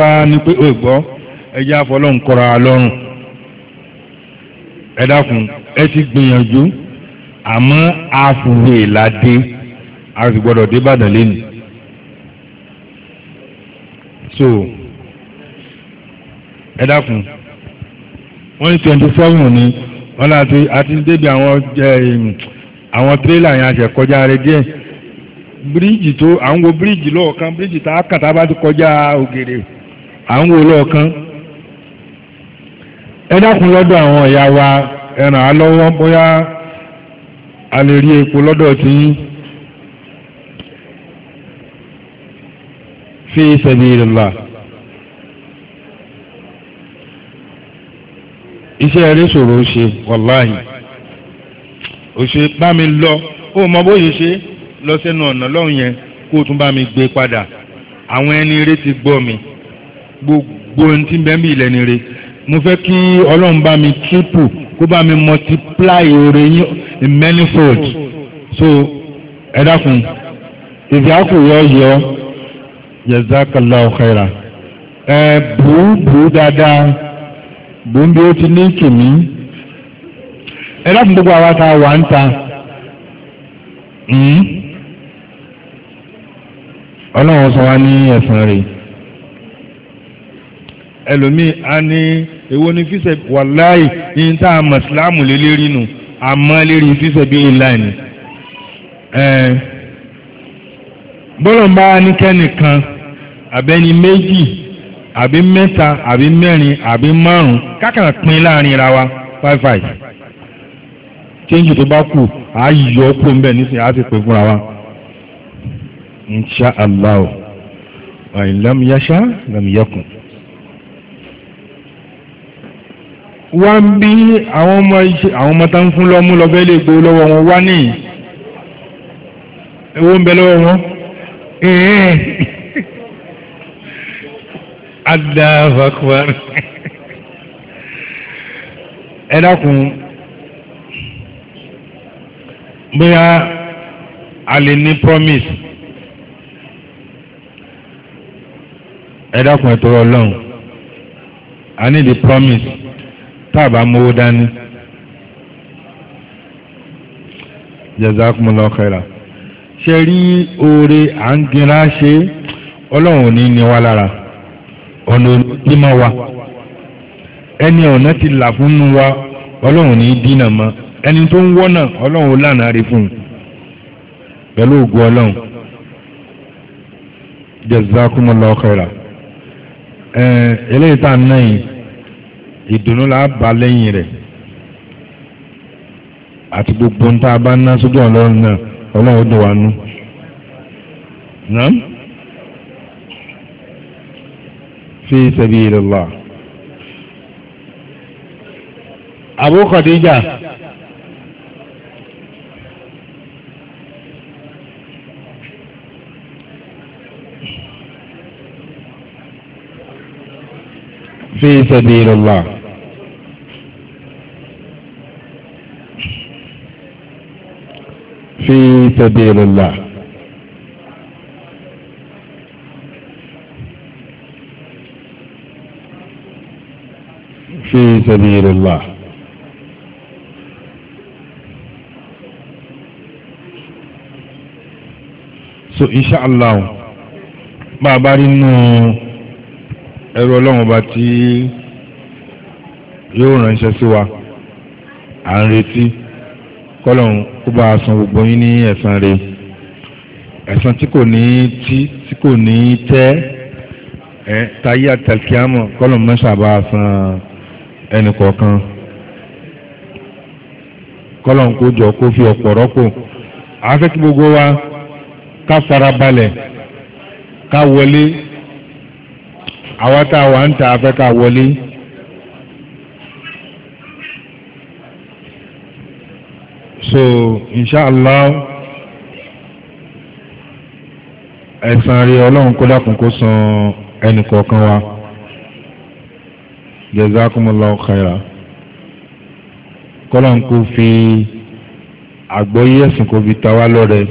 bá ní pé ó gbọ́ ẹjẹ́ àfọlọ́n kọ́ra lọ́rùn ẹ dákun ẹ ti gbìyànjú àmọ́ àfùwé ládé a sì gbọ́dọ̀ dé Ìbàdàn lẹ́nu so ẹ dákun wọ́n ní twenty seven ní wọ́n láti àti débi àwọn àwọn tírélà yẹn àṣẹ kọjá rẹ díẹ̀ bíríìjì tó à ń wo bíríìjì lọ́ọ̀kan bíríìjì tá a kàtà bá ti kọjá ògèrè. à ń wo lọ́ọ̀kan ẹ dákun lọ́dọ̀ àwọn ọ̀yà wa ẹ alọ́wọ́ bóyá a lè rí epo lọ́dọ̀ tí yín fi sabilillah iṣẹ́ rẹ̀ ṣòro ṣe ò bá mi lọ ó mọ bó lọ sẹ́nu ọ̀nà lọ́hùn yẹn kó o tún bá mi gbé padà ti gbọ́ mi. gbogbo ohun tí ń bẹ ń bí ilẹ̀ ni re mo fẹ́ kí ọlọ́run bá mi triple kó bá mi multiply oore yín in many fold so ẹ dákun ìdíákù yọ yọ jazakallahu khaira ẹ bùú bùú dáadáa bùú bí ó ti ní kìmí ẹ dákun gbogbo àwa ta wà ń ta hmm? ọlọ́run sọ wá ní ẹ̀sán rèé ẹlòmíì á ní èwo ni fíṣẹ̀ wàláì ní tá a mọ̀ síláàmù lé lérí nù àmọ́ lérí fíṣẹ̀ bí ìlànà ni. bọ́lọ̀mbá nìkẹ́nìkan àbẹ́ni méjì àbí mẹ́ta àbí mẹ́rin àbí márùn-ún kákàrà pín láàrin ra wa five five kéńjì tó bá kù á yọ ọ́ kó ń nísìnyí á sì pè fúnra wa insha allah wa in lam yasha lam wá ń bí àwọn ọmọ iṣẹ́ àwọn ọmọ tán fún lọ́mú lọ́fẹ́ lè gbó lọ́wọ́ wọn wá ní owó ń bẹ lọ́wọ́ wọn ẹ̀ẹ́ ẹ dákun bóyá a lè ní promise ẹ dákun ẹ tọrọ ọlọ́run I need a promise táàbà mówó dání jazakumullahu khaira ṣe rí oore à ń ginra ṣe ọlọ́run ò ní ní wa lára ọ̀nà onímọ̀ wa ẹni ọ̀nà ti là fún nu wa ọlọ́run ní dínà mọ́ ẹni tó ń wọ́nà ọlọ́run lànà rí fún un pẹ̀lú ògùn ọlọ́run jazakumullahu khaira eléyìí tá a ná yìí ìdùnnú la bá lẹ́yìn rẹ̀ àti gbogbo ń tá a bá ná sójú ọlọ́run náà ọlọ́run dùn wá nú. Nàám fi sabilillah. Abu Khadija. fi sabilillah. في سبيل الله في سبيل الله so inshallah bá a bá rí nínú ẹrú ọlọ́run ọba tí yóò ránṣẹ́ sí wa à ń retí kọ́lọ̀n kó bá a san gbogbo yín ní ẹ̀san rẹ̀ ẹ̀san tí kò ní tí tí kò ní tẹ́ ẹ táyé àtàkìámọ̀ kọ́lọ̀n mẹ́sà bá a san ẹnì kọ̀ọ̀kan kọ́lọ̀n kó jọ kó fi ọ̀pọ̀ rọ́pò àáfẹ́ gbogbo wa ká fara balẹ̀ ká wọlé àwa tá a wà ń ta afẹ́ ká wọlé. so inshallah ẹ̀san rí ọlọ́run kó dákun kó san ẹnì kọ̀ọ̀kan wa jazakumullahu khaira kọ́lọ́n kó fi àgbọ́yé ẹ̀sìn kó fi ta wá lọ́rẹ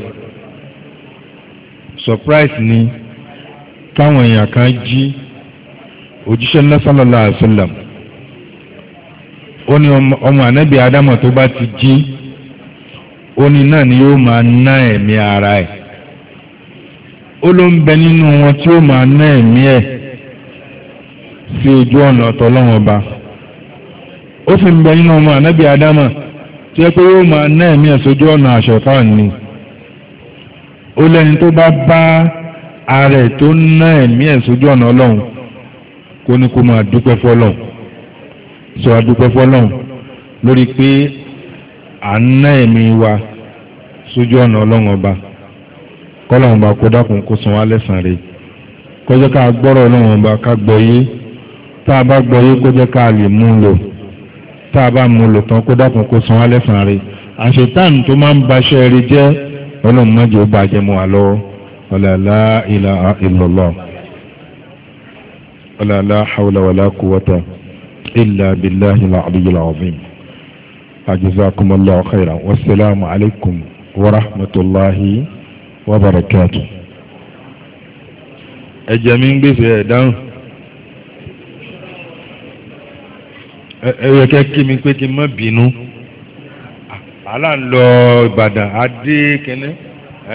surprise ni táwọn èèyàn kan jí òjíṣẹ́ náà sallallahu alaihi wasallam ó ní ọmọ ànábì ádámọ̀ tó bá ti jí. oní náà ni yóò máa ná ẹ̀mí ara ẹ̀ ó ló ń bẹ nínú wọn tí ó máa ná ẹ̀mí ẹ̀ sí ojú ọ̀nà ọ̀tọ̀lọ́wọ̀n ọba ó sì ń bẹ nínú ọmọ ànábì adama tí ẹ pé yóò máa ná ẹ̀mí ẹ̀ sójú ọ̀nà ni ó lẹ́ni tó bá bá ara tó ná ẹ̀mí ẹ̀ sójú ọ̀nà ọlọ́run kó ní kó máa dúpẹ́ fọlọ́run sọ adúpẹ́ lórí pé à ń wa sójú ọ̀nà ọlọ́run ọba kọ́lọ́run ọba kó dákun kó san wá lẹ́sàn-án rẹ̀ kó jẹ́ ká gbọ́rọ̀ ọlọ́run ọba ká gbọ́ yé tá a bá gbọ́ yé kó ká lè mú un lò tá a bá mú un lò tán kó dákun kó san wá lẹ́sàn-án àṣetán tó máa ń baṣẹ́ rí jẹ́ ọlọ́run má ó bàjẹ́ mọ́ wa ọ̀làlá ilà ìlọ̀lọ́ ọ̀làlá hawla kúwọ́tà ilà bíláhìlà àdúgbò làwọn àjíṣà kúmọ́lá khairan wassalamu alaikum warahmatulahi wabarakatu. ẹ̀jẹ̀ mi ń gbèsè ẹ̀ dáhùn. ẹ yẹ kẹ́ kí mi pé kí n má bínú. àlà ń lọ Ìbàdàn adé kẹ́nẹ́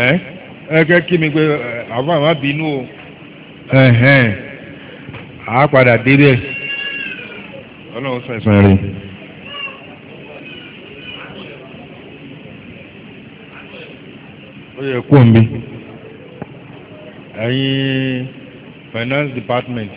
ẹ ẹ kẹ́ kí mi pé àwọn àmà bínú o. àá padà débẹ̀ ọlọ́run sọ ẹ̀sán rẹ̀. yẹ kó mi ẹ̀yin finance department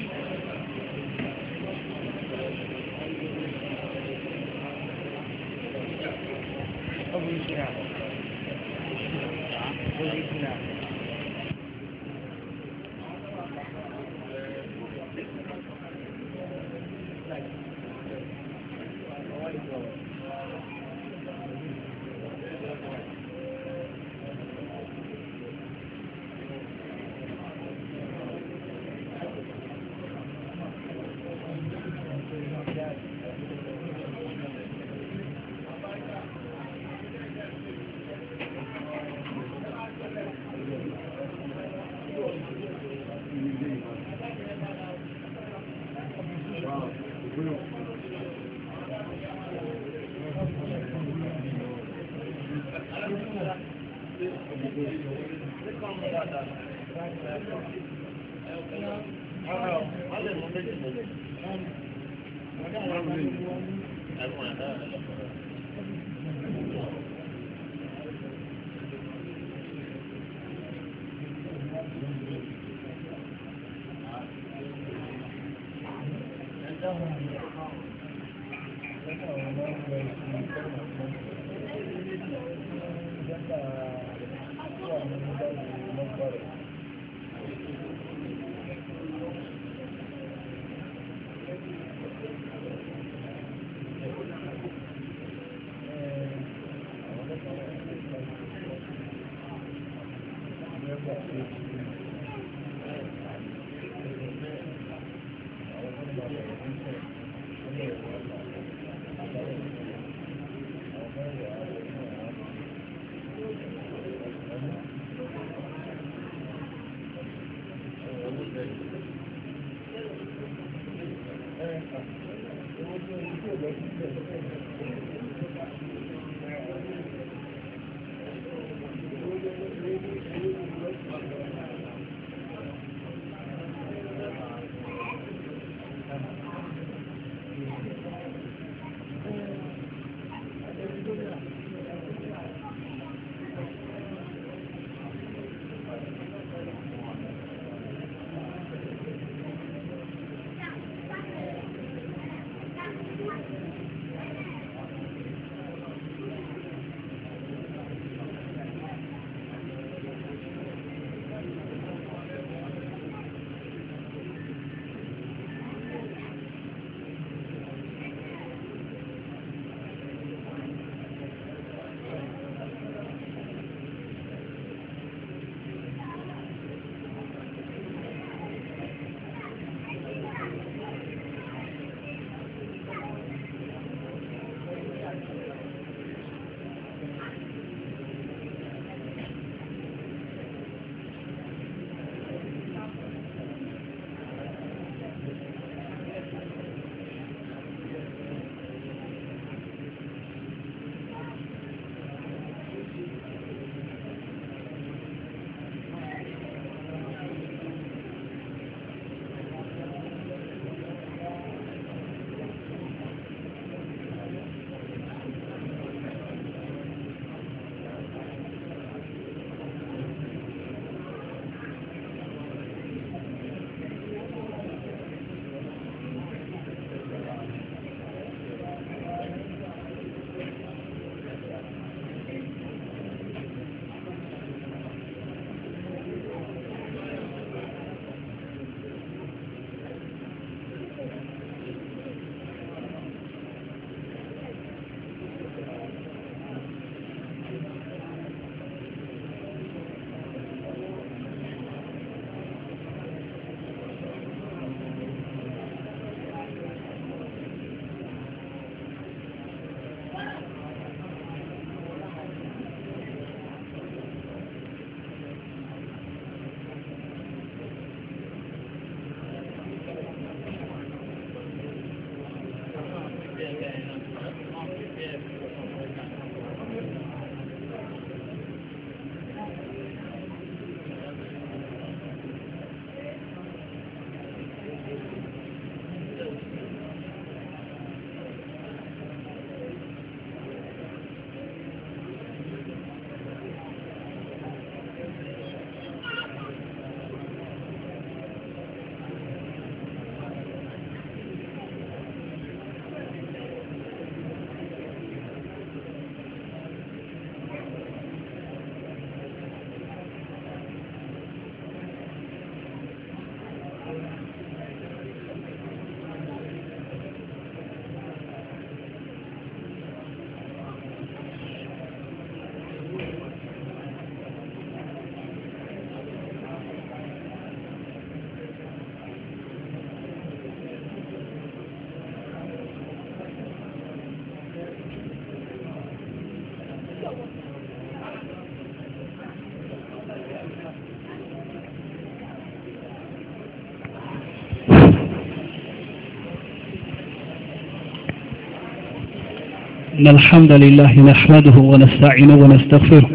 إن الحمد لله نحمده ونستعينه ونستغفره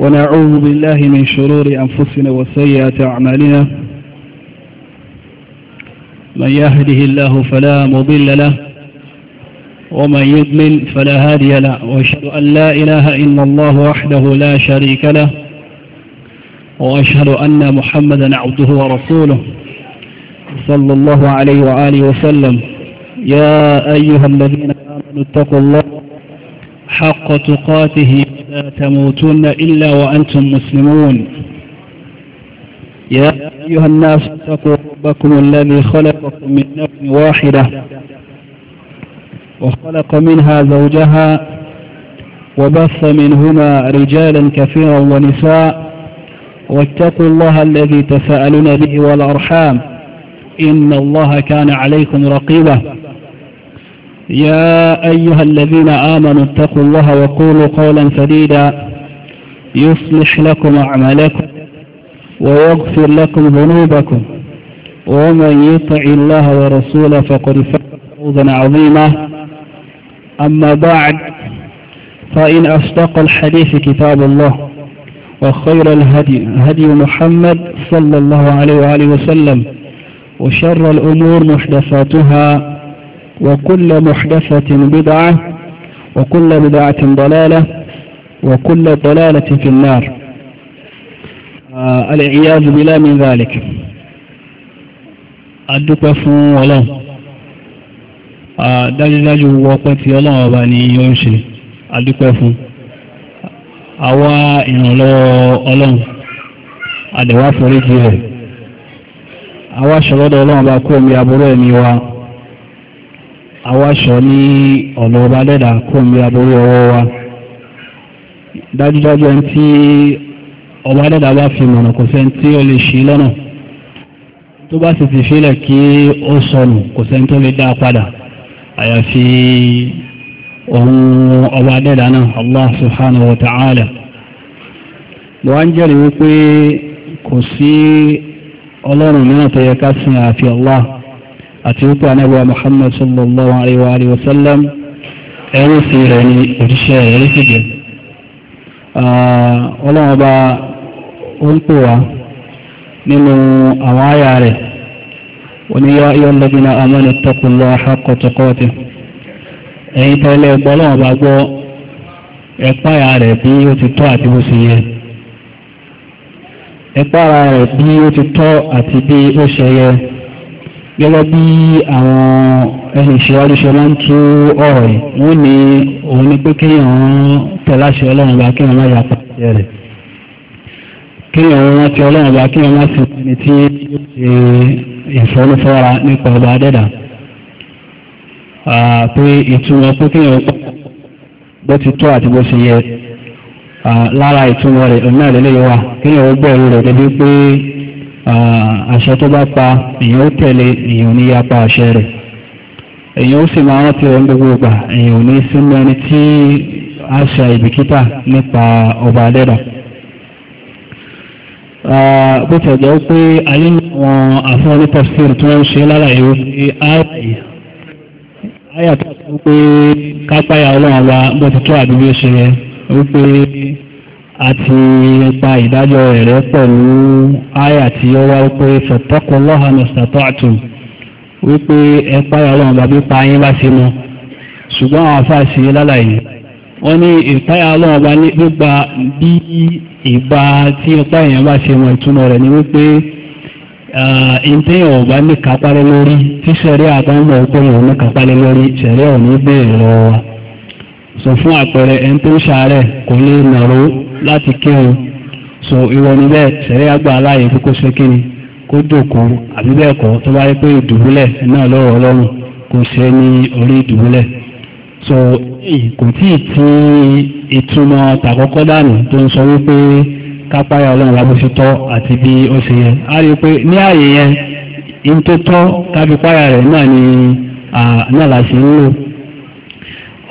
ونعوذ بالله من شرور أنفسنا وسيئات أعمالنا من يهده الله فلا مضل له ومن يضلل فلا هادي له واشهد أن لا إله إلا الله وحده لا شريك له وأشهد أن محمدا عبده ورسوله صلى الله عليه وآله وسلم يا أيها الذين آمنوا اتقوا الله حق تقاته لا تموتن إلا وأنتم مسلمون يا أيها الناس اتقوا ربكم الذي خلقكم من نفس واحدة وخلق منها زوجها وبث منهما رجالا كثيرا ونساء واتقوا الله الذي تساءلون به والأرحام إن الله كان عليكم رقيبا يا أيها الذين آمنوا اتقوا الله وقولوا قولا سديدا يصلح لكم أعمالكم ويغفر لكم ذنوبكم ومن يطع الله ورسوله فقد فوزا عظيما أما بعد فإن أصدق الحديث كتاب الله وخير الهدي هدي محمد صلى الله عليه وآله وسلم وشر الأمور محدثاتها وكل محدثة بدعة وكل بدعة ضلالة وكل ضلالة في النار آه، العياذ بلا من ذلك الدكف والله داج داج وقت يلا وباني يوشل الدكف أوائن الله الله أدواف رجيه àwa aṣọ lọ́dọ̀ ọlọ́run bá kó omi aburú ẹ̀mí wa àwa ní ọ̀nà ọba lẹ́dà kó omi aburú ọwọ́ wa dájúdájú ẹni tí ọba lẹ́dà bá fi mọ̀nà kò sẹ́ni tí ó lè ṣí lọ́nà tó bá sì ti fílẹ̀ kí ó sọnù kò sẹ́ni tó lè dá padà àyàfi ohun ọba lẹ́dà náà Allah subhanahu wa ta'ala lọ́wọ́ ń jẹ́rìí wípé kò sí ọlọ́run náà tó yẹ ká sin àfi Allah àti wípé anábíwá Muhammad sallallahu alayhi wa sallam ẹrú sí rẹ̀ ní òjíṣẹ́ rẹ̀ sí gẹ̀. ọlọ́run ọba ó ń pè wá nínú àwọn àyà rẹ̀ oníyá ayyuhalladhina amanu ittaqullaha haqqa ẹ̀yin tẹ́lẹ̀ gbọ́ ọlọ́run ọba gbọ́ ẹ̀páyà rẹ̀ bí ó ti tọ́ àti bó ṣe yẹ ẹ̀pára rẹ̀ bí ó ti tọ́ àti bí ó ṣe yẹ gẹ́gẹ́ bí àwọn ẹni ìṣèwádìí ṣe máa ń tú ọ̀rọ̀ yìí wọ́n ní òun ní pé kéèyàn tẹ̀láṣẹ ọlọ́run bá kéèyàn má yàtọ̀ àti rẹ̀ kéèyàn wọ́n ti ọlọ́run bá kéèyàn má sì ní tí ó ṣe ìfọ́nufọ́ra nípa ọba adẹ́dà pé ìtumọ̀ pé kéèyàn bó ti tọ́ àti bó ṣe yẹ Ah, lára ìtumọ̀ rẹ̀ ọ̀nà ìlẹ́lẹ́yìn wa kí ni ó gbẹ̀rù rẹ̀ débi pé àṣẹ ah, tó bá pa èèyàn ó tẹ̀lé èèyàn ò ní yapa àṣẹ rẹ̀ èèyàn ó sì máa rántí rẹ̀ gbogbo ìgbà èèyàn ò ní sínú ẹni tí àṣà ìbìkítà nípa ọba adẹ́dà ah, bó ti ẹ̀jẹ̀ pé ayé ní àwọn àfihàn ní tí wọ́n ń ṣe lára ìwé ní àyà tó pé kápáyà ọlọ́run wa bó ti tó àdúgbò ṣe yẹn wípé a ti pa ìdájọ́ rẹ̀ pẹ̀lú àyà tí ó wá wípé fattaqullaha mastata'tum wípé ẹ páyà ọlọ́run bàbí pa yín bá sí mọ́ ṣùgbọ́n àwọn afáàṣì lálàyé wọ́n ní ìpáyà ọlọ́run bá nígbà bí ìgbà tí ọpá èèyàn bá ṣe mọ́ ìtumọ̀ rẹ̀ ni wípé ìtẹ́yìn ọ̀gbá ní kápálẹ́ lórí tí sẹ́rí àtàwọn ọ̀pọ̀ yìí ní kápálẹ́ lórí sẹ́rí ọ̀ ní bẹ́ẹ̀ lọ́wọ́ so fún àpẹẹrẹ ẹni tó ń ṣàárẹ̀ kò lè nàró láti kírun so ìwọ ni bẹ́ẹ̀ sẹ́rẹ́ àgbà aláàyè tó kó sékìní kó dòkó àbí bẹ́ẹ̀ kọ́ tó bá yẹ pé ìdùbúlẹ̀ náà lọ́rọ̀ ọlọ́run kò ṣe ní orí ìdùbúlẹ̀ so kò tí ì tí ìtumọ̀ tàkọ́kọ́ dànù tó ń sọ wípé kápáyà ọlọ́run lábóṣe tọ́ àti bí ó ṣe yẹ a rí i pé ní ààyè yẹn ní tó tọ́ káfípáyà rẹ̀ náà ni náà la ṣe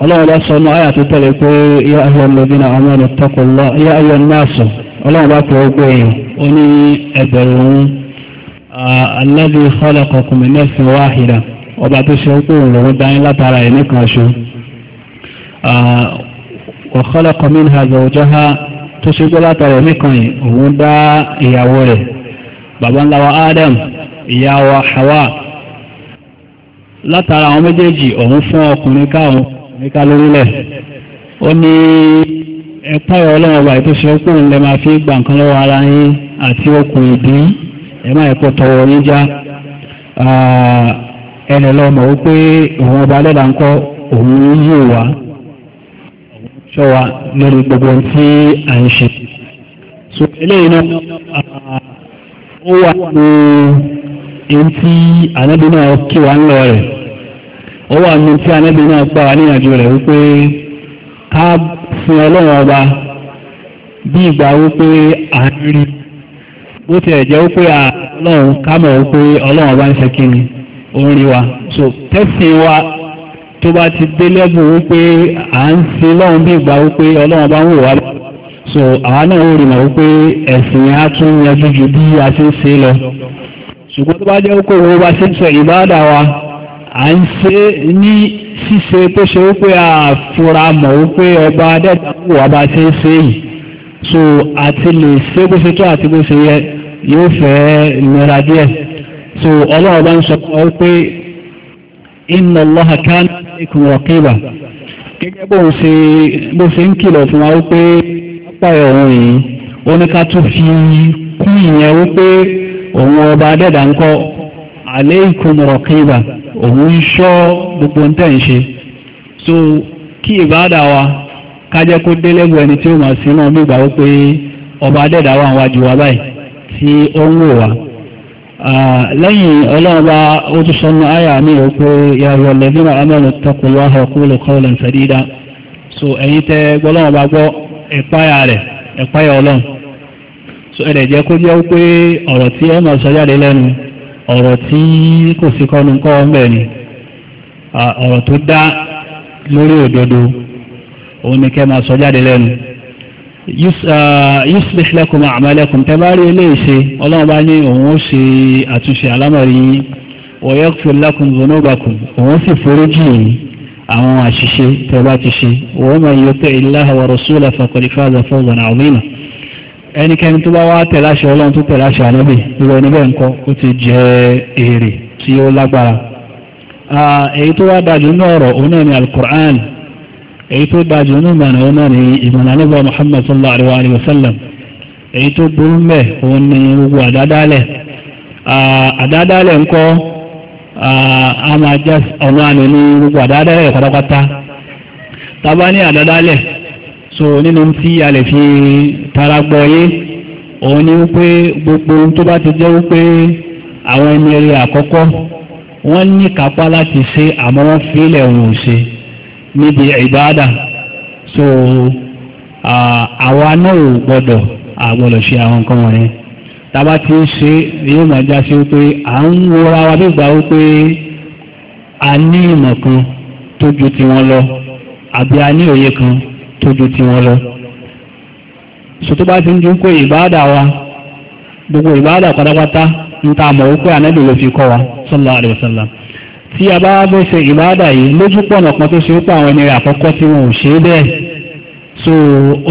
ọlọ́run lọ́sọ̀nù àyà tó tẹ̀lé pé yá ayọ̀ lọ́dínà àmọ́nà tọ́kọ̀lọ́ yá ayọ̀ náàsọ̀ ọlọ́run bá pẹ̀ ogbó èèyàn ó ní ẹgbẹ̀rún alladhi khalaqakum min nafsin wahida ọba tó ṣe pé òun lòun dání látara ẹ̀ nìkan ṣo wa khalaqa minha zawjaha tó ṣe pé látara ẹ̀ nìkan yìí òun dá ìyàwó rẹ̀ bàbá ńlá wa Adam ìyá wa Hawa látara àwọn méjèèjì òun fún ọkùnrin káwọn níká lórílẹ̀ ó ní ẹ̀pá ọlọ́run ọba ètò ṣọ́kù ńlẹ̀ máa fi gbà nǹkan lọ́wọ́ ara yín àti okùn ìdí ẹ̀ máa ẹ̀kọ́ tọwọ́ yín já ẹnì lọ́mọ wípé òun ọba lẹ́la ń òun yóò wá ṣọ́ wa lórí gbogbo ohun tí à ń ṣe. so eléyìí náà ó wà ní ohun tí kí wa ń lọ rẹ̀. ó wà ní tí anábì náà pa wà níyànjú rẹ̀ wípé ká fún ọlọ́run ọba bí ìgbà wípé à bó jẹ́ wípé ọlọ́run ká mọ̀ wípé ọlọ́run ọba ń ṣe kí ni so tẹ́sìn tó bá ti dé lẹ́bùn wípé à ń lọ́run bí ìgbà wípé ọlọ́run ń wò wá náà ó rí a ti à ń ṣe ní ṣíṣe tó ṣe wípé àfúra mọ̀ wípé ọba adẹ́gbàgbò wa bá ṣe ń ṣe yìí so àti lè ṣe bó ṣe tó àti bó ṣe yẹ yóò fẹ́ nira díẹ̀ so ọlọ́run bá ń sọ pé wípé inna Allaha kana alaykum raqiba gẹ́gẹ́ bó ṣe bó ṣe ń kìlọ̀ fún wa wípé pápá ẹ̀hún yìí ó ní fi kún ìyẹn wípé òun ọba adẹ́dà ń kọ́ alaykum raqiba. òun ń ṣọ́ gbogbo ń tẹ̀ ń ṣe so kí wa ká jẹ́ kó dé lẹ́gbẹ̀ẹ́ ẹni tí ó máa sin náà nígbà wípé ọba adẹ́dà wà wájú wa báyìí tí ó ń wò wá lẹ́yìn ọlọ́run bá ó tún sọnù àyà mi ò pé yàrá lẹ́dínà amẹ́rin tọkùnlọ́ so ẹ̀yin tẹ́ gbọ́lọ́run bá gbọ́ ẹ̀páyà rẹ̀ so ẹ̀rẹ̀ jẹ́ kó jẹ́ ọ̀rọ̀ tí máa sọ jáde lẹ́nu ọ̀rọ̀ tí kò sí kọ́nu kọ́ ọ̀bẹ̀ ni ọ̀rọ̀ tó dá lórí òdodo òun ni kẹ́ máa sọ jáde lẹ́nu yuslih lakum a'malakum tẹ́ bá rí eléyìí ọlọ́run bá ní òun ó ṣe àtúnṣe alámọ̀rí yín ẹnikẹ́ni tó bá wá tẹ̀láṣẹ ọlọ́run tó tẹ̀láṣẹ ànábì irú ẹni bẹ́ẹ̀ ńkọ́ ó ti jẹ èrè tí ó lágbára èyí tó wá dájú ní ọ̀rọ̀ òun náà ni alukur'an èyí tó dájú ní ìmọ̀nà òun náà ni ìmọ̀nà muhammad sallallahu alayhi wa sallam èyí tó burú mẹ́ òun ni gbogbo àdádálẹ̀ àdádálẹ̀ ńkọ́ a máa jẹ́ ọ̀nà àná so nínú tí a lè fi tara gbọ́ yé òun ni wípé gbogbo tó bá ti jẹ́ wípé àwọn ẹni eré àkọ́kọ́ wọ́n ní kápá láti ṣe àmọ́ wọ́n fílẹ̀ òun ò ṣe níbi ìbáàdà so àwa náà ò gbọ́dọ̀ àgbọ́dọ̀ ṣe àwọn nǹkan wọ̀nyẹn tába tí ń ṣe yóò máa já sí wípé à ń wọra wa nígbà wípé a ní ìmọ̀ kan tó ju tiwọn lọ àbí a ní òye kan tó ju ti wọn lọ so bá ti ń ju pé ìbáàdà wa gbogbo ìbáàdà pátápátá ń ta àmọ̀ wípé ànábì ló fi kọ́ wa sallallahu alaihi wasallam tí a bá bẹ́ ṣe ìbáàdà yìí lójú pọ̀nà kan tó ṣe wípé àwọn ẹni rẹ̀ àkọ́kọ́ tí wọn ò ṣe bẹ́ẹ̀ so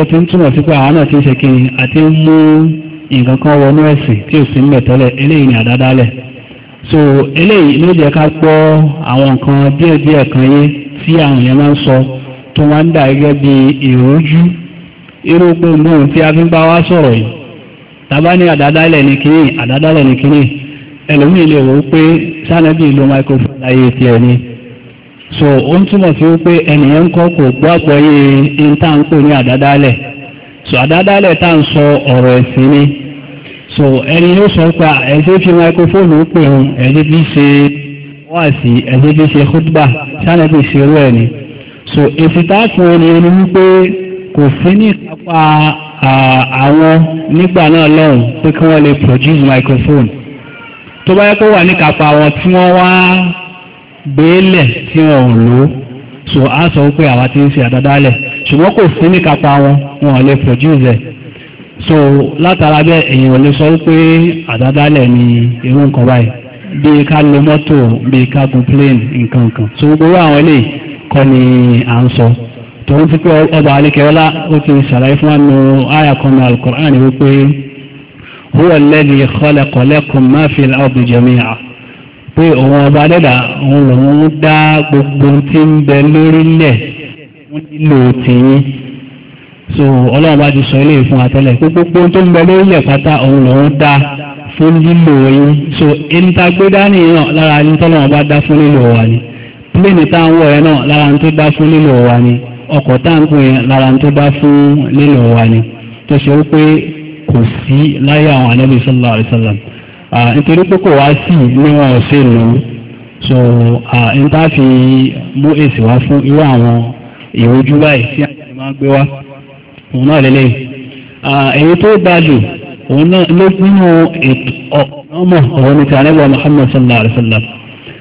ó ti ń túmọ̀ sí pé àwọn náà ti ń ṣe kí àti ń mú nǹkan kan wọnú ẹ̀sìn tí ò sí ń bẹ̀ eléyìí ni àdádálẹ̀ so eléyìí ló jẹ́ ká gbọ́ àwọn nǹkan díẹ̀díẹ̀ kan yé tí àwọn yẹn máa ń sọ tó wá ń dà gẹ́gẹ́ bí ìrújú irú gbogbo tí a fi ń bá wá sọ̀rọ̀ yìí tàbá ní àdádálẹ̀ ní kínní àdádálẹ̀ ní kínní ẹlòmíì lè wò ó pé sanabi lo microphone láyé tiẹ̀ ni so ó ń túmọ̀ sí wípé ẹnìyẹn ń kọ́ kò gbọ́ àpọ̀yé ìta ń pè ní àdádálẹ̀ so àdádálẹ̀ tá ń sọ ọ̀rọ̀ ẹ̀sìn ni so ẹni yóò sọ pé ẹ̀sẹ̀ fi microphone ó pè ń ẹ̀sẹ̀ fi ṣe wáàsí ẹ̀sẹ̀ fi ṣe khutba sanabi ṣerú ẹ̀ ni so èsì tá a fún ọ ni ẹni wípé kò sí ní ìkápá àwọn nígbà náà lọ́hùn pé kí wọ́n lè produce microphone tó bá yẹ kó wà ní ìkápá wọn tí wọ́n wá gbélẹ̀ tí wọn ò lò ó so a sọ pé àwa ti ń ṣe àdádálẹ̀ ṣùgbọ́n kò sí ní ìkápá wọn wọn ò lè produce ẹ̀ so látara bẹ́ẹ̀ èèyàn ò lè sọ pé àdádálẹ̀ ni irú nǹkan báyìí bí ká lo mọ́tò bí ká gun plane nǹkan kan so gbogbo àwọn eléyìí kọ́ ni à ń sọ tòun ti pé ọba alikẹ́wọ́lá ó ti ṣàlàyé fún àánú àyà kan ní alukur'an wípé huwa alladhi khalaqa lakum ma fil ardi jami'a pé òun ọba dẹ́dà òun lòun dá gbogbo tí ń bẹ lórílẹ̀ wọ́n nílò tìyín so ọlọ́run bá ti sọ ilé ìfún àtẹ́lẹ̀ pé gbogbo tó ń bẹ lórílẹ̀ pátá òun lòun dá fún lílò yín so ẹni dání náà lára ní tọ́lọ́run bá dá fún lílò wa ni pléènì tá ń wọ̀ ẹ náà lára tó bá fún lílò wa ni ọkọ̀ tá ń pè lára tó bá fún lílò wa ni tó ṣe wípé kò sí láyé àwọn ànábì sallallahu alaihi nítorí pé kò wá sí níwọ̀n ọ̀sẹ̀ lò ó so n tá fi mú èsì wá fún irú àwọn ìrojú báyìí tí àwọn máa ń gbé wá òun náà lélẹ́yìn èyí tó gbajù òun náà ló nínú ètò ọmọ ọ̀rọ̀ níta ànábì Muhammad sallallahu alaihi wasallam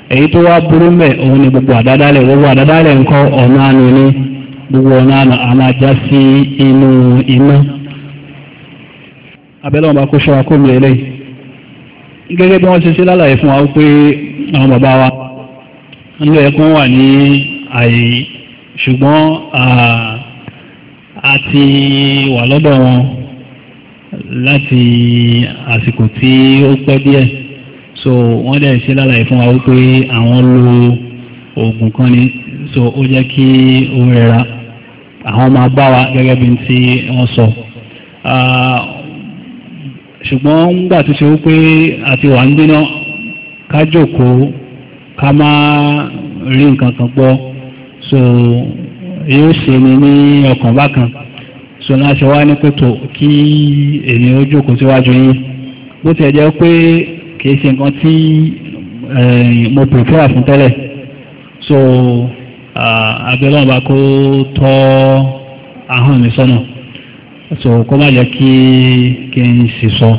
èyí tó wá burú mẹ́ òun ni gbogbo àdádálẹ̀ gbogbo àdádálẹ̀ nǹkan ọ̀nà àánú ni gbogbo ọ̀nà àánú ajá sí inú iná abẹ́lẹ́ wọn bá kó ṣọ́ra kó mi eléyìí gẹ́gẹ́ bí wọ́n ṣe ṣe lálàyé fún wa pé àwọn bàbá wa ń lọ wà ní àyè ṣùgbọ́n a ti wà lọ́dọ̀ wọn láti àsìkò tí ó pẹ́ díẹ̀ so wọ́n dẹ̀ ṣe lálàyé fún wa wípé àwọn lo oògùn kan ni so ó jẹ́ kí ó rẹra àwọn máa bá wa gẹ́gẹ́ bí ti wọ́n sọ ṣùgbọ́n nígbà tó ṣe wípé àti wà ń dínà ká jókòó ká má rí nǹkan kan gbọ́ so yóò ṣe ni ní ọkàn bákan so láṣẹ wá ní pẹ̀tọ̀ kí èmi ó jókòó síwájú yín bó ti jẹ́ pé kìí ṣe nǹkan tí eh, mo prefer fún tẹ́lẹ̀ so ah, abẹ́lẹ́ ọba kó tọ́ ahọ́n mi sọ́nà so kó má jẹ́ kí kí n sì sọ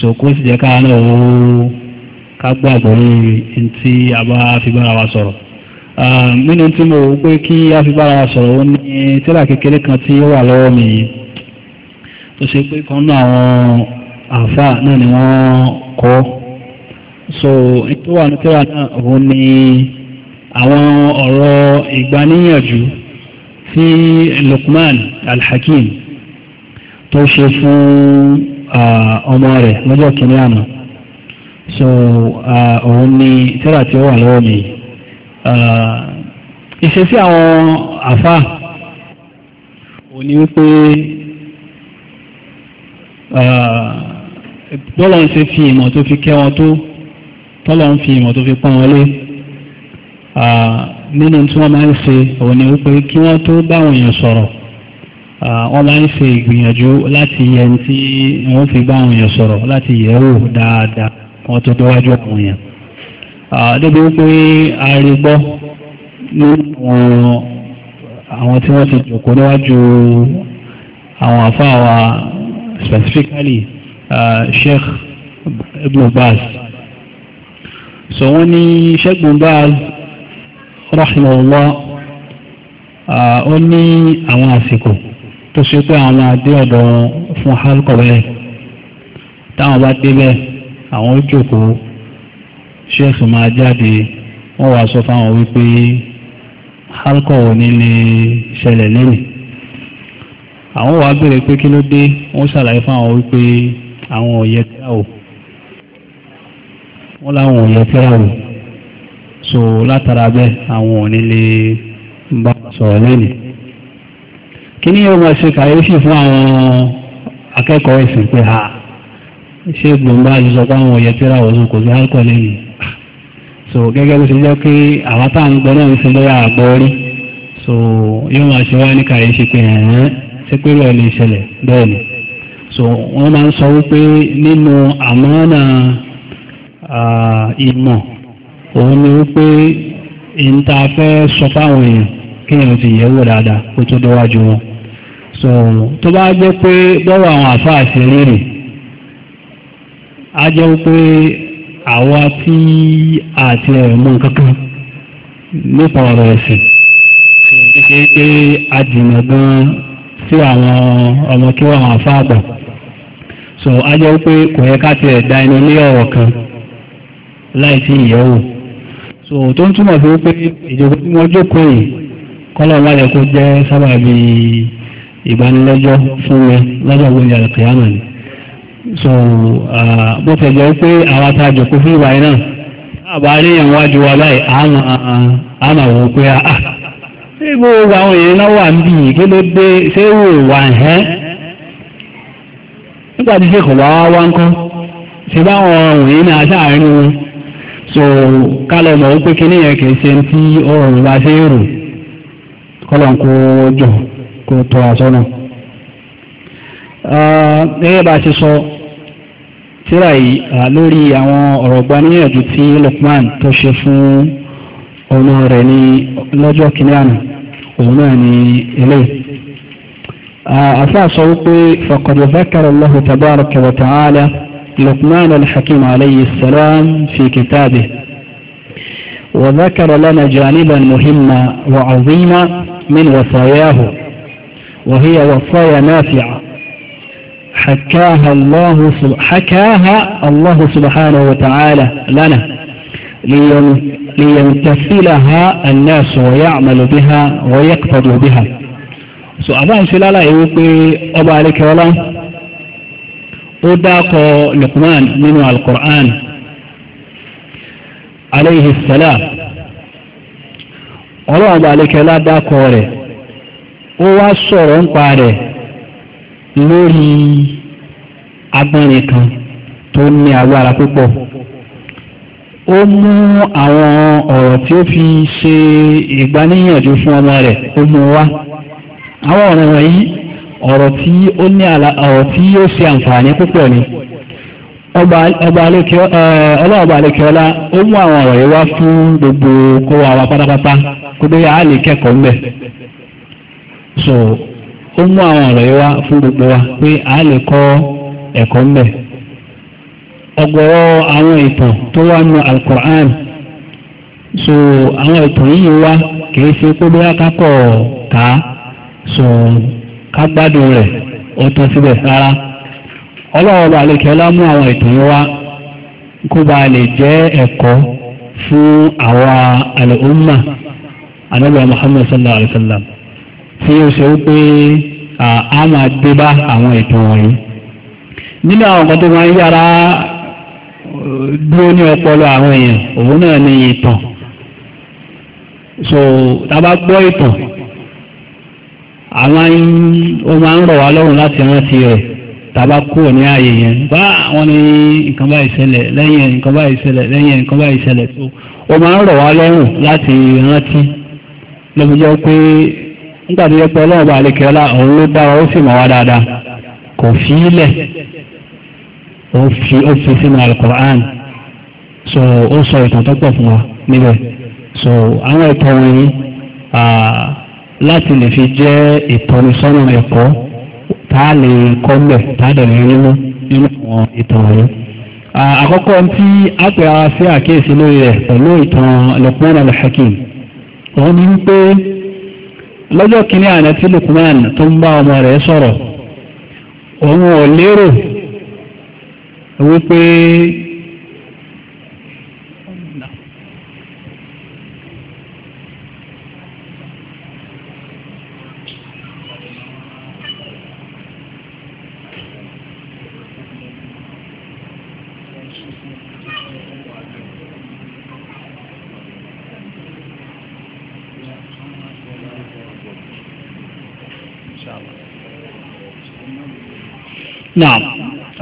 so kó sì jẹ́ káwọn náà ó ká gbàgbọ́ lórí ntí a bá fi bára wa sọ̀rọ̀ ah, nínú tí mo wò pé kí a fi bára wa sọ̀rọ̀ ó ní tírà kékeré kan tí ó wà lọ́wọ́ mi tó ṣe pé kan náà àwọn àáfàá náà ni wọ́n kọ́ so ètò wà nítorí náà òun ni àwọn ọ̀rọ̀ ìgbaníyànjú tí Luqman Al-Hakim tó ṣe fún ọmọ rẹ̀ lọ́jọ́ kìíní àná so òun ni tíra tí ó wà lọ́wọ́ mi ìṣesí àwọn àfa òun ni wípé. Uh, bọ́lọ̀ ń ṣe fi ìmọ̀ tó fi kẹ́ wọn tó tọ́lọ̀ ń fi ìmọ̀ tó fi pọ́n wọn lé nínú tí wọ́n máa ń ṣe òun ni wípé kí wọ́n tó báwọn èèyàn sọ̀rọ̀ wọ́n máa ń ṣe ìgbìyànjú láti yẹ ní tí wọ́n fi báwọn èèyàn sọ̀rọ̀ láti yẹ̀ wò dáadáa wọ́n tó déwájú àwọn èèyàn. débi wípé arígbọ́ nínú àwọn tí wọ́n ti jòkó níwájú àwọn àfáà wa specifically sheikh ibn baz so wọ́n ní sheikh ibn baz rahimahullah ó ní àwọn àsìkò tó ṣe pé àwọn adé ọ̀dọ̀ fún halkọ̀wẹ́ táwọn bá débẹ̀ àwọn ó jókòó sheikh máa jáde wọ́n wàá sọ fáwọn wípé alcohol ní lè ṣẹlẹ̀ lẹ́yìn àwọn wàá bèrè pé kí ló dé wọ́n ṣàlàyé fún wípé àwọn ọ̀yẹ́ tíra wọ́n láwọn ọ̀yẹ́ so látara bẹ́ àwọn ò lè bá sọ̀rọ̀ lẹ́nu kí ni yóò máa ṣe kàyéfì fún àwọn akẹ́kọ̀ọ́ ìsìn pé ha ṣé gbòǹgbà yìí pé àwọn ọ̀yẹ́ kò sí so gẹ́gẹ́ bó ṣe jẹ́ pé àwọn so yóò máa ṣe wá ní pé ṣé pé lè ni. so wọ́n máa ń sọ wípé nínú àmọ́nà ìmọ̀ òun ni wípé ìta fẹ́ sọ fáwọn èèyàn kí èèyàn ti yẹ̀wò dáadáa kó tó déwájú wọn so tó bá jẹ́ pé bọ́wọ́ àwọn àfáà sí rírì a jẹ́ wípé àwa tí àti ẹ̀mọ́ kankan nípa ọ̀rọ̀ ẹ̀sìn ṣe é pé a dìnnà gan-an sí àwọn ọmọ kí wọ́n àwọn afáàgbà so a jẹ́ pé kò yẹ ká tiẹ̀ da ẹnu ní ọ̀rọ̀ kan láì sí ìyẹ̀wò so tó ń túmọ̀ sí pé ìjọba tí wọ́n jókòó yìí kọ́lọ̀ wá yẹ kó jẹ́ sábàbí ìbánilẹ́jọ́ fún mi lọ́jọ́ gbòǹjà kìámà ni so bó tẹ̀ jẹ́ pé àwọn atajọ̀ kó fún ìwà yìí náà àbá ríyàn wájú wa láì àmà àwọn òpin àà ṣé gbogbo àwọn èèyàn náà wà níbi yìí kí ló wà ẹ́ nígbà tí ṣèkọ̀ wá wá ń kọ́ ṣe báwọn òyìn náà sáàárín wọn so kálọ̀ mọ̀ wípé kí nìyẹn kì í ṣe tí ọ̀rọ̀ bá ṣe rò kọ́lọ̀ kó jọ kó tọ́ àsọ́nà. gẹ́gẹ́ bá ṣe sọ tíra yìí lórí àwọn ọ̀rọ̀ gbaníyànjú tí Lukman tó ṣe fún ọmọ rẹ̀ ní lọ́jọ́ kìnìún àná. قوماني إليه أساس وقي فقد ذكر الله تبارك وتعالى لقمان الحكيم عليه السلام في كتابه وذكر لنا جانبا مهما وعظيما من وصاياه وهي وصايا نافعة حكاها الله حكاها الله سبحانه وتعالى لنا ليمتثلها الناس ويعمل بها ويقتدي بها so àbáyé ṣe lára ìwé pé ọba alẹ́kẹ́ọ́lá ó dákọ̀ Luqman nínú al-Qur'an alayhi salam ọlọ́run ọba alẹ́kẹ́ọ́lá dákọ̀ rẹ̀ ó wá sọ̀rọ̀ ń pa rẹ̀ lórí agbọ́nrin kan tó ní ó mú àwọn ọ̀rọ̀ tí ó fi ṣe ìgbaníyànjú fún ọmọ rẹ̀ ó mú wá àwọn ọ̀rọ̀ wọ̀nyí ọ̀rọ̀ tí ó ní àlà ọ̀rọ̀ tí yóò ṣe àǹfààní púpọ̀ ni ọlọ́ọ̀bà àlekẹ́ọ́lá ó mú àwọn ọ̀rọ̀ yìí wá fún gbogbo kó wa wá pátápátá kó bẹ́ẹ̀ á lè kẹ́kọ̀ọ́ ńbẹ̀ so ó mú àwọn ọ̀rọ̀ yìí wá fún gbogbo wa pé á lè kọ́ ẹ̀kọ́ ńbẹ̀ ọ̀gọ̀rọ̀ àwọn ìtàn tó wà nù alukur'an so àwọn ìtàn yìí wá kìí ṣe pé bóyá kákọ̀ ká so ká gbádùn rẹ̀ ó tán síbẹ̀ rárá ọlọ́wọ́ bá lè kẹ́lá mú àwọn ìtàn yìí wá kó bá lè jẹ́ ẹ̀kọ́ fún àwa al'umma anábìyà muhammad sallallahu alaihi wa sallam tí ó ṣe wípé a máa dé bá àwọn ìtàn wọ̀nyí nínú àwọn kan tó máa ń yára dúró ní ọpọlọ àwọn èèyàn òun náà ní ìtàn so tábà gbọ́ ìtàn àwọn ó máa ń rọ̀ wá lọ́rùn láti rántí rẹ̀ tábà kúrò ní ààyè yẹn bá wọn ní nǹkan báyìí ṣẹlẹ̀ lẹ́yìn nǹkan báyìí ṣẹlẹ̀ lẹ́yìn nǹkan báyìí ṣẹlẹ̀ so ó máa ń rọ̀ wá lọ́rùn láti rántí lọ́mọ jẹ́ pé nígbà tó yẹ pé ọlọ́run bá lè kẹ́lá òun ló dára ó sì mọ̀ wá dáadáa kò fi í lẹ̀ o fi ó fi sínú alukur'an so ó sọ ìtàn tó pọ̀ fún wa níbẹ̀ so àwọn ẹ̀kọ́ wọ̀nyí láti lè fi jẹ́ ìtọ́nisọ́nà ẹ̀kọ́ tá a lè kọ́ mbẹ̀ tá a dẹ̀rẹ̀ nínú nínú àwọn ìtàn wọ̀nyí. àkọ́kọ́ tí a pè ara sí àkíyèsí lórí rẹ̀ pẹ̀lú ìtàn Luqman al-Hakim òun ni pé lọ́jọ́ kìíní àná tí Luqman tó ń bá ọmọ rẹ̀ sọ̀rọ̀ òun ò lérò wípé نعم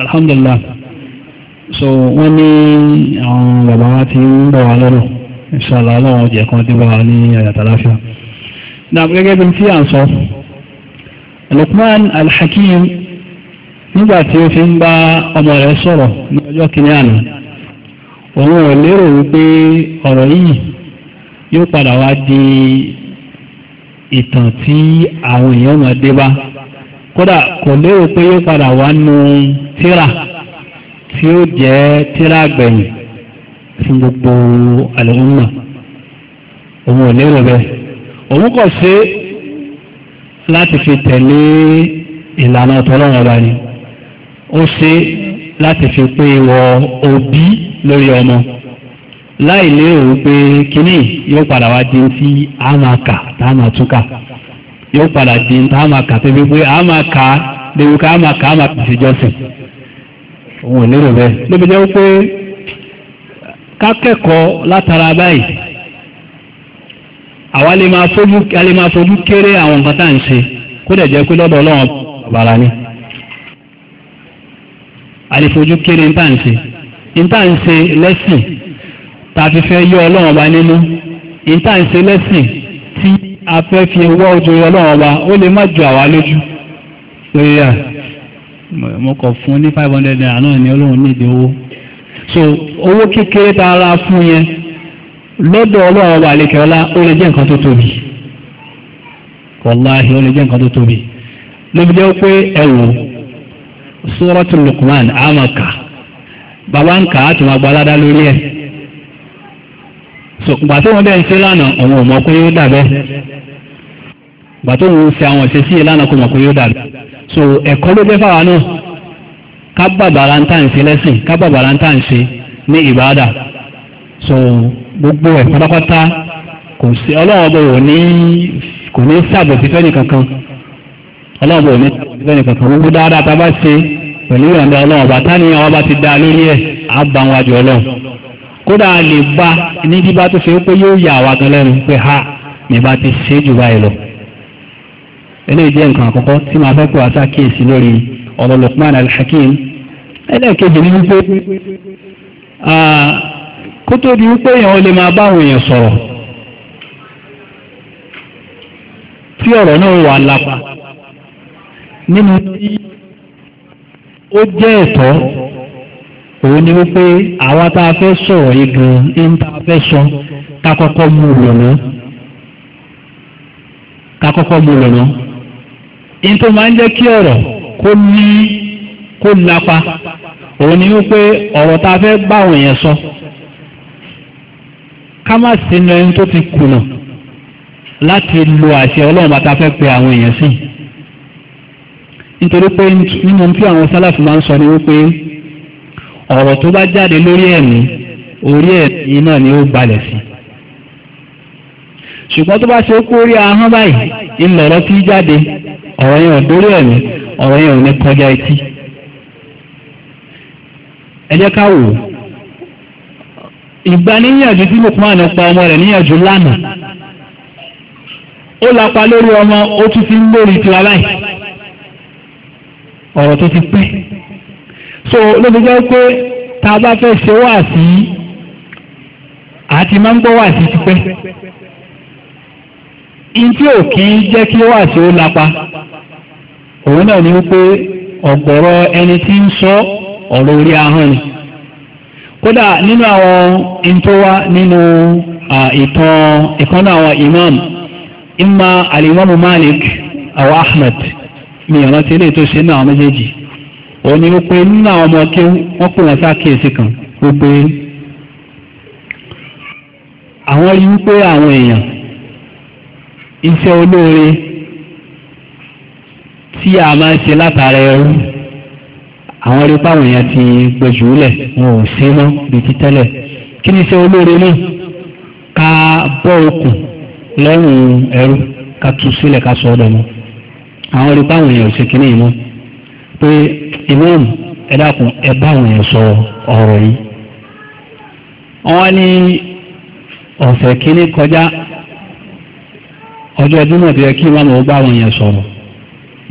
الحمد لله so wọ́n ní àwọn bàbá wa ti ń bọ̀ wá lọ́rọ̀ ìṣàlá aláwọ̀ ọjẹ́ kan tí bá wà ní àyàtà láfíà náà gẹ́gẹ́ bí tí à ń sọ Luqman al nígbà tí ó fi ń bá ọmọ rẹ̀ sọ̀rọ̀ ní ọjọ́ kìíní àná òun ò lérò wípé ọ̀rọ̀ yìí yóò padà wá di ìtàn tí àwọn èèyàn máa dé bá kódà kò lérò pé yóò padà wá nu tíra tí ó jẹ́ tíra gbẹ̀yìn fún gbogbo àlùmọ́ òun ò lérò bẹ́ẹ̀ òun kò ṣe láti fi tẹ̀lé ìlànà ọ̀tọ̀lọ́wọ̀n ọba ni ó ṣe láti fi pé wọ òbí lórí ọmọ láì lérò pé kínní yóò padà wá di ti àmàkà táàmàtúkà yóò padà di táàmàkà tó pé àmàkà lèwùkà àmàkà àmàkà ṣèjọsìn. òun ò lérò bẹ́ẹ̀ lóbi jẹ́ pé kákẹ́kọ̀ọ́ látara báyìí àwa lè máa fojú kéré àwọn nǹkan tá à ń ṣe kó dẹ̀ jẹ́ pé lọ́dọ̀ ọlọ́run bàbàrà ni a lè fojú kéré ọba nínú nta nse ń ṣe lẹ́sìn tí a fẹ́ fi ọba ó lè má ju àwa lójú lórí mo fún ní 500 na naira náà ni olóhùn nídìí owó so owó kékeré tá a ra fún yẹn lọ́dọ̀ ọlọ́run ọba àlekè ọlá ó lè jẹ́ nǹkan tó tóbi wàláhì ó lè jẹ́ nǹkan tó tóbi jẹ́ pé amaka Baba ń kà á tún so gbà tó wọn bẹ́ẹ̀ ń ṣe lánàá yóò gbà tó wọn ń ṣe àwọn ìṣesí lánàá yóò so ẹ̀kọ́ ló jẹ́ fáwa náà ká bàbàrà ń tà ń ṣe lẹ́sìn ká bàbàrà ń tà ń ṣe ní ìbáàdà so gbogbo ẹ̀ pátápátá kò sí ọlọ́run ọbẹ̀ ò ní kò ní sàbò sí fẹ́ni kankan ọlọ́run ọbẹ̀ ò ní sàbò sí fẹ́ni kankan gbogbo dáadáa tá a bá ṣe pẹ̀lú ìrànlọ́ ọlọ́run ọba tá ni ọba ti dá lórí ẹ̀ á bá wọn àjọ ọlọ́run kódà lè bá ní bí tó ṣe pé yóò yà wá gan lẹ́nu pé ha ní bá ti ṣe jù báyìí lọ eléyìí jẹ́ nǹkan àkọ́kọ́ tí màá fẹ́ kó àṣà kíyèsí lórí ọ̀rọ̀ Luqman al-Hakim ẹlẹ́ẹ̀kejì ni wípé kó tó di wípé èèyàn lè máa bá àwọn èèyàn sọ̀rọ̀ tí ọ̀rọ̀ náà wà lápá nínú tí ó jẹ́ ẹ̀tọ́ òun ni wípé àwa tá a fẹ́ sọ̀rọ̀ yìí gan-an ní fẹ́ sọ ká kọ́kọ́ mú lọ́nà ká kọ́kọ́ mú lọ́nà in tó máa ń jẹ́ kí ọ̀rọ̀ kó ní kó lápa òun ni wípé ọ̀rọ̀ tá a fẹ́ bá àwọn èèyàn sọ ká má sínú ẹni tó ti kùnà láti lo àṣẹ ọlọ́run bá fẹ́ pe àwọn èèyàn sí nítorí pé nínú tí àwọn sálàfù máa ń sọ ni wípé ọ̀rọ̀ tó bá jáde lórí ẹ̀mí orí ẹ̀mí náà ni ó balẹ̀ sí ṣùgbọ́n tó bá ṣe kó rí ahọ́n báyìí ńlọ̀rọ̀ tí jáde ọ̀rọ̀ yẹn ò dórí ẹ̀mí ọ̀rọ̀ yẹn ò ní kọjá etí. ẹ jẹ́ ká wò ó ìgbaníyànjú tí Lukman pa ọmọ rẹ̀ níyànjú lánàá ó lapa lórí ọmọ ó tún fi ń lórí tiwa láì ọ̀rọ̀ tó ti pẹ́ so lóbi jẹ́ pé tá a bá fẹ́ ṣe wáàsí àti máa ń gbọ́ wáàsí ti pẹ́ ntí ò kì í jẹ́ kí wáàsí ó lapa òun náà ni wípé ọ̀pọ̀rọ̀ ẹni tí ń sọ ọ̀rọ̀ orí ahọ́n ni kódà nínú àwọn ìntówá nínú ìtàn ìkan àwọn imam imma alimamu malik àwọn ahmed mi ìrántí ilé tó ṣe náà méjèèjì òun ni wípé nínú àwọn ọmọ wọ́n pè wọ́n sákèésí kan wípé àwọn rí wípé àwọn èèyàn iṣẹ́ olóore tí a máa ń ṣe látara ẹrú àwọn rí pàwọn èèyàn ti gbẹjù lẹ̀ wọn ò ṣe mọ́ bíi ti tẹ́lẹ̀ kí ni ṣe olóore náà ká bọ́ okùn lọ́rùn ẹrú ká tú sílẹ̀ ká sọ ọ́dọ̀ mọ́ àwọn rí pàwọn èèyàn ò ṣe kíní mọ́ pé ìmọ̀ọ́mù ẹ dákun ẹ bá àwọn èèyàn sọ ọ̀rọ̀ yìí wọ́n ní ọ̀sẹ̀ kíní kọjá ọjọ́ ọdún náà yẹ kí wọ́n ó bá àwọn èèyàn sọ̀rọ̀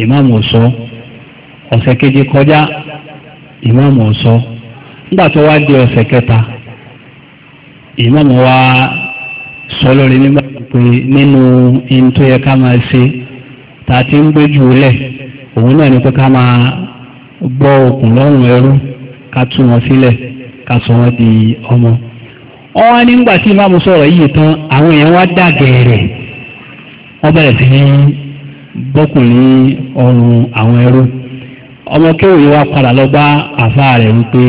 ìmáàmù ọ̀sọ́ ọ̀sẹ̀ keje kọjá ìmáàmù ọ̀sọ́ nígbà tó wá di ọ̀sẹ̀ kẹta ìmáàmù wa sọ lórí nígbà pé nínú ihun tó yẹ ká máa ṣe tá a ti ń jù lẹ̀ òun náà ni pé ká máa gbọ́ lọ́rùn ẹrú ká tú wọn sílẹ̀ ká sọ wọn di ọmọ wọ́n wá nígbà tí ìmáàmù sọ̀rọ̀ yìí tán àwọn èèyàn wá wọ́n bẹ̀rẹ̀ sí ní bọ́kùnrin ọrùn àwọn ẹrú ọmọ kéwòye wa padà lọ bá àfa rẹ̀ wípé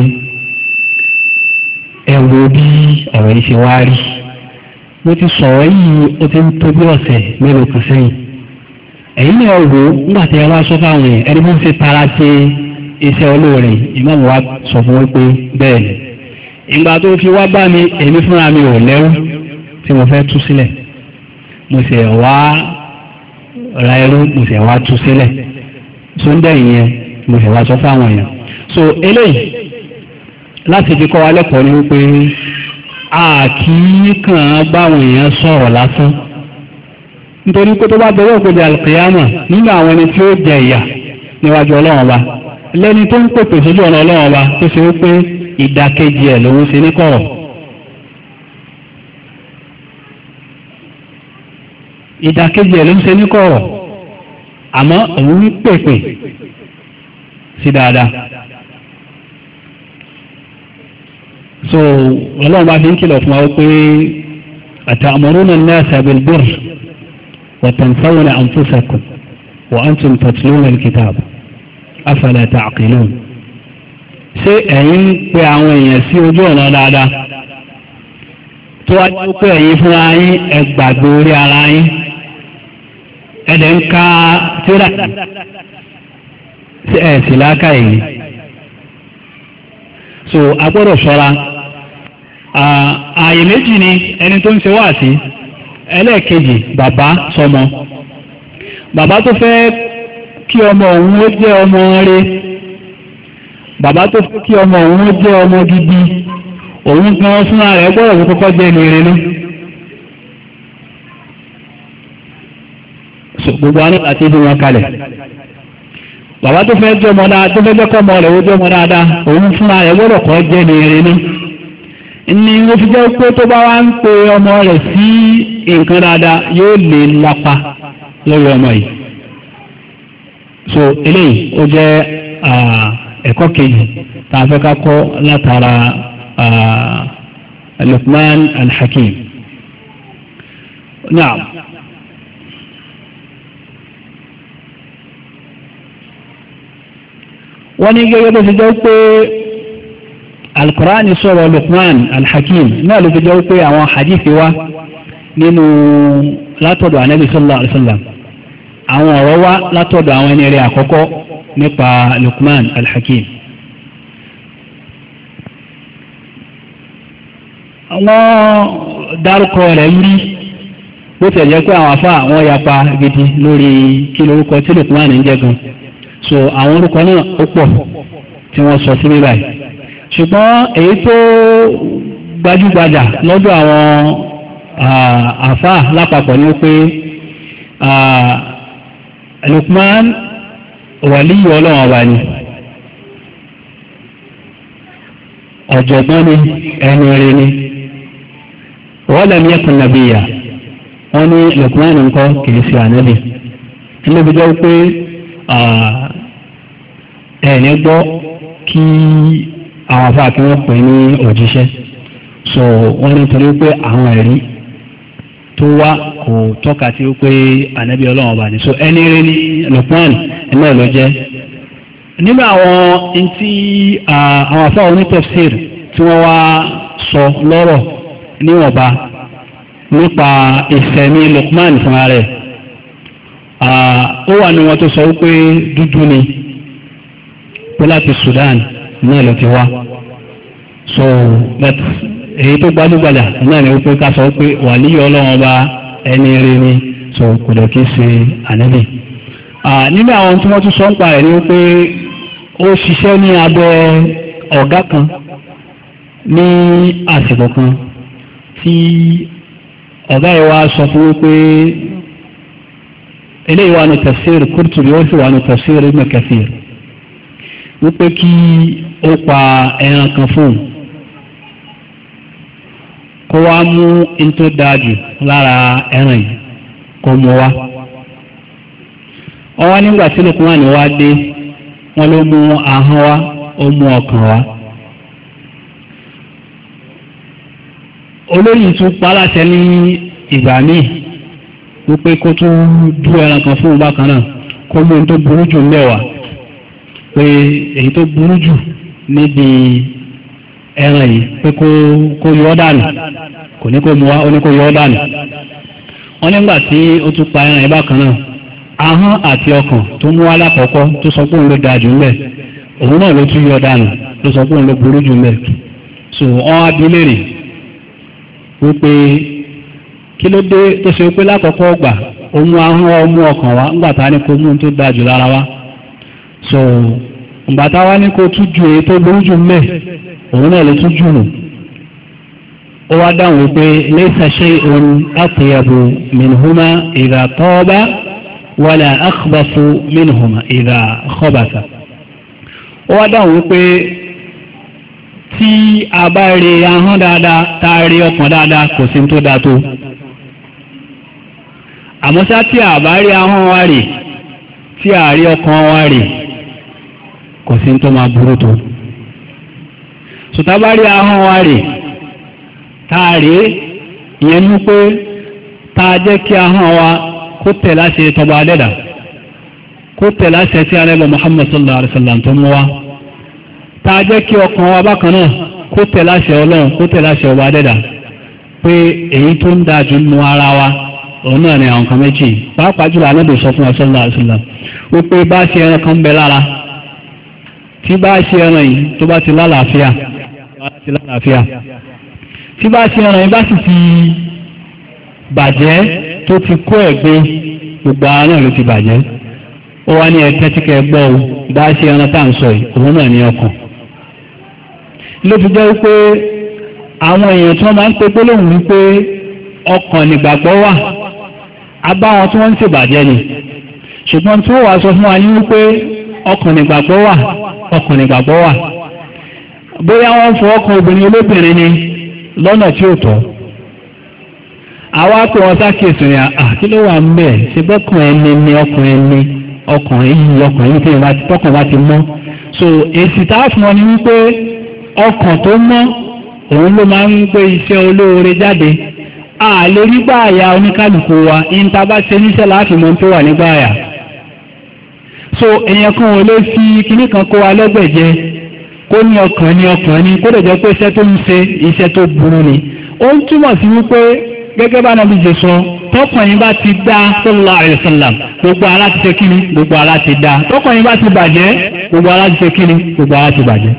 ẹ wo bí ọ̀rọ̀ yìí ṣe wá rí mo ti sọ̀rọ̀ yìí ó ti ń tó bí ọ̀sẹ̀ mélòó kan sẹ́yìn ẹ̀yin náà wò nígbà tí ẹ wá sọ fáwọn yẹn ẹni mo ń ṣe tara ṣe iṣẹ́ olóore ìmọ̀mù wa sọ fún wọn bẹ́ẹ̀ ni ìgbà tó fi wá bá mi èmi fúnra mi ò lẹ́rú tí mo fẹ́ tú sílẹ̀ mo sì wá ra ẹrú mo sì wá tú sílẹ̀ sunday yẹn mo wá sọ fáwọn èèyàn so eléyìí láti fi kọ́ wa lẹ́kọ̀ọ́ ni wípé a kì í kàn án báwọn èèyàn sọ̀rọ̀ lásán nítorí pé tó bá bẹ̀rẹ̀ òkèdè alkiyama nínú àwọn ẹni tí ó jẹ ìyà níwájú ọlọ́run wa lẹ́ni tó ń pèpè sójú ọ̀nà ọlọ́run wa tó ṣe wípé ìdàkejì ẹ̀ lòun ṣe ní kọ̀rọ̀ ìdàkejì ẹ̀ ló ń ṣe ní kọ̀rọ̀ àmọ́ òun ń pèpè sí dáadáa so ọlọ́run bá fi ń kìlọ̀ fún wa pé àtàmọ́rún náà sàbẹ̀lbẹ̀r wàtàǹsáwọn àǹfọ̀sàkù wà á tún tàtúlùmọ̀ kìtàb afẹ́lẹ̀ tààkìlùm ṣé ẹ̀yin pé àwọn èèyàn sí ojú ọ̀nà dáadáa tó wájú pé ẹ̀yin fúnra yín ẹgbàgbé orí ara yín ẹ̀dẹ̀ ń ka tíra ẹ̀ sì láàkà yìí so a gbọ́dọ̀ ṣọ́ra ààyè méjì ni ẹni tó ń ṣe wáàsí ẹlẹ́ẹ̀kejì bàbá sọmọ bàbá tó fẹ́ kí ọmọ òun ó jẹ́ ọmọ rẹ bàbá tó fẹ́ kí ọmọ òun ó jẹ́ ọmọ gidi òun gan fúnra rẹ̀ gbọ́dọ̀ kọ́kọ́ jẹ́ ẹni rẹ náà. gbogbo àná láti ibi wọn kalẹ̀ bàbá tó fẹ́ jẹ́ ọmọ dáa tó fẹ́ jẹ́kọ́ ọmọ rẹ̀ ó jẹ́ ọmọ dáadáa òun fúnra rẹ̀ gbọ́dọ̀ kọ́ jẹ́ ní eré ní ní fi jẹ́ pé tó bá wá ń pe ọmọ rẹ̀ sí nǹkan dáadáa yóò lè lapa lórí ọmọ yìí so eléyìí ó jẹ́ ẹ̀kọ́ kejì tá a fẹ́ ká kọ́ látara Luqman al Naam. wọ́n ní gẹ́gẹ́ bó ti jẹ́ pé alukurani sọ̀rọ̀ lukman alhakim náà ló ti jẹ́ pé àwọn hadithi wa nínú látọ̀dọ̀ anabi sallallahu alayhi wa sallam àwọn ọ̀rọ̀ wa látọ̀dọ̀ àwọn ẹni rẹ̀ àkọ́kọ́ nípa lukman alhakim. wọ́n dárúkọ rẹ̀ rí bó tẹ̀ jẹ́ pé àwọn afá àwọn yapa gidi lórí kí lórúkọ tí lukman ń jẹ́ gan-an so àwọn orúkọ náà ó pọ̀ tí wọ́n sọ síbí báyìí ṣùgbọ́n èyí tó gbajúgbajà lọ́dọ̀ àwọn àfáà lápapọ̀ ni pé Lukman wàlíyí ọlọ́run ọba ni ọ̀jọ̀gbọ́n ni ẹni rẹ ni wọ́n lẹ́nu ẹkùn nàbíyà wọ́n ní Lukman nǹkan kìí ṣe ànábì ẹni bí jẹ́ pé ẹ̀ẹ́ni gbọ́ kí àwọn afá kí wọ́n pè ní òjíṣẹ́ so wọ́n ní torí pé àwọn ẹ̀rí tó wá kò tọ́ka tí ó pé ànábì ọlọ́run ọba ni so ẹni rí ní Lukman ẹ̀mọ́ ẹ̀ ló jẹ́ nínú àwọn ntí àwọn afá onítẹ̀fsir tí wọ́n wá sọ lọ́rọ̀ níwọ̀nba nípa ìsẹ̀mí Lukman fúnra rẹ̀ ó wà ní wọn tó sọ wípé dúdú ni pé láti Sudan náà ló ti wá so but èyí tó gbajúgbajà náà ni ó pé ká sọ pé wàlíyọ ọlọ́run ọba ẹni rí ni so kò lè kí ṣe ànábì nígbà àwọn tí wọ́n tún sọ ń pa ẹ̀ ni pé ó ṣiṣẹ́ ní abẹ́ ọ̀gá kan ní àsìkò kan tí ọ̀gá yìí wá sọ fún wípé eléyìí wà ní tafsir Qurtubi ó sì wà ní tafsir Ibn wípé kí ó pa ẹran kan fóun kó wá mú in tó dáa jù lára ẹran yìí kó mú wá. ọwọ́ nígbà tí wá dé wọn ló mú ahọ́n wá ó mú ọkàn wá. olóyìn tún pa ní ìgbà míì wípé kó tún dú ẹran kan pé èyí tó burú jù níbi ẹran yìí pé kó yọ ọ́ dànù kò ní kó mu wá ó ní kó yọ dànù wọ́n nígbà tí ó tún pa ẹran yìí bákan náà ahọ́n àti ọkàn tó mú wá lákọ̀ọ́kọ́ tó sọ pé òun ló dáa jù ń bẹ̀ òun náà ló tún yọ dànù ló sọ pé òun ló burú jù ń bẹ̀ so ọ́n abilérè wípé kí ló dé tó ṣe so ìgbàtà wá ní kó tún ju èyí tó burú jù mẹ́ òun náà lè tún jù nù ó wá dáhùn pé laysa shay'un atyabu minhuma idha taba wala akhbasu minhuma idha khabasa ó wá dáhùn pé tí a bá rí ahọ́n dáadáa tá a rí ọkàn dáadáa kò sí tó dáa tó àmọ́ sá tí a bá rí ahọ́n wa rè tí a rí ọkàn wa rè kò sí tó máa burú tó sùtábárí ahọ́n wa rè tá a rè ìyẹn ní pé tá a jẹ́ kí ahọ́n wa kó tẹ̀ láṣẹ tọba adẹ́dà kó tẹ̀ láṣẹ tí arẹ́bọ̀ Muhammad sallallahu alayhi wa sallam tó mú wa tá a jẹ́ kí ọkàn wa bákan náà kó tẹ̀ láṣẹ ọlọ́run kó tẹ̀ láṣẹ ọba adẹ́dà pé èyí tó ń dáa jù nù ara wa òun náà ni àwọn kan méjì pàápàá jùlọ anábì sọ fún wa sallallahu alayhi wa sallam wípé bá ṣe ẹran kan bẹ lára tí bá ṣe ẹran yìí tó bá ti lálàáfíà tí bá ṣe ẹran yìí bá sì ti bàjẹ́ tó ti kó ẹ̀gbin gbogbo ara náà ló ti bàjẹ́ ó wá ní ẹ̀tẹ́ tí kẹ́ gbọ́ o bá ṣe ẹran tá à ń sọ yìí òun náà ní ọkàn ló fi jẹ́ wípé àwọn èèyàn tí wọ́n máa ń pe gbólóhùn wípé ọkàn nígbàgbọ́ wà abáwọn tí wọ́n ń ṣèbàjẹ́ ni ṣùgbọ́n tí wọ́n wá sọ fún wa ní wípé ọkàn nígbàgbọ́ wà ọkùnrin gbàgbọ́ wà bóyá wọ́n fọ ọkàn obìnrin olóbìnrin ni lọ́nà tí ó tọ́ àwa pé wọn sákèsì rẹ̀ àti ló wà ń bẹ̀ ṣe ẹni ni ọkùnrin ni ọkùnrin yìí ọkùnrin tí ọkùnrin bá ti mọ́ so èsì tá a fún ọ ni wípé ọkàn tó mọ́ òun ló máa ń gbé iṣẹ́ olóore jáde Àlè lè àyà oníkálukú wa ìntàbá ṣe níṣẹ́ láti so èèyàn kan ò lè fi kinní kan kó wa lẹ́gbẹ̀jẹ kó ní ọkàn ní ọkàn ní kó lè jẹ́ pé iṣẹ́ tó ń ṣe iṣẹ́ tó burú ni ó ń túmọ̀ sí wípé gẹ́gẹ́ bá nàbí jẹ sọ tọkàn yín bá ti dá sallallahu alaihi wasallam gbogbo ara ti ṣe kíni gbogbo ara ti dá tọkàn yín bá ti bàjẹ́ gbogbo ara ti ṣe kíni gbogbo ara ti bàjẹ́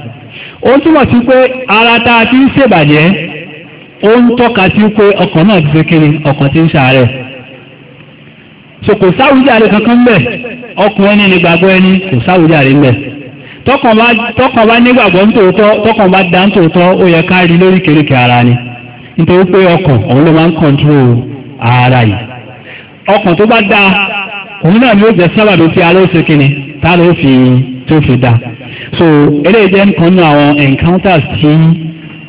ó ń túmọ̀ sí pé ara tá a ti ń ṣèbàjẹ́ ó ń tọ́ka sí pé ọkàn náà ti ṣe kíni ọkàn ti ń ṣàárẹ̀ so kò sáwùjáde kankan bẹ́ẹ̀ ọkùnrin ẹni nígbàgbọ́ ẹni kò sáwùjá rí mbẹ tọkàn bá nígbàgbọ́ nítòótọ́ tọkàn bá dá nítòótọ́ ó yẹ ká lórí ara ni nítorí pé ọkàn òun ló máa ń kọ́ńtró ara yìí ọkàn tó bá dá òun náà ni ó jẹ sábàbí tí ara ó ṣe tá ló fi tó fi dá so eléyìí jẹ́ nǹkan nínú àwọn encounters tí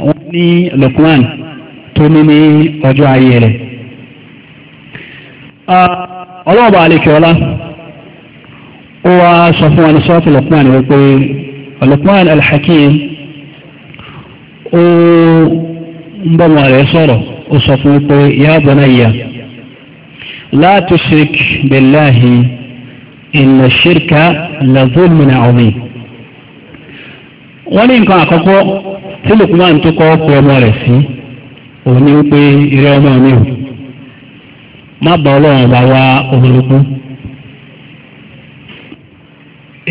wọ́n ní Lukman tó ní ní ọjọ́ ayé rẹ̀ ah, ọlọ́ọ̀bà àlekè ọlá. ó wá sọ fún wọn ní sọ́ọ̀tì Luqman wípé Luqman al-Hakim ó ń bọ́ wọn rẹ̀ sọ̀rọ̀ ó sọ fún wípé ya bunayya la tushrik billahi inna shirka la zulmun wọ́n ní nǹkan àkọ́kọ́ tí Luqman tó kọ́ pé ọmọ rẹ̀ sí òun ní wípé ìrẹ́ ọmọ mi ò má bá ọlọ́run bá wá òun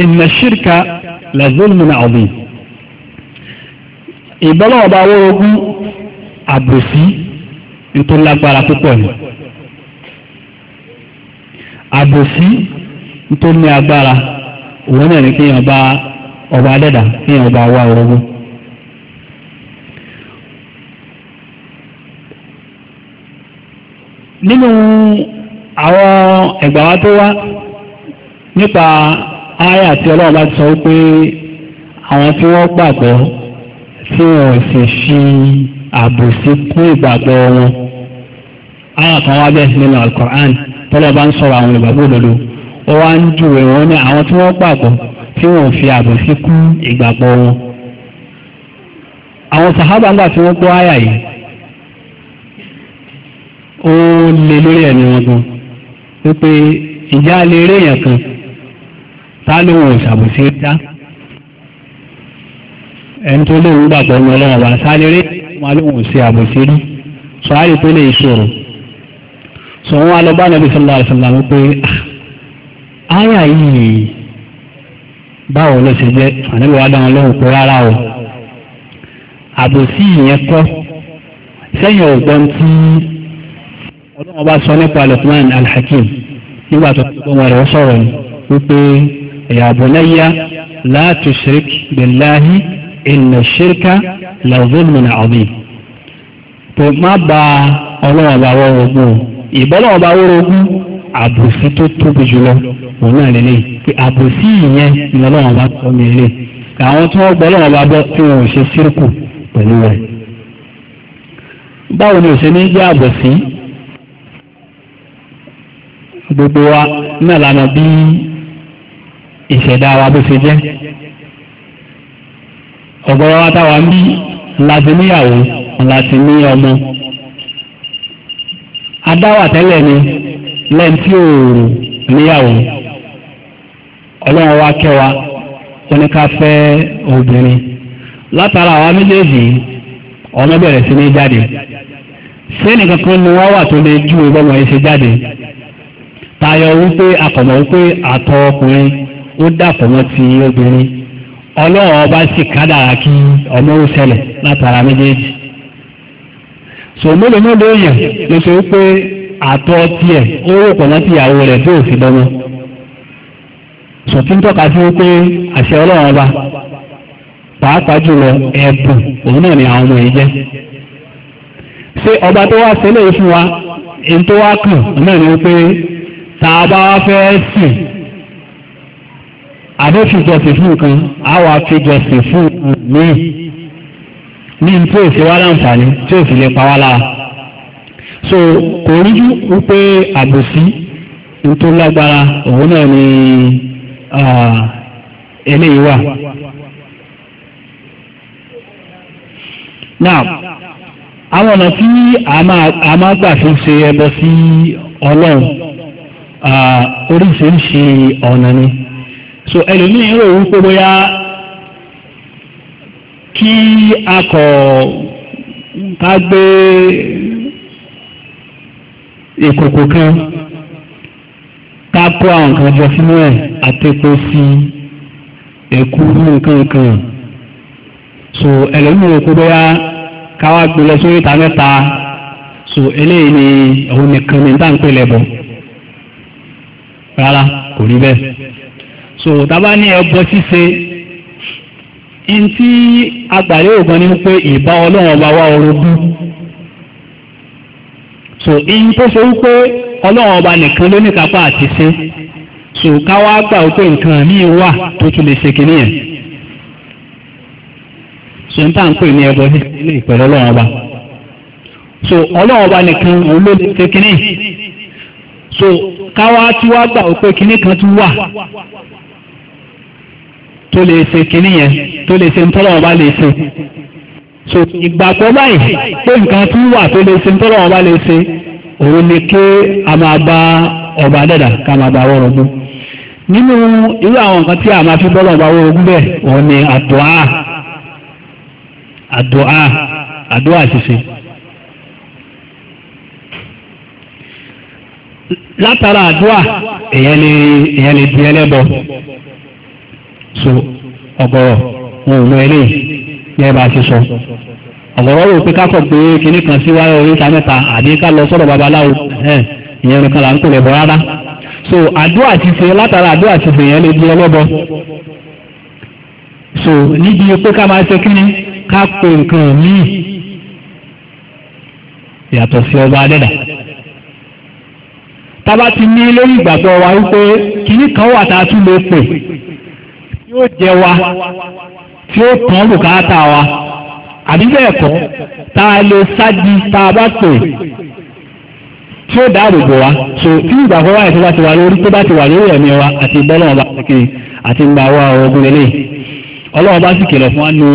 inna ṣírka لظلم azim ìbọ́lọ́wọ́ bá wọ́n ogún àbòsí nítorí lágbára púpọ̀ ni àbòsí nítorí ní agbára òun náà ní kéèyàn bá ọba adẹ́dà kéèyàn bá wá orogún. nínú àwọn ẹ̀gbà wa tó wá nípa ayé àti ọlọ́run bá sọ pé àwọn tí wọ́n gbàgbọ́ tí wọ́n sì fi àbòsí kún ìgbàgbọ́ wọn ayé kan wá bẹ́ẹ̀ nínú alukur'an tọ́lọ́ bá ń sọ̀rọ̀ àwọn ìgbàgbọ́ òdodo ó wá ń júwe wọn ní àwọn tí wọ́n gbàgbọ́ tí wọ́n fi àbòsí kún ìgbàgbọ́ wọn. àwọn sàhábà ńgbà tí wọ́n gbọ́ ayà yìí ó lè lórí ẹ̀mí wọn gan wípé ìjà lè rí èèyàn kan tá ló wò ṣàbùsí dá ẹni tó lóun gbàgbọ́ ní ọlọ́run ọba sáléré wọn lóun ò ṣe àbòsí rí sọ àyè tó lè ṣòro sọ wọn alọba nàbí sọlá àṣàlà wípé àyà yìí báwo ló ṣe jẹ ànábì wa dáhùn lóhùn pé rárá o àbòsí yẹn kọ́ sẹ́yìn ọgbọ́n tí ọlọ́run ọba sọ nípa Luqman al nígbà tó ti gbọmọ rẹ̀ sọ̀rọ̀ ni wípé ya bunayya la tushrik billahi inna shirka la zulmun azim tó má ba ọlọ́wọ́ bá wọ́n ogún ìbọ́lọ́wọ́ bá wọ́n ogún àbòsí tó tóbi jùlọ òun náà lélẹ̀ pé àbòsí ìyẹn ni ọlọ́wọ́ bá tọ́ mi lélẹ̀ àwọn tí wọ́n gbọ́ ọlọ́wọ́ bọ́ tí wọ́n ṣe sírkù pẹ̀lú rẹ̀ báwo ni òṣèlú jẹ́ àbòsí gbogbo wa náà lànà bíi ìṣẹ̀dá wa bó ṣe jẹ́ ọ̀gọ̀rọ̀ wa táwa ń bí ọla ti níyàwó ńlá ní ọmọ adáwà tẹ́lẹ̀ ni lẹ́yìn tí ò níyàwó ọlọ́run wa kẹ́ wa obìnrin látara àwa méjèèjì ọmọ bẹ̀rẹ̀ sí ní jáde sẹ́ni kankan ni wọ́n wà tó lè ju ìbọn wọ̀nyí ṣe ó dàpọ̀ mọ́ ti obìnrin ọba sì kádàrá kí ọmọ ó ṣẹlẹ̀ látara méjèèjì so mélòó mélòó yàn ló ṣe wípé àtọ̀ tiẹ̀ ó rò pọ̀ mọ́ ti ìyàwó rẹ̀ tọ́ka sí wípé àṣẹ ọba pàápàá jùlọ ẹ̀bùn òun náà àwọn ọmọ yìí jẹ́ ọba tó wá sílẹ̀ fún a àdéfìjọ sí fún nǹkan àwọn àfijọ sí fún mi ní n tí ò sí wá láǹfààní tí ò sì lè pa wá lára so kò rí jù wípé àbòsí tó lágbára òun náà ni eléyìí wà. now àwọn ọ̀nà tí a máa gbà fi ṣe ẹbọ sí ọlọ́run oríṣiríṣi ọ̀nà ni so ẹlòmíì rò wípé bóyá kí a kọ̀ ká gbé ìkòkò kan ká kó àwọn nǹkan jọ sínú ẹ̀ àtẹ́kọ́ sí ẹ̀kú nǹkan kan so ẹlòmíì rò pé bóyá ká wá gbé lọ sórí ìta mẹ́ta so eléyìí ni òun nìkan ní táǹpẹ́ lẹ́bọ̀ rárá kò rí bẹ́ẹ̀. so tàbá ní ẹbọ ṣíṣe n tí agbàlẹ ògbọn ni pé ìbá ọlọ́run ọba wa orogún so n tó ṣe wípé ọlọ́run ọba nìkan ló ní kápá àti ṣe so ká wá gbà wípé nǹkan míì wà tó tún lè ṣe so n ń pè ní ẹbọ ṣíṣe ilé ọlọ́run ọba so ọlọ́run ọba nìkan òun ló ṣe so káwá tí wá gbà wípé kan tún wà tó lè ṣe kinní yẹn tó lè ṣe ń tọ́lọ̀ ọba lè ṣe so ìgbàgbọ́ báyìí pé nǹkan tún wà tó lè ṣe ń tọ́lọ̀ ọba lè ṣe òun ni kí a máa bá ọba dẹ́dà ká máa bá wọ́rọ̀ mú nínú irú àwọn nǹkan tí a máa fi bọ́lọ̀ ọba wọ́rọ̀ mú bẹ́ẹ̀ òun ni àdúà àdúà àdúà ṣíṣe. látara àdúà èèyàn lè di ẹlẹ́bọ so ọ̀gọ̀rọ̀ wọn ò lọ eléyìí bẹ́ẹ̀ bá a ṣe sọ ọ̀gọ̀rọ̀ wò pé kákọ̀ pé kinní kan sí wáyé orí ìta mẹ́ta àbí ká lọ sọ́dọ̀ babaláwo ìyẹn nìkan là ń kó lẹ̀ bọ́ rárá so àdúrà ti fi látara àdúrà ti fi yẹn lè di ọlọ́bọ so níbi pé ká máa ṣe kíni ká pe nǹkan míì yàtọ̀ sí ọba adẹ́dà tába ti ní lórí ìgbàgbọ́ wa wípé kinní kan wà tá a tún lè pè tí ó jẹ wa tí ó tán bùkátà wa àbí bẹ́ẹ̀ kọ́ tá a lè sáájú tá a bá pè tí ó dáàbò bò wá so tí ìgbà kan wáyé tó bá ti wà lórí tó bá ti wà lórí ẹ̀mí wa àti bọ́lọ́wọ́n bá ti kiri àti ìgbà wa ọgbọ́n lélẹ̀ ọlọ́wọ́n bá sì kìlọ̀ fún wa nù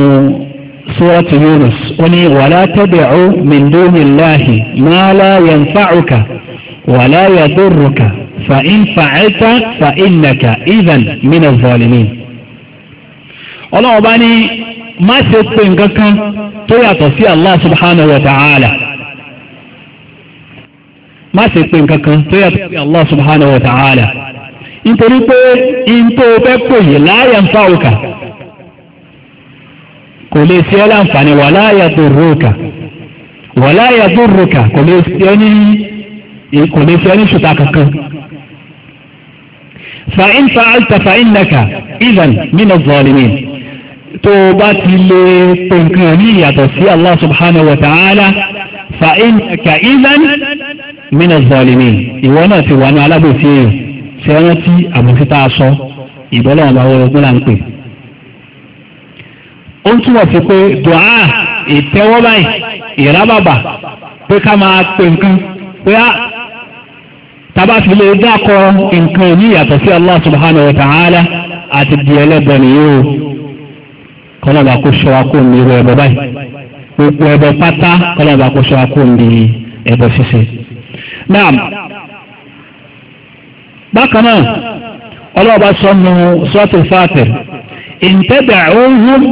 sọ́ọ́tù Yunus ó ní wàlá tad'u min dunillahi ma la yanfa'uka wàlá yadurruka fa in fa'alta fa innaka idhan min az-zalimin ọlọ́wọ́ bá ní má ṣe pé nǹkan kan tó yàtọ̀ sí Allah subhanahu wa ta'ala má ṣe pé nǹkan kan tó yàtọ̀ sí Allah subhanahu wa ta'ala nítorí pé ìntò fẹ́ pè yìí láyà ń fa òkà kò lè ṣe ẹ́ láǹfààní wà láyà tó rúkà wà láyà tó rúkà kò lè ṣe ẹ́ ní kò lè ṣe ẹ́ ní ṣùtà kankan. فإن فعلت فإنك إذا من الظالمين tó bá ti lè pè nǹkan ní ìyàtọ̀ sí Allah subhanahu wa ta'ala fa innaka idhan min az-zalimin ìwọ náà ti wà ní alábòsí èèyàn ṣe wọ́n tí àbòsítà sọ ìbọ́lọ́wọ́n bá wọ́n ogún là ń pè. ó ń túmọ̀ sí pé dùá ìtẹ́wọ́ báyìí ìrábàbà pé ká máa pè nǹkan pé á tábà fi lè dákọ̀ nǹkan ní ìyàtọ̀ sí Allah subhanahu wa ta'ala àti di ẹlẹ́bọ̀ nìyí o. kọ́lọ́ba kó ṣọ́ra kó ní irú ẹbọ báyìí gbogbo ẹbọ pátá kọ́lọ́ba kó ṣọ́ra kó ní ẹbọ ṣíṣe. naam bákan náà ọlọ́ọ̀bá sọ nù sọ́ọ̀tù fàtẹ̀ ìǹtẹ̀dàcúhùn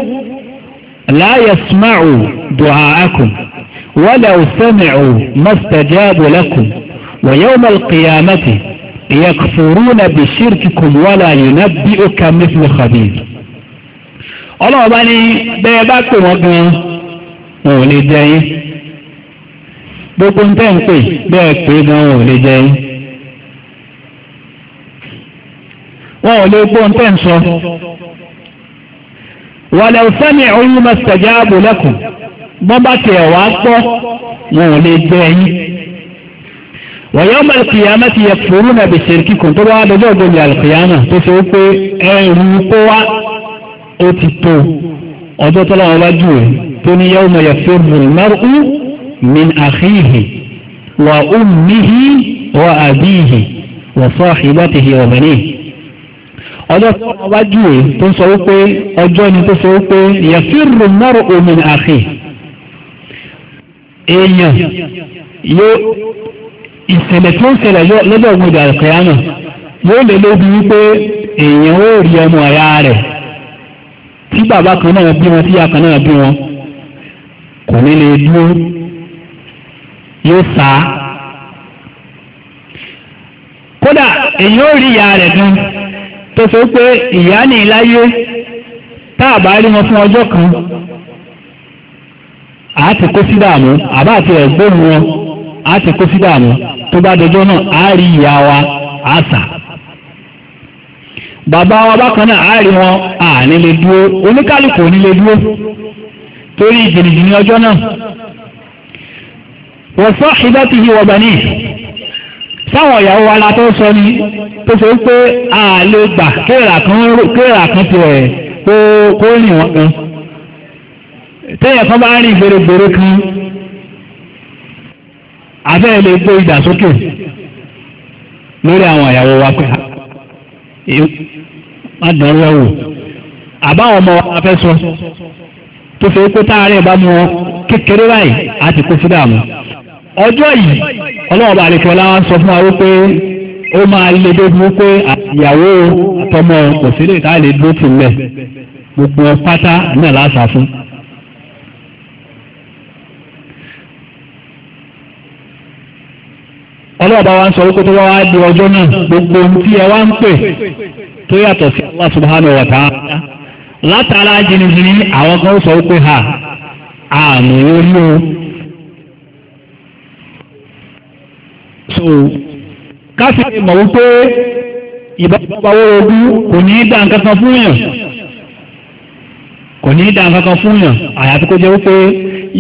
láyé smáàcù dùhàákùn wọ́lẹ̀ òsèmìcù mọ́sítẹ̀jáàbù lẹ́kùn wọ́yẹ́wọ́mọ̀ kìyàmẹ́tì yẹ kùfùrúnà bìṣírkìkùn wọ́lẹ̀ yìí náà bí ó kà mẹ́fìlì xabiir. ọlọ́run bá ní bẹ́ẹ̀ bá pè wọ́n gan wọn ò lè jẹ yín gbogbo ń tẹ́ ń pè bẹ́ẹ̀ pé gan wọn ò lè jẹ yín wọn ò lè gbọ́ ń tẹ́ ń sọ wàlẹ̀ òsánì ọ̀hún mẹ́sàgá ààbò lẹ́kùn bọ́n bá tẹ̀ wá gbọ́ wọn ò lè jẹ yín wọ́n yọ́ mọ̀ kìyàmẹ́ ti yẹ fòrúnà bẹ̀ṣẹ̀ kíkùn tó wá lọ́jọ́ ògbóni àlùkìyàmẹ́ tó ṣe wípé ẹ̀rù kó wá ó ti tó ọjọ́ tọ́láwọn bá jù ẹ́ tó ní yawma yafirru al-mar'u min akhihi wa ummihi wa abihi wa sahibatihi wa banihi ọjọ́ tọ́láwọn bá jù ẹ́ tó ń sọ wípé ọjọ́ ni tó sọ wípé yafirru al-mar'u min akhihi èèyàn yóò ìṣẹ̀lẹ̀ tó ń ṣẹlẹ̀ lọ́dọ̀ ọ̀gbọ̀dọ̀ àkàyà náà yóò lè lóbi wípé èèyàn ó rí ọmọ ọ̀yá rẹ̀ tí bàbá kan náà bí wọn tí ìyá kan náà bí wọn kò ní lè dúró yóò sá kódà èyí ò rí ìyá rẹ̀ gan tó sọ pé ìyá ní láyé tá a bá rí wọn fún ọjọ́ kan àá ti kó sí dààmú àbá àti ẹ̀gbọ́n wọn àá ti kó sí dààmú tó bá dọjọ́ náà àá rí ìyá wa àá sà bàbá wa bákan náà àárí wọn àní lè dúró oníkálùkù ò ní lè dúró torí jìnnìjìnnì ọjọ́ náà wọ́n sọ ìdọ́tìhì wọ̀gbà ní sáwọn ìyàwó wa la tó sọ ni tó ṣe pé a lè gbà kéèrà kan kéèrà kan ti rẹ̀ kó rìn wọn kan téèyàn kan bá rìn gbèrègbèrè kan abẹ́ lè gbé ìdà lórí àwọn ìyàwó wa pé má dán ọwọ́ wò àbáwọn ọmọ wa fẹ́ sọ tó fẹ́ kó táàárẹ̀ bá mu kékeré báyìí á ti kó fúdà mu ọjọ́ yìí ọlọ́wọ́ba àlekọ́ láwọn sọ fún wa wípé ó máa lè dógún pé àtìyàwó àtọmọ kò sí lè ká lè dúró tì lẹ̀ gbogbo pátá náà láṣà fún. ọlọ́ọ̀bá wa ń sọ wípé tó wá wá di ọjọ́ náà gbogbo ohun tí ẹ wá ń pè tó yàtọ̀ sí Allah subhanahu wa ta'ala látara jìnnìjìnnì àwọn kan sọ pé ha àmì orí o. so káfíńtì mọ̀ wípé ìbáwọ̀ ogún kò ní í dá nǹkan kan fún yàn kò ní í dá nǹkan kan fún yàn àyàfi kó jẹ́ wípé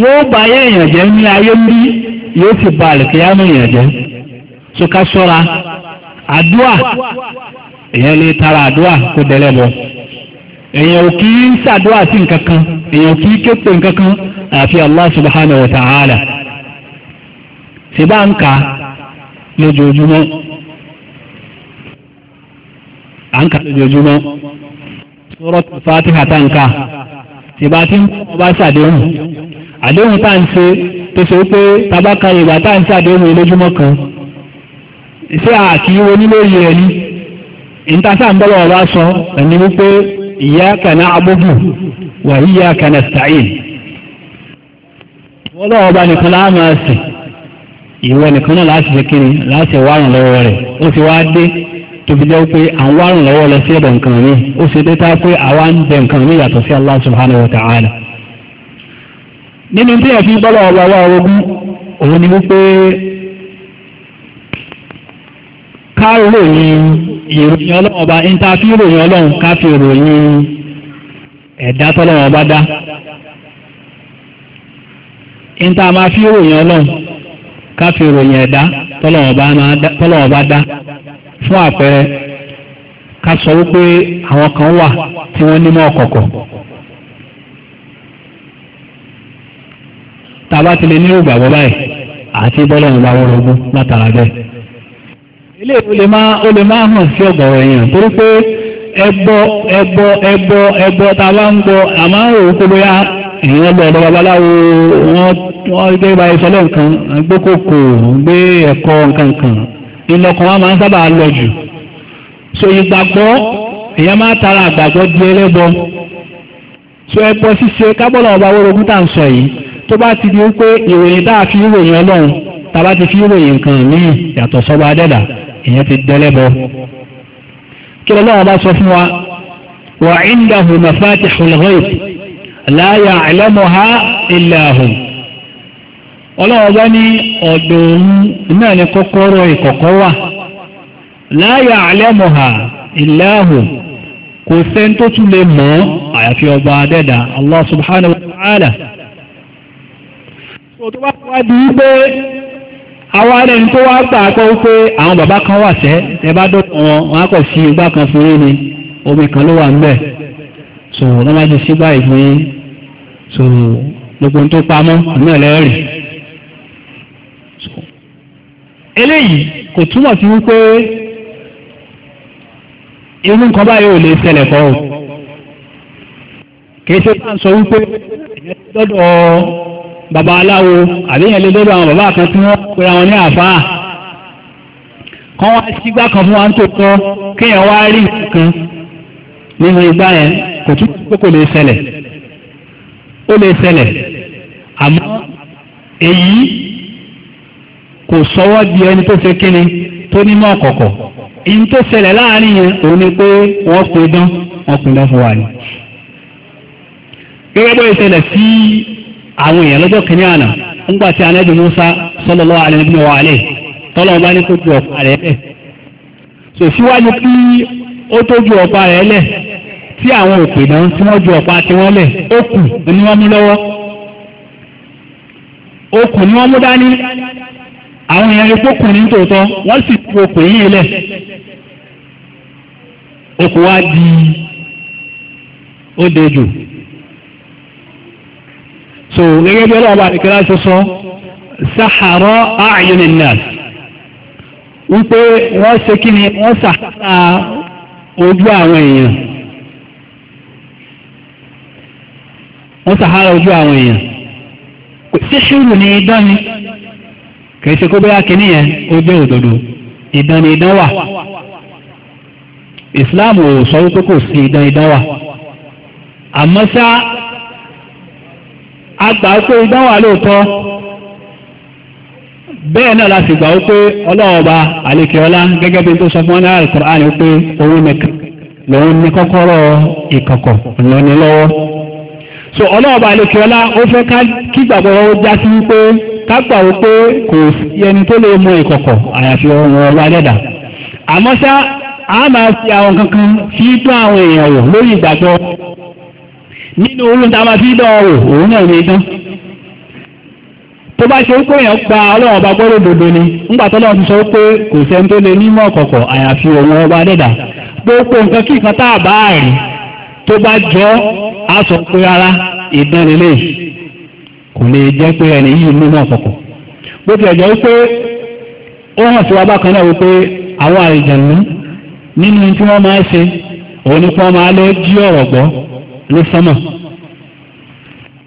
yóò bá ayé èèyàn jẹ́ ní ayé ń bí yóò sì ba àlùkìyàmù èèyàn jẹ́ so ká ṣọ́ra àdúà èèyàn lè tara àdúrà kó dẹlẹ́bọ èèyàn ò kí ń ṣàdúrà sí nǹkan kan èèyàn ò kí ń képe nǹkan kan àfi Allah subhanahu wa ta'ala ṣèbá ń kà lójoojúmọ́ à ń kà lójoojúmọ́ Surat Fatiha tá ń kà àdéhùn tá ń ṣe tó ṣe pé tabaka ìgbà tá ń ṣàdéhùn lójúmọ́ kan ṣé àkíyí onílé yẹ ni ìntàṣà ń bọ́lọ̀ ọba sọ ẹni wípé iyyaka na'budu wa iyyaka nasta'in bọ́lọ̀ ọba nìkan láàmú ẹ̀sìn ìwọ nìkan náà láti ṣe kiri láti wárùn lọ́wọ́ rẹ̀ ó ti wá dé tóbi jẹ́ pé à ń wárùn lọ́wọ́ lọ sí ẹ̀dọ̀ nǹkan mi ó ṣe dé tá pé àwa ń bẹ nǹkan Allah subhanahu wa ta'ala nínú tí ẹ̀ fi bọ́lọ̀ ọba wá orogún òun ni wípé káàró yìí ìròyìn ọlọ́run ọba níta fi ròyìn ọlọ́run ká fi ròyìn ẹ̀dá tọ́lọ́run ọba dá níta máa fi ròyìn ọlọ́run ká fi ròyìn ẹ̀dá tọ́lọ́run ọba dá fún àpẹẹrẹ ká sọ wípé àwọn kan wà tí wọ́n ní mọ́ ọ̀kọ̀kọ̀. tàbá ti lè ní ìgbàgbọ́ báyìí àti bọ́lọ́run bá wọ́n rogún látara bẹ́ẹ̀. ilé ìwòlè máa ó lè máa hàn sí ọ̀gọ̀rọ̀ èèyàn torí pé ẹbọ ẹbọ ẹbọ ẹbọ ta bá ń gbọ́ àmọ́ òun kó bóyá èèyàn lọ ọ̀dọ̀ babaláwo wọ́n wọ́n gbé ba ìṣọ́lẹ̀ nǹkan gbé kòkò gbé ẹ̀kọ́ nǹkan kan ìlọkàn wa máa ń sábà lọ jù so ìgbàgbọ́ èèyàn máa tara àgbàgbọ́ di ẹlẹ́bọ so ẹbọ ṣíṣe kábọ̀lọ̀ ọba wórogún tá à ń sọ yìí tó bá ti di wípé ìròyìn tá a fi ń ròyìn ọlọ́run tá a bá ti fi ń ròyìn nǹkan míì yàtọ̀ sọ́ba adẹ́dàá ìyẹn ti dẹ́lẹ́bọ kí lọ́wọ́ bá sọ fún wa wà indahu mafatihul ghaib la ya'lamuha illa hu ọlọ́wọ́ bá ní ọ̀dọ̀ òun náà ni kọ́kọ́rọ́ ìkọ̀kọ́ wà la ya'lamuha illa hu kò sẹ́ni tó tún lè mọ̀ àyàfi ọba adẹ́dà Allah subhanahu wa ta'ala àwọn arẹ ní tó wá gbà á kọ́ pé àwọn bàbá kan wà sẹ́ ẹ bá dọ̀tọ̀ wọn wọn á kọ̀ sí igbá kan fún yín ni omi kan ló wà ń bẹ̀ so wọ́n máa ti sí báyìí so gbogbo tó pamọ́ àmì ẹ̀lẹ́rì eléyìí kò túmọ̀ sí wípé irú nǹkan báyìí ò lè ṣẹlẹ̀ kọ́ o kì í ṣe bá ń sọ wípé ẹ̀yẹ́ lọ́dọ̀ ọ́. Baba aláwo àbíyàn lè lọ́dọ̀ àwọn bàbá kan tí wọ́n pera wọn ní àfáà kan wá sígbà kan fún wa ń tó kọ́ kéèyàn wá rí nǹkan nínú igbá yẹn kò tún pé kò lè ṣẹlẹ̀ ó lè ṣẹlẹ̀ àmọ́ èyí kò sọ́wọ́ di ẹni tó ṣe kíni tó nímọ̀ ọ̀kọ̀kọ̀ èyí tó ṣẹlẹ̀ láàrin yẹn òun ni pé wọ́n pe dán wọ́n pe dán fún wa ni. gẹ́gẹ́ bó ṣe ṣẹlẹ̀ sí àwọn èèyàn lọ́jọ́ kìíní àná ńgbà tí anábì Musa sallallahu tọ́lọ́ bá ní kó ju ọ̀pá rẹ̀ lẹ̀ so síwájú kí ó tó ju ọ̀pá rẹ̀ lẹ̀ tí àwọn òpè náà tí wọ́n ju ọ̀pá tiwọn lẹ̀ ó kù ni wọ́n mú lọ́wọ́ ó kù ni wọ́n mú dání àwọn èèyàn rí ní tòótọ́ wọ́n sì lẹ̀ wá di so gẹ́gẹ́ bí ọlọ́ọ̀bá nìkẹ́lá ṣe sọ sahara a'yunin nas wípé wọ́n ṣe kí ni wọ́n sàkàtà ojú àwọn èèyàn wọ́n sàhárà ojú àwọn èèyàn ṣé ṣírù ni idán ni kìí ṣe kó bóyá kìíní yẹn ó jẹ́ òdodo idán ni idán wà Islam ò sọ wípé kò sí idán idán wà àmọ́ ṣá agbà pé idán lóòótọ́ bẹ́ẹ̀ náà láti gbà ó pé ọba gẹ́gẹ́ bí tó sọ fún ọ́nà Al-Qur'an ni pé òun nìkan lòun ní kọ́kọ́rọ́ ìkọ̀kọ̀ so ọlọ́run ọba àlekèọlá ó fẹ́ kí gbàgbọ́ ó já sí ká gbà ó pé kò ẹni tó lè mọ ìkọ̀kọ̀ àyàfi ọba àmọ́ a máa fi àwọn nínú orun tá a máa fi dán ọ̀rọ̀ òun náà ní dán tó bá ṣe pé èèyàn gba ọlọ́run ọba gbọ́dọ̀ ni ńgbà tó lọ́run ti sọ pé kò sẹ́ni tó lè nímọ̀ ọba dẹ́dà gbogbo nǹkan kí nǹkan tá a bá rí tó bá jọ á sọ pé rárá ìdánilẹ̀ kò lè jẹ́ pé ẹni yìí nímọ̀ bó ó hàn sí wa bákan náà wípé àwọn àrìjànú nínú tí wọ́n kí máa ló sánmọ̀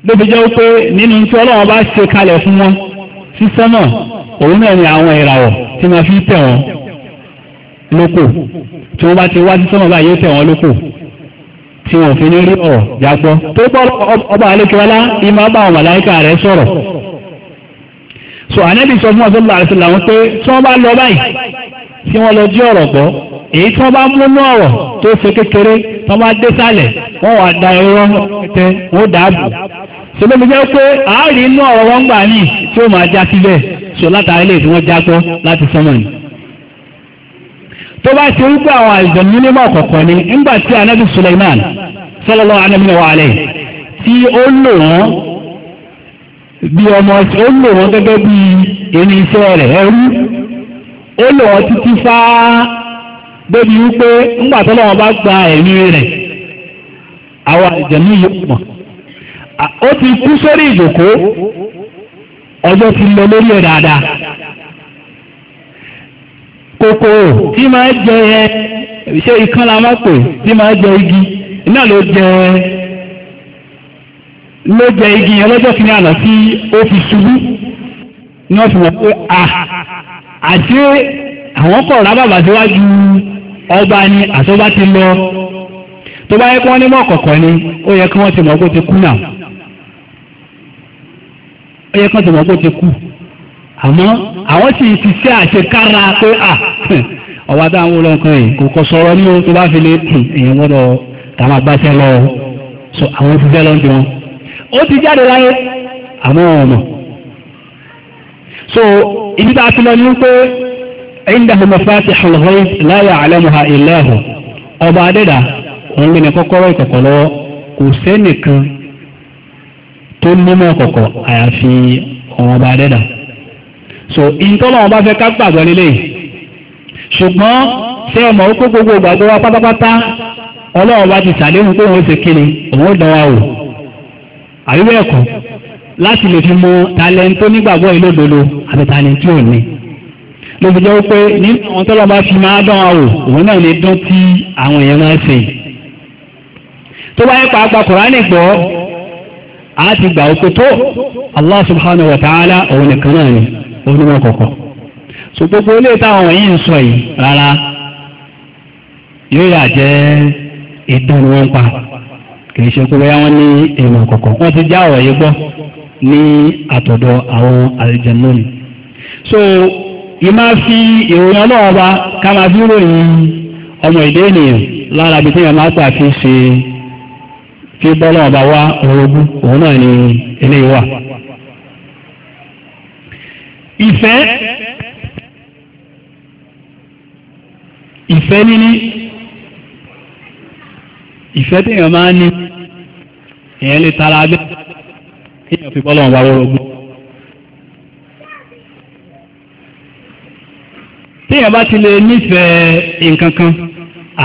ló fi jẹ́ pé nínú tí ọlọ́run bá ṣe kalẹ̀ fún wọn sí sánmọ̀ òun náà ni àwọn ìràwọ̀ tí wọ́n fi tẹ̀ wọ́n lóko tí wọ́n bá ti wá sí sánmọ̀ báyìí tẹ̀ wọ́n lóko tí wọ́n fi ní rí ọ̀rọ̀ jágbọ́ tó gbọ́ ọba àlékiwálá ìmọ̀ bá àwọn màláìka rẹ̀ sọ̀rọ̀ so ànábì sọ fún ọ̀sán láàrín sílẹ̀ àwọn pé tí wọ́n bá lọ báyìí tí wọ́n lọ jí ọ̀rọ̀ gbọ́ èyí tí wọ́n bá mú ọ̀rọ̀ tó ṣe kékeré wọ́n bá dé sálẹ̀ wọ́n wà da ẹ̀rọ tẹ wọ́n dàbò ṣùgbọ́n mi jẹ́ pé àárín inú ọ̀rọ̀ wọn gbà ní tí ó máa já síbẹ̀ ṣò látàrí lè tí wọ́n já gbọ́ láti sánmọ̀ ni. tó bá ṣe wípé àwọn àìsàn mínímọ̀ kọ̀ọ̀kan ni nígbà tí anabi Suleiman sallallahu alaihi wa alihi tí ó lò wọ́n bí ọmọ ó lò wọ́n gẹ́gẹ́ bí irinṣẹ́ rẹ̀ ẹrú ó lò wọ́n títí fáá débi wípé ńgbà tó lọ́wọ́ bá gba ẹ̀mí rẹ̀ àwọn àjẹmí yóò mọ̀ ó ti kú sórí ìjòkó ọjọ́ ti lọ lórí ẹ̀ dáadáa kòkòrò tí máa jẹ ẹ ṣé ikán la máa pè tí máa jẹ igi iná ló jẹ igi yẹn lọ́jọ́ kìíní àná tí ó fi ṣubú ní pé à ọba ni àtọ́ba ti lọ tó bá yẹ kí wọ́n ní mọ́ kọ̀kọ̀ ni ó yẹ kí wọ́n ti mọ̀ kó ti kú náà ó yẹ kí wọ́n ti mọ̀ kó ti kú àmọ́ àwọn sì ti ṣe àṣekára pé à ọba táwọn olóńkan yìí kò kọ sọ̀rọ̀ ní o tó bá fi lè kù èèyàn gbọ́dọ̀ táwọn abáṣẹ lọ sọ àwọn òṣìṣẹ́ lọ́n ti wọn ó ti jáde láyé àmọ́ ọ̀nà so ibi tá a ti lọ ní pé indahu mafatihul الغيب لا يعلمها إلا هو. ọba adẹ́dà òun gbé ní kọ́kọ́rọ́ ìkọ̀kọ̀ lọ́wọ́ kò sẹ́nìkan tó nímọ̀ ọ̀kọ̀kọ̀ àyàfi ọ̀wọ́n ọba adẹ́dà so ìtọ́lọ̀ wọn bá fẹ́ ká gbàgbọ́ nílé ṣùgbọ́n ṣé ọmọ ó kó gbogbo ìgbàgbọ́ wa pátápátá ọlọ́run bá ti ṣàdéhùn pé òun ó ṣe kíni òun ó dán wò àríwẹ̀ ẹ̀kọ́ láti lè fi mọ talẹ́ntó nígbàgbọ́ ìlódodo àti talẹ́ntó òní ló fi jẹ́ pé nínú àwọn tọ́lọ́ bá fi máa dán àwò òun náà lè dán tí àwọn èèyàn máa ń tó bá yẹ pàápàá kùránì gbọ́ a ti gbà òkú tó Allah subhanahu wa ta'ala òun nìkan náà ni òun ni wọn kọ̀kọ̀ so gbogbo ilé táwọn wọ̀nyí ń sọ yìí rárá yóò yà jẹ́ ìdán ni wọ́n pa kìí ṣe pé wọ́n ní èèmọ̀ kọ̀kọ̀ wọ́n ti já ọ̀rọ̀ yìí gbọ́ ní àtọ̀dọ̀ àwọn àlìjẹ̀nú ni so ìmá fi ìròyìn ọlọ́wọ́ bá ká máa fi ròyìn ọmọ ìdé ènìyàn lára bí tíyàn máa pàfi ṣe fi bọ́lọ́wọ́ bá wá orogún òun náà ni eléyìí wà. ìfẹ́ ìfẹ́ níní ìfẹ́ tíyàn máa ní èèyàn lè tara abẹ́ tíyàn fi bọ́lọ́wọ́ bá wá orogún. téèyàn bá ti lè nífẹ̀ẹ́ nǹkan kan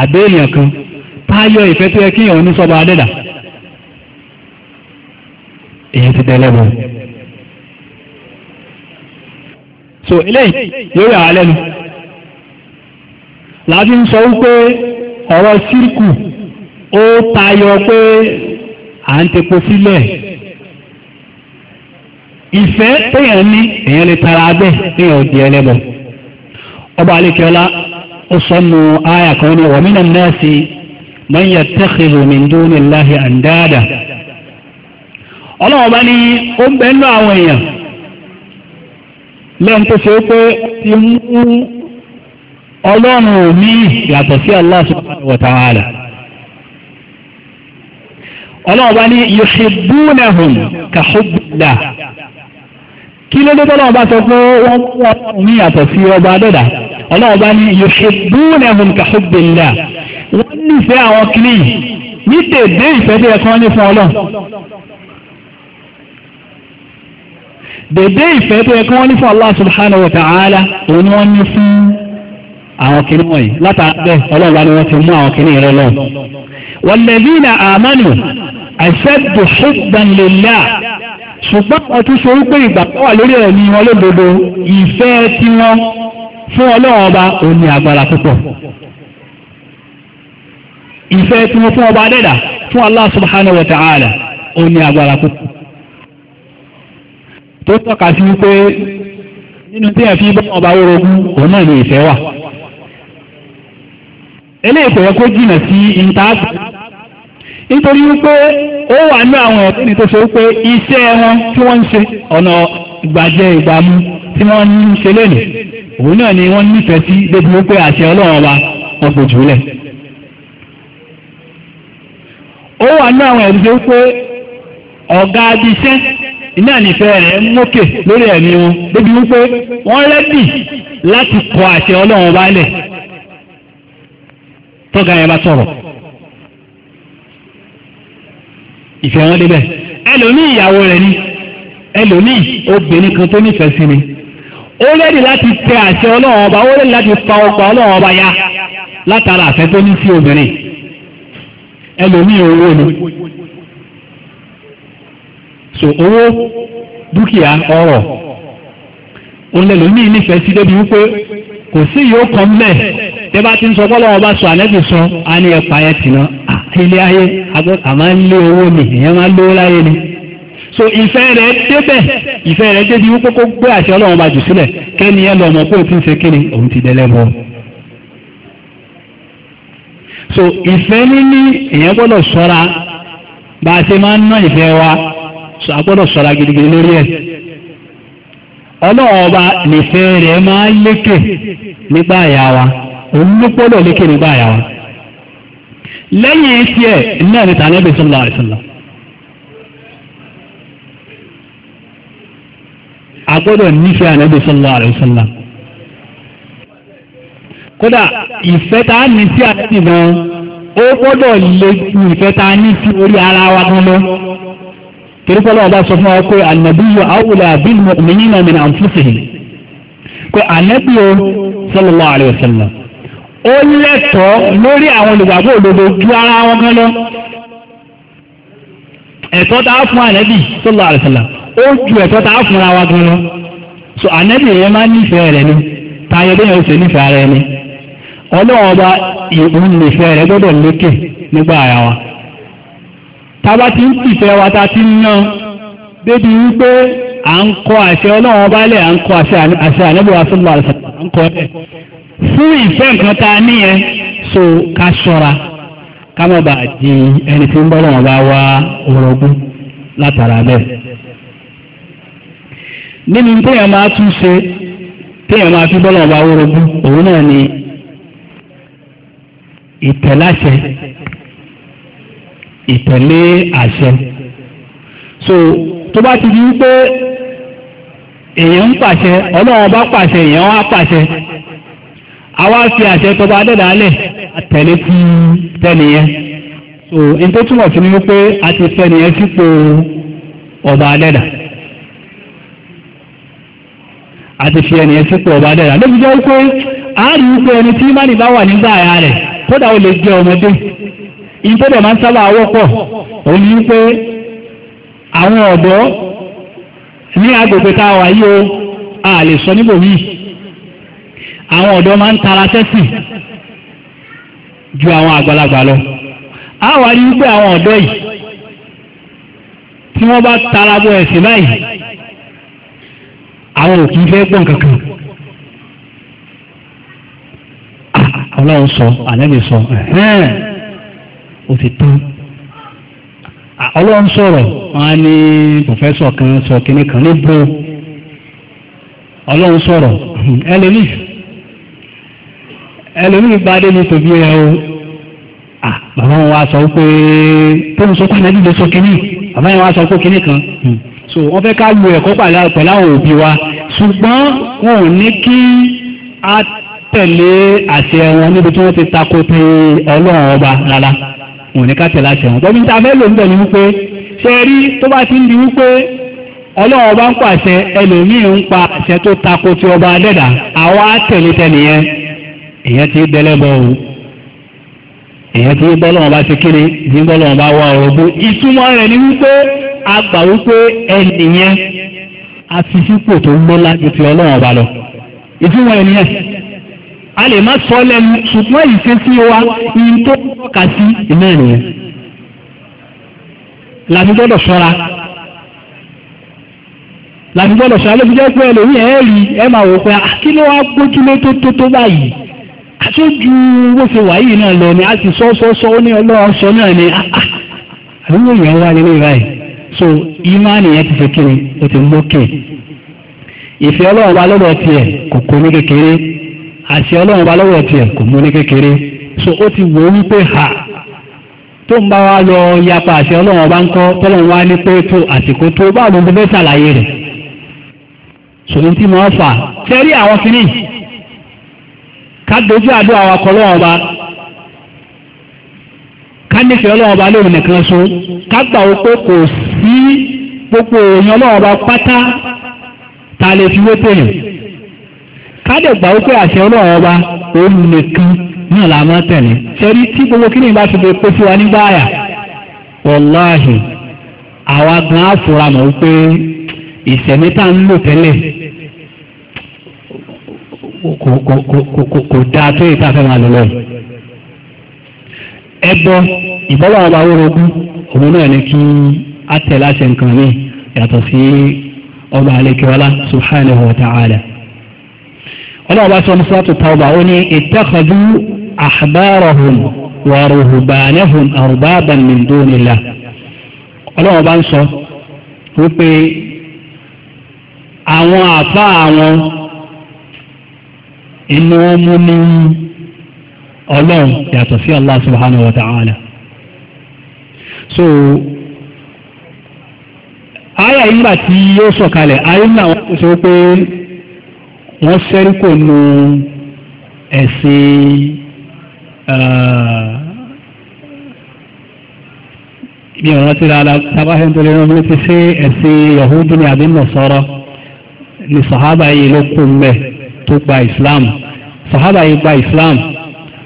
àbí èèyàn kan táyọ ìfẹ́ tó yẹ kí èèyàn oníṣọ́ba adẹ́dà èyí ti dẹ́lẹ́bọ̀. so eléyìí yóò yà á lẹ́nu láti ń sọ wípé ọ̀rọ̀ sírkù ó tayọ pé à ń tepo sílẹ̀ ìfẹ́ téèyàn ní èèyàn lè tara abẹ́ téèyàn ò di ẹlẹ́bọ̀ ọba alekiola ó sọnù àyà kan ní wàmínà nẹ́ẹ̀sì man yattakhidhu min dunillahi andada ọlọ́wọ́ bá ní ó ń bẹ́ẹ̀ nú àwọn èèyàn lẹ́yìn tó ṣe pé ti mú ọlọ́run mi yàtọ̀ sí Allah subhanahu wa ta'ala bá ní yuhibbunahum ka hubbillah kí ló dé tọ́lọ́run bá sọ pé wọ́n mú ọlọ́run mi yàtọ̀ sí ọba adẹ́dàá ọlọ́run bá ní yuhibbunahum ka hubbillah wọ́n nífẹ̀ẹ́ àwọn kìlì ní tèdè ìfẹ́ tó yẹ kí wọ́n ní fún ọlọ́run dèdè ìfẹ́ tó yẹ kí wọ́n ní fún Allah subhanahu wa ta'ala òun ni wọ́n ní fún àwọn kìnnì wọ̀nyí látàbẹ̀ ọlọ́run bá ní wọ́n ti mú àwọn kìnnì rẹ lọ. walladhina amanu ashaddu hubban lillah ṣùgbọ́n ọtún ṣorúkọ ìgbà wà lórí ẹ̀mí wọn lódodo ìfẹ́ tiwọn fún ọlọ́run ọba òun ní agbára púpọ̀ ìfẹ́ tí mo fún ọba dẹ́dà fún Allah subhanahu wa ta'ala òun púpọ̀ tó tọ́ka sí wípé nínú tí ẹ̀ fi bọ́ ọba orogún òun náà ní ìfẹ́ wà eléyìí kò kó jìnà sí intaasi nítorí wípé ó wà ní àwọn ọ̀gbẹ́ni tó ṣe wípé iṣẹ́ wọn tí wọ́n ń ṣe ọ̀nà ìgbàjẹ́ òun náà ni wọ́n nífẹ̀ẹ́ sí débi wípé àṣẹ ọlọ́run ọba ọ̀pọ̀ jùlẹ̀. ó wà ní àwọn ẹ̀rí tó pé ọ̀gá abiṣẹ́ iná nífẹ̀ẹ́ rẹ̀ mókè lórí ẹ̀mí wọn débi wípé wọ́n rẹ́dì láti kọ àṣẹ ọlọ́run ọba lẹ̀ tọ́gà yẹn bá sọ̀rọ̀ ìfẹ́ wọn débẹ̀ ẹlòmíì ìyàwó rẹ̀ ni ẹlòmíì obìnrin kan tó nífẹ̀ẹ́ sí ni ó rẹ́dì láti tẹ àṣẹ ọlọ́run ọba ó rẹ́dì láti pa ọgbà ọlọ́run ọba ya látara àfẹ́ tó ní sí obìnrin ẹlòmíì owó ni so owó dúkìá ọrọ̀ òun lẹlòmíì nífẹ̀ẹ́ sí débi wípé kò sí yóò kàn mẹ́ tẹ́ bá ti ń sọ bọ́lọ́wọ́ bá sọ àlẹ́ ti sọ á ní ẹ̀pà ẹ̀ tì náà ilé ayé àmọ́ ń lé owó ni ìyẹn máa ń lówó láyé ni so ìfẹ́ rẹ̀ débẹ̀ ìfẹ́ rẹ̀ débi wípé kó gbé àṣẹ ọlọ́run bá jù sílẹ̀ kẹ́ni ẹ lọ mọ̀ pé òun ti ń ṣe kíni òun ti dẹlẹ́bọ. so ìfẹ́ níní èèyàn gbọ́dọ̀ ṣọ́ra bá a ṣe máa ń ná ìfẹ́ wa a gbọ́dọ̀ ṣọ́ra gidigidi lórí ẹ̀. ọlọ́run ọba nìfẹ́ rẹ̀ máa ń lékè nígbà àyà wa òun ló gbọ́dọ̀ lékè nígbà àyà wa. lẹ́yìn tiẹ̀ náà ni tànẹ́bí sọ́lá àìsàn lọ. a gbọ́dọ̀ nífẹ̀ẹ́ ànábì sallallahu alaihi wasallam kódà ìfẹ́ tá a ní sí ànábì gan ó gbọ́dọ̀ lé ìfẹ́ tá a ní sí orí ara wa gan lọ torípọ́lá ọba sọ fún wa pé ànàbíyù awùlà bil mu'minina min anfusihim pé ànábì o sallallahu alaihi wasallam ó lẹ́tọ̀ọ́ lórí àwọn olùgbàgbọ́ òdodo ju ara wọn gan lọ ẹ̀tọ́ tá a fún ànábì sallallahu alaihi ó ju ẹ̀tọ́ tá a fúnra wa gan lọ so ànẹ́bì yẹn máa nífẹ̀ẹ́ rẹ̀ ni tayọ bí yẹn ó ṣe nífẹ̀ẹ́ rẹ̀ ni ọlọ́wọ́ ọba ìhun nífẹ̀ẹ́ gbọ́dọ̀ lékè nígbà ara wa tába ti ń tìfẹ́ wa ta ti ń yan débi wípé à ń kọ àṣẹ ọlọ́wọ́ ọba lẹ̀ à ń a níyẹn so ká ṣọ́ra ká di ẹni tí ń bọ́ lọ́wọ́ nínú téèyàn máa tún ṣe téèyàn máa fi bọ́lá ọba awórogún òun náà ni ìtẹ̀láṣẹ ìtẹ̀lé àṣẹ so tó bá ti di wípé èèyàn ń pàṣẹ ọlọ́run bá pàṣẹ èèyàn wá pàṣẹ àwa fi àṣẹ tọba adẹ́dàálẹ̀ àtẹ̀lé ti tẹ́niyẹn so n tó túmọ̀ sí ni wípé a ti fẹ́ niyẹn sípò ọba adẹ́dàá. àti fi ẹni ẹsí pọ̀ ọba dẹ́ra ló fi jẹ́ wípé àárí wípé ẹni tí mánì bá wà nígbà ara rẹ̀ kódà ó lè jẹ́ ọmọdé ìtọ́dẹ̀ máa ń sábà wọ́pọ̀ òun ni wípé àwọn ọ̀dọ́ ní agbègbè tá a wà yìí o a lè sọ níbò yìí àwọn ọ̀dọ́ máa ń tara tẹ́sì ju àwọn àgbàlagbà lọ a wà rí wípé àwọn ọ̀dọ́ yìí tí wọ́n bá tara bọ ẹ̀sìn báyìí àwọn òkú fẹ́ gbọ́ kankan. Ah, ọlọ́run sọ àlẹ́lẹ́ sọ ó ti tán ah, ọlọ́run sọ̀rọ̀ wọn á kan sọ kínní kan níbo ọlọ́run sọ̀rọ̀ ẹlẹ́mìí hmm, ẹlẹ́mìí bá dé ní tòbí o ah, bàbá wọn wá sọ pé tó ń sọ pé sọ bàbá yẹn wá sọ pé kan. Hmm, so wọ́n fẹ́ ká lo ẹ̀kọ́ pẹ̀lú àwọn òbí wa ṣùgbọ́n wọn ò ní kí a tẹ̀lé àṣẹ wọn níbi tí wọ́n ti tako ti ọlọ́run ọba rárá wọn ò ní ká tẹ̀lé àṣẹ wọn. tọ́bí ta fẹ́ lò ń bẹ̀ ni wípé ṣe rí tó bá ti ń di wípé ọlọ́run ọba ń pàṣẹ ẹlòmíì ń pa àṣẹ tó tako ti ọba adẹ́dà àwa tẹ̀lé tẹ̀lé yẹn èyàn ti dẹ́lẹ́bọ̀ o èyàn ti bọ́lọ́run ọba ṣe kéré ní bọ́lọ́run ọba wà ọ̀rọ̀ a gbà wípé ẹnìyẹn àfisípò tó gbọ́lá ju ti ọlọ́run ọba lọ ìtumọ̀ ẹnìyẹn a lè má sọ lẹ́nu ṣùgbọ́n ìṣesí wa ìyí tó tọ́ka sí iná ẹnìyẹn làbí gbọ́dọ̀ ṣọ́ra làbí gbọ́dọ̀ ṣọ́ra ló fi jẹ́ pé ẹlòmíì ẹ̀ rí ẹ̀ máa wò pé ah, kí ló wá gbójúlé tó tó tó báyìí àtúnjú bó ṣe wà yìí náà lọ ni a sì sọ sọ sọ ó ní ọlọ́run sọ náà ni ah, ah, àbí wọ́n yẹn wá nílé báyìí so ìmánì yẹn ti fi kiri o ti lókè ìfẹ́ ọlọ́run wa lọ́wọ́ tiẹ̀ kò kó ní kékeré àṣẹ ọlọ́run wa lọ́wọ́ tiẹ̀ kò mú ní kékeré so ó ti wò ó wípé ha tó ń bá wa lọ yapa àṣẹ ọlọ́run wa ń kọ́ tọ́lọ́run wa ní pé tó àsìkò tó bá lóun fẹ́ ṣàlàyé rẹ̀ so ní tí mo fà tẹ́rí àwọn kìíní ká dojú àdó àwọn akọ lọ́wọ́ wa ká nífẹ̀ẹ́ ọlọ́run wa lóun nìkan so ká gbà ó pé kò sí. sí gbogbo èèyàn lọ́wọ́ bá pátá ta lè fi wé pèèyàn kádẹ̀gbà ó pé àṣẹ ọlọ́wọ́ bá òun nìkan náà la máa tẹ̀lé tí gbogbo kí ni ìbá lè fún wa nígbà àyà wọláhì àwa gan mọ̀ wípé ìṣẹ̀mí tá ń lò tẹ́lẹ̀ kò dáa tó yìí tá a fẹ́ máa lò òun náà ní kí àtẹ̀láṣẹ nǹkan mi yàtọ̀ sí ọba àlekèwọlá subhanahu wa ta'ala ọlọ́ọ̀bá sọ ní sọ́tù tọ́ba ó ní ittakhadhu ahbarahum wa ruhbanahum arbaban min dunillah ọlọ́ọ̀bá ń sọ wípé àwọn àfa àwọn inú mú ní ọlọ́run yàtọ̀ sí Allah subhanahu wa ta'ala so àyà yìí gbà tí yóò sọ̀kalẹ̀ ayé náà wọ́n kò sọ pé wọ́n sẹ́ríkò nu ẹ̀sìn bí ọ̀rọ̀ ti ra ara tábàáhẹ́ nítorí ẹ̀rọ mi ti ṣe ẹ̀sìn yahudu ni àbí nọ̀sọ́rọ́ ni sàhábà yìí ló kó mbẹ́ tó gba islam sàhábà yìí gba islam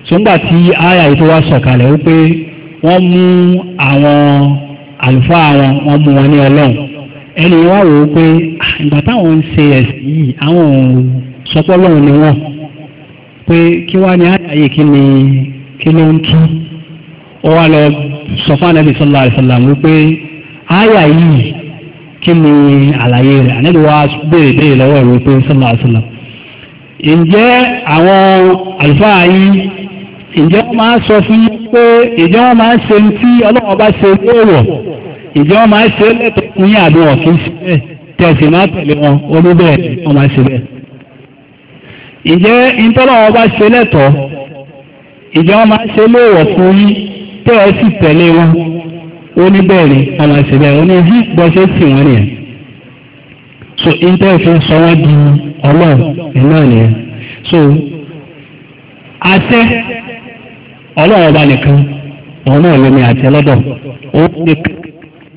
sọ́ngbà tí àyà yìí tó wá sọ̀kalẹ̀ wípé wọ́n mú àwọn àlùfáà wọn wọ́n mú wọn ní ọlọ́run ẹni wá wò ó pé ah, ìgbà táwọn ń ṣe ẹ̀sìn yìí àwọn òun sọpọ́ lọ́run ni wọ́n pé kí wá ní àyè kí ni kí ló ń tú ó wá lọ sọ fún anabi sallallahu alaihi wasallam wípé àyà yìí kí ni àlàyé rẹ̀ anabi wá béèrè béèrè lọ́wọ́ rẹ̀ wípé sallallahu alaihi ǹjẹ́ àwọn àlùfáà yìí ǹjẹ́ wọ́n máa sọ fún yín pé ǹjẹ́ wọ́n máa ṣe ohun tí ọlọ́run ọba ṣe lóòrọ̀ ìjọ máa ń ṣe lẹ́tọ̀ọ́ ní àbí wọn kì í ṣe bẹ́ẹ̀ tẹ̀sí máa tẹ̀lé wọn olúbẹ̀ wọn máa ṣe bẹ́ẹ̀. ìjẹ́ ìtọ́lọ́wọ́ bá ṣe lẹ́tọ̀ọ́ ìjọ máa ṣe léèwọ̀ fún yín tẹ́ ẹ sì tẹ̀lé wọn oníbẹ̀rẹ̀ wọn máa ṣe bẹ́ẹ̀ oní yí gbọ́ṣẹ́ sì wọ́n nìyẹn. so ìtẹ́ fi sọ wọ́n di ọlọ́run ìná nìyẹn. so àṣẹ ọlọ́run ọba nìkan òun náà lómi àṣẹ lọ́dọ̀ òun nìkan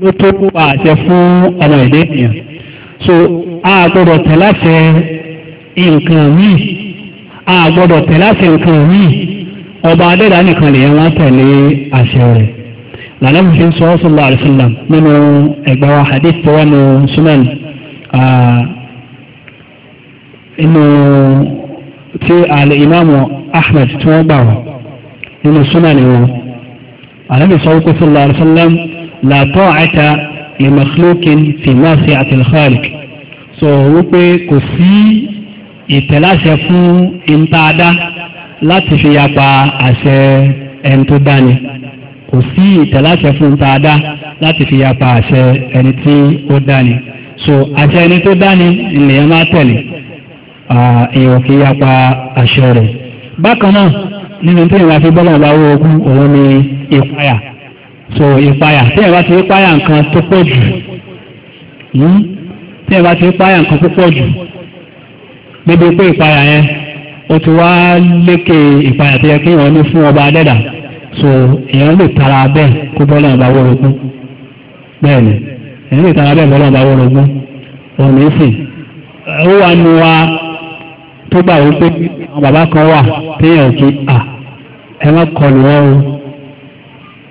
ló tó kú àṣẹ fún ọmọ ìdí ènìyàn so a gbọ́dọ̀ tẹ̀ láṣẹ nǹkan míì a gbọ́dọ̀ tẹ̀ láṣẹ nǹkan míì ọba adẹ́dá nìkan lèyẹn wọ́n tẹ̀lé àṣẹ rẹ̀ lànà fi fi ń sọ sallallahu alaihi wasallam nínú ẹgbà wa hadith tó wà nù sunan inú tí alẹ́ ìmáàmù ahmed tí wọ́n gbà wá nínú sunan wọn àlẹ́ mi sọ wípé sallallahu alaihi la ta'ata li makhluqin fi ma'siyati al-khaliq sọ wípé kò sí ìtẹ̀láṣẹ fún ìntaadá láti fi yapa àṣẹ ẹni tó dání kò sí ìtẹ̀láṣẹ fún ìntaadá láti fi yapa àṣẹ ẹni tí ó dání so àṣẹ ẹni tó dání ènìyàn máa tẹ̀lé èèyàn kì í yapa àṣẹ rẹ̀ bákan náà nínú tí ìrìnàjò bọ́lá ìlà owó ogun òun ni ìpayà so ìpayà tí ẹ bá ti páyà nǹkan tó pọ̀ jù hmm? tí ẹ bá ti páyà nǹkan tó pọ̀ jù níbi pé ìpayà yẹn ó ti wá lékè ìpayà tó yẹ kí wọ́n ní fún ọba adẹ́dà so èèyàn lè tara bẹ́ẹ̀ kó bọ́lá ọba wọ́rọ̀gbọ́n bẹ́ẹ̀ ni èèyàn lè tara bẹ́ẹ̀ bọ́lá ọba wọ́rọ̀gbọ́n òun ní sìn ó wà nù wa tó gbà wípé àwọn bàbá kan wà téèyàn kí à ẹ má kọlù wọn o.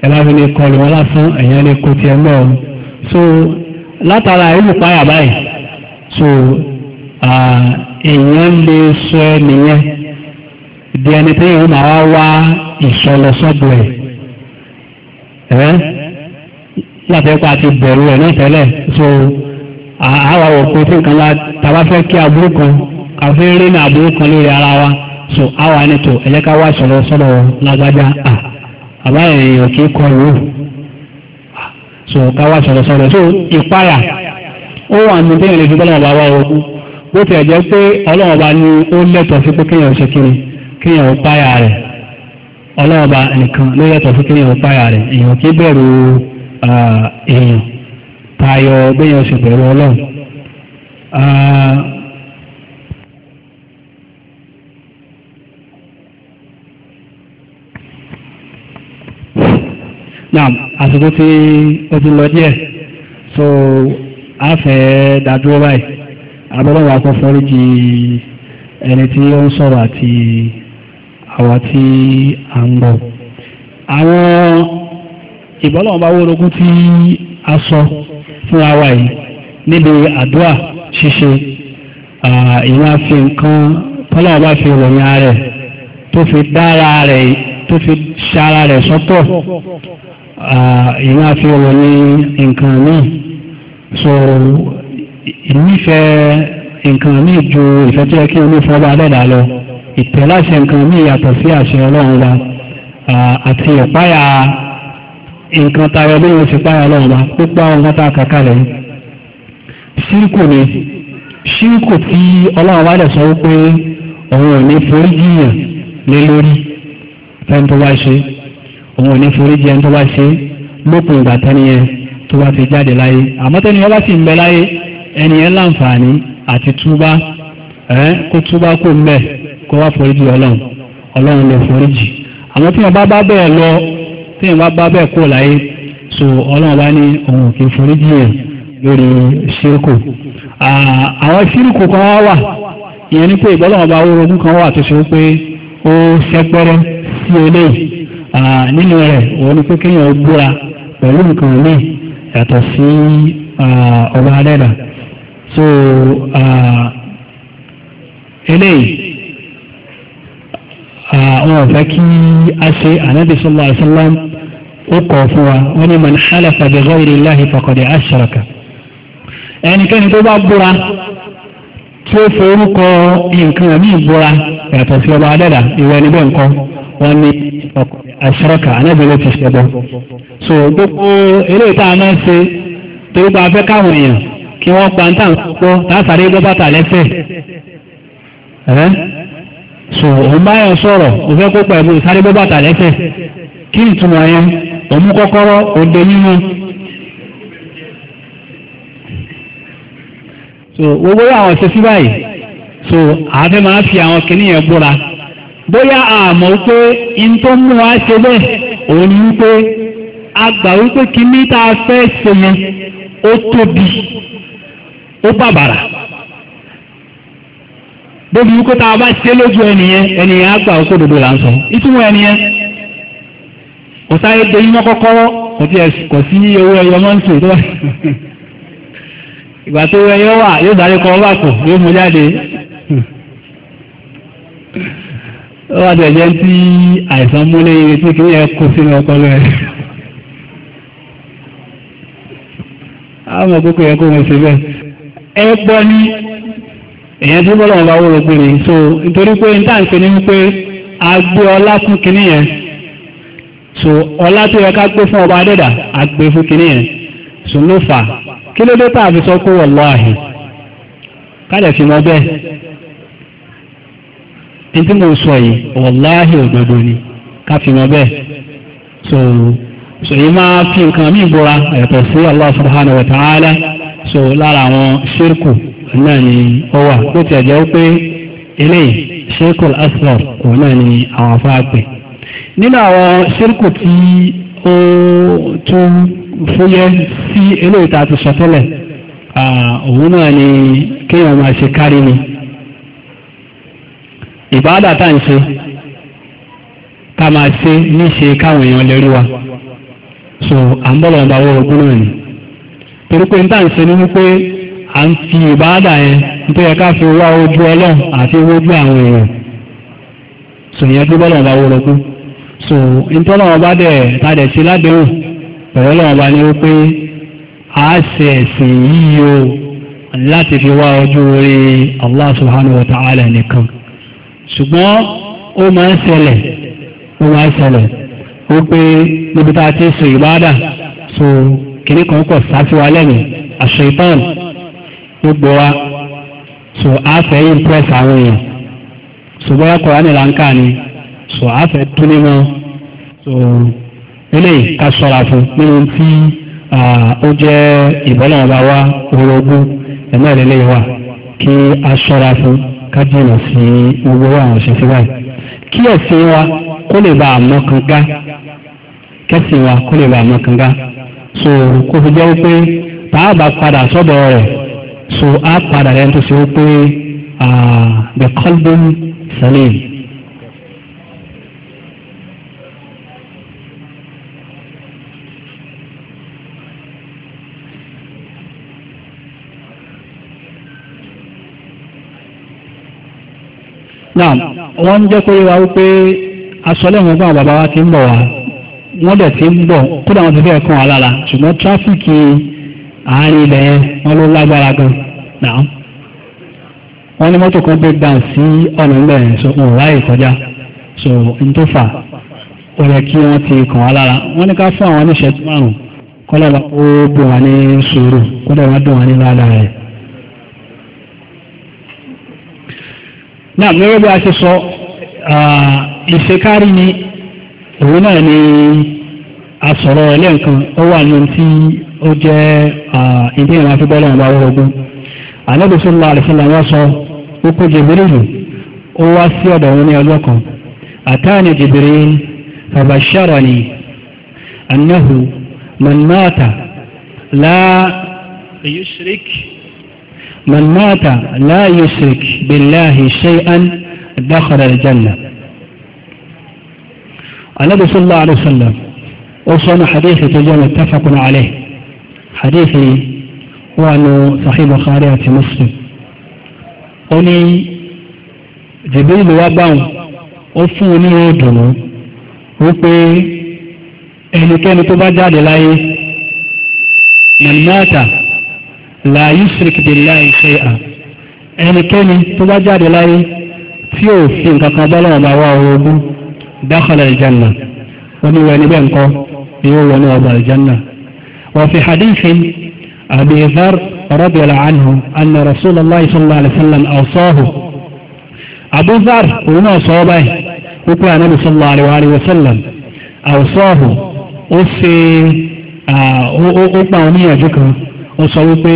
ẹ̀láwọ̀ lè kọlù wọn lásán ẹ̀yàn lè kó tiẹ̀ mọ́ so látara ìlú páyà báyìí so èèyàn lè sọ nìyẹn di ẹni tí èèyàn máa wá ìsọlọsọdọ ẹ ẹ ti bẹ̀rù náà so àwa pé tí nǹkan bá kí aburú kan rí ní aburú kan lórí ara wa so àwa ni tó ká wá ìsọlọsọdọ lágbájá àbáyọ̀ èèyàn kì í kọ lù ú so ká wá sọ̀rọ̀ sọ̀rọ̀ so ìpayà ó wà ní bẹ́ẹ̀ lè fi bọ́lá ọba wá ogun bó tiẹ̀ jẹ́ pé ọlọ́run ọba ni ó lẹ́tọ̀ọ́ sí pé kéèyàn ṣe kiri kéèyàn ó páyà rẹ̀ ọlọ́run ọba nìkan ló lẹ́tọ̀ọ́ sí kéèyàn ó páyà rẹ̀ èèyàn kì í bẹ̀rù èèyàn tayọ béèyàn ṣe pẹ̀lú ọlọ́run. naam àsìkò tí ó ti lọ díẹ̀ so a fẹ́ dádúró báyìí abọ́lọ́wọ́ akọ́fọ́rí di ẹni tí ó ń sọ̀rọ̀ àti àwa tí a ń gbọ́ àwọn ìbọ́lọ́wọ́ bá wórogún tí a sọ fún àwa yìí níbi àdúrà ṣíṣe ìwọ̀n àfi nǹkan tọ́lọ́wọ́ bá fi ròyìn ara rẹ̀ tó fi dára rẹ̀ tó fi ṣara rẹ̀ sọ́tọ̀ ìyẹn á fi wọ ní nǹkan míì so ìnífẹ̀ẹ́ nǹkan míì ju ìfẹ́ tí ẹ kí omi fọ́ bá dẹ́dà lọ ìtẹ̀láṣẹ nǹkan míì yàtọ̀ sí àṣẹ ọlọ́run wa àti ìpáyà nǹkan tayọ bí wọ́n ti páyà ọlọ́run wa púpọ̀ nǹkan tá a kà kalẹ̀ ṣírkù ni ṣírkù tí ọlọ́run wa dẹ̀ sọ wípé òun ò ní forí jiyàn lé lórí fẹ́ni tó òun ò ní forí jẹ tó bá ṣe lópin ìgbà tẹ́ni yẹn tó bá fi jáde láyé àmọ́ tẹ́ni yẹn bá sì ń bẹ láyé ẹni yẹn láǹfààní àti túbá ẹ̀ kó túbá kó ń bẹ̀ kó wá forí jì ọlọ́run ọlọ́run lè forí jì àmọ́ tí wọ́n bá bá bẹ́ẹ̀ lọ tí wọ́n bá bẹ́ẹ̀ kó láyé so ọlọ́run bá ní òun ò kì í forí jì yẹn lórí ṣírkù àwọn ṣírkù kan wá wà ìyẹn ní pé ìbọ́lọ́wọ́n bá wọ́n kan wà tó ṣe wípé ó ṣẹ́pẹ́rẹ́ sí eléyìí nínú rẹ̀ wọ́n ní pé kéèyàn ó búra pẹ̀lú nǹkan mi yàtọ̀ sí ọba adẹ́dà so eléyìí àwọn ọ̀fẹ́ kí a ṣe ànábì sallallahu alaihi wasallam ó kọ̀ fún wa wọ́n ní man halafa bi ghayri Allahi faqad ashraka ẹnikẹ́ni tó bá búra tí ó forúkọ nǹkan mi búra yàtọ̀ sí ọba adẹ́dà ìwẹ́ni bẹ́ẹ̀ nǹkan wọ́n ní àṣírọ́kà anábìlẹ̀ ti ṣẹbọ so gbogbo eléyìí tá a máa ń ṣe torí pa afẹ́ káwọn èèyàn kí wọ́n pa níta gbọ́ látàrí gbọ́ bàtà lẹ́sẹ̀ ẹ́ so òun bá yàn sọ̀rọ̀ ó fẹ́ kó pẹ̀lú sáré gbọ́ bàtà lẹ́sẹ̀ kí ìtumọ̀ yẹn òun kọ́kọ́rọ́ òde nínú so gbogbo àwọn ṣe sí báyìí so àfẹ́ máa fi àwọn kìnìyàn búra bóyá àmọ́ pé in tó mú wa ṣe bẹ́ẹ̀ òun ni wípé a gbà wípé kíní tá a fẹ́ ṣe yẹn ó tóbi ó bàbàrà bóbi wípé tá a bá ṣe lójú ẹnìyẹn ẹnìyẹn á gbà wípé òdodo là ń sọ ìtumọ̀ ẹnìyẹn kò sáré de iná kọ́kọ́rọ́ kò tiẹ̀ kò sí owó ẹyọ mọ́ǹtì tó wà ìgbà tó ẹyọ wà yóò sáré kọ́ ọ́ bàkù yóò mú jáde. wá tẹ̀ jẹ́ tí àìsàn múlé tí kí ẹ kó sínú ọpọlọ ẹ̀ àwọn ọkọ̀kọ̀ yẹ kó wọ́n ẹ gbọ́ ní èyàn tí bọ́lọ̀ so nítorí pé n táǹkì ní wípé a gbé ọlá so ọlá tó yẹ ká gbé fún ọba adẹ́dà a gbé fún so ló fà kí ló dé tá a fi sọ kó ní tí mo sọ yìí wàláhì òdodo ni ká fi mọ bẹ́ẹ̀ so so yìí máa fi nǹkan mí bora ẹ̀tọ́ sí Allah subhanahu wa ta'ala so lára àwọn ṣírkù náà ni ó wà bó ti ẹ̀jẹ̀ pé eléyìí ṣírkù asghar kò náà ni àwọn afáàpè nínú àwọn ṣírkù tí ó tún fúyẹ́ sí eléyìí tá a ti sọ tẹ́lẹ̀ òun náà ni kéèyàn máa ṣe kárí ni. ìbáàdà tá à ń ṣe ká máa ṣe níṣe káwọn èèyàn wa so à ń ọba wọ́n ogún náà ni torí pé tá ń ṣe ni wípé à ń fi ìbáàdà yẹn nítorí ká fi wá ojú ọlọ́run àti ojú àwọn èèyàn so ìyẹn bọ́lọ̀ ọba wọ́n so nítorí ọba dẹ̀ ta dẹ̀ ṣe ládéhùn pẹ̀lú ọlọ́run ọba ni wípé a ṣe ẹ̀sìn yíyí o láti fi wá ojú orí Allah subhanahu wa ta'ala ṣùgbọ́n ó máa ń ṣẹlẹ̀ ó máa ń ṣẹlẹ̀ ó pé níbi tá a ti sùn ìbáàdà so kìnnì kan pọ̀ sáfíwá lẹ́yìn àṣọ ìtàn gbogbo wa so a fẹ́ impress àwọn èèyàn ṣùgbọ́n ọkọ̀ wa ní lanka ni so a fẹ́ tún ní wọn so eléyìí ká ṣọ́ra fún nínú tí ó jẹ́ ìbọ́lọ̀ ọba wa orogún ẹ̀mọ́ ìrẹ̀lẹ́yìn wa kí a ṣọ́ra fún ká jìnnà sí gbogbo àwọn òṣìṣẹ́ báyìí kí ẹ̀sìn wa kó lè bá àmọ́ kan gá kẹ́sìn wa kó lè bá àmọ́ kan gá so kó fi jẹ́ pé tààbà padà sọ́dọ̀ rẹ̀ so á padà rẹ̀ tó ṣe pé the ah, colbin salim náà wọ́n ń jẹ́ kó yé wa wípé asọ́lẹ́wọ̀n gbọ́n bàbá wa ti ń bọ̀ wá wọ́n dẹ̀ ti ń bọ̀ kódà wọ́n ti fẹ́ kàn wá ṣùgbọ́n tráfíkì àárín ilẹ̀ wọn ló lágbára gan náà wọ́n ní mọ́tò kan break down sí ọ̀nà ńlẹ̀ so wọn ò ráyè kọjá so n tó fà ó yẹ kí wọ́n ti kàn wá lára wọ́n ní ká fún àwọn oníṣẹ́ márùn-ún kọ́lá ó bùn wá ní sùúrù kódà wọ́n dùn wá ní ládàá rẹ̀. náà mẹ́rẹ́ bí a ṣe sọ ìṣekárí ni òun náà ni àsọ̀rọ̀ ẹlẹ́ǹkan ó wà ní tí ó jẹ́ ìdí ìrìn àfi bọ́lá ìwà ogun àlẹ́bùsùn làlùfẹ́lá wọ́n sọ ó kó jẹ̀bẹ́rẹ́lù ó wá sí ọ̀dọ̀ wọn ní ọjọ́ kan àtàní jẹ̀bẹ́rẹ́ fàbàṣàrà ni annahu man mata la من مات لا يشرك بالله شيئا دخل الجنة النبي صلى الله عليه وسلم وصلنا حديث تجمع متفق عليه حديثي هو أنه صحيح بخاري مسلم قولي جبريل وابعه وفوني ودنه وقي ẹnikẹ́ni tó bá jáde láyé مات la yushrik billahi shay'a ẹnikẹ́ni tó bá jáde láyé tí ò fi nǹkan kan bọ́lá ọba wa orogún dakhala aljanna oníwẹ̀ níbẹ̀ ńkọ́ ni ó wọnú ọba aljanna wa fi hadithin abi dhar radiyallahu anhu anna rasulullah sallallahu alaihi wasallam awsahu abu dhar òun náà sọ báyìí wípé anabi sallallahu alaihi wasallam awsahu ó ṣe ó pa àwọn níyànjú kan ó sọ wípé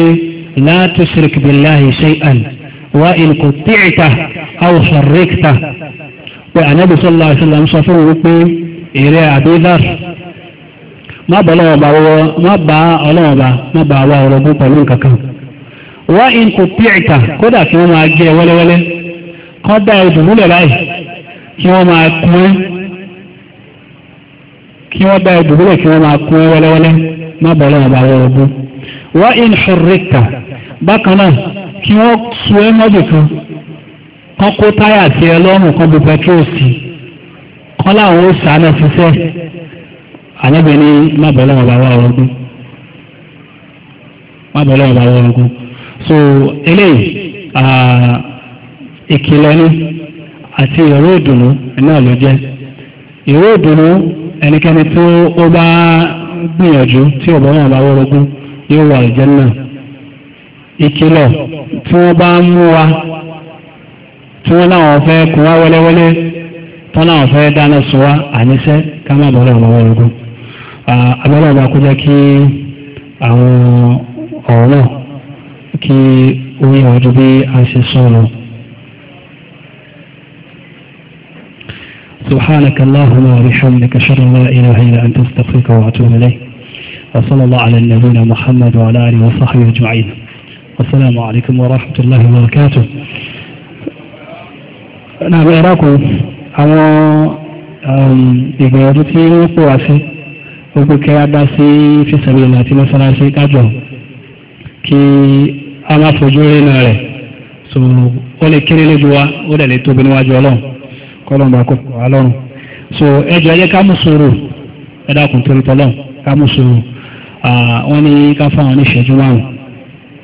la tushrik billahi shay'an wa in qutti'ta aw harrikta pé ànábì sallallahu alaihi wasallam sọ fún wípé èrè àbídàr má bá ọlọ́wọ́ bá má bá wà ọ̀rọ̀ bú pẹ̀lú nǹkan kan wa in qutti'ta kódà kí wọ́n máa gé wẹ́lẹ́wẹ́lẹ́ kọ́dà ìdùnnúlẹ̀ báyìí kí wọ́n máa kún wẹ́lẹ́wẹ́lẹ́ má bá ọlọ́wọ́ bá wọ́n wá in ṣẹ̀rẹ̀kà bákan náà kí wọ́n su kan kó táyà sí ẹ lọ́rùn kan bu petrol sí láwọn ó sàánà ṣiṣẹ́ àlẹ́bẹ̀ẹ́ni so eléyìí ìkìlọ̀ ni àti ìró ìdùnnú náà ló jẹ́ ìró ìdùnnú ẹnikẹ́ni tó bá gbìyànjú tí ọ̀bọ̀n bá yóò wà àlùjànnà ìkìlọ̀ tí wọ́n bá ń mú wa tí wọ́n láwọn fẹ́ kún wá wẹ́lẹ́wẹ́lẹ́ tí wọ́n láwọn fẹ́ dáná sun wá àníṣẹ́ ká má bọ́lá ọ̀rọ̀ ọ̀rọ̀ abẹ́rẹ́ ọba kó jẹ́ kí àwọn ọ̀rọ̀ náà kí ó ọdún bí a ṣe sọ̀rọ̀. سبحانك اللهم وبحمدك اشهد ان لا اله الا انت استغفرك واتوب اليك وصلى الله على نبينا محمد وعلى آله وصحبه أجمعين والسلام عليكم ورحمة الله وبركاته نعم إراكم àwọn ìgbìyànjú tí wọ́n pò wá sí gbogbo kí a dá sí fíṣàbílẹ̀ àti mọ́sálásí kájọ kí a má fojú rínà rẹ̀ so ó lè kéré lójú wa ó dẹ̀ lè tóbi níwájú ọlọ́run kọ́lọ́n bá kó wà lọ́rùn so ẹjọ́ ẹjẹ́ ká mú sùúrù ẹ̀dá kùn torí tọ́lọ́run ká mú sùúrù wọ́n ní ká fáwọn oníṣẹ́jú márùn-ún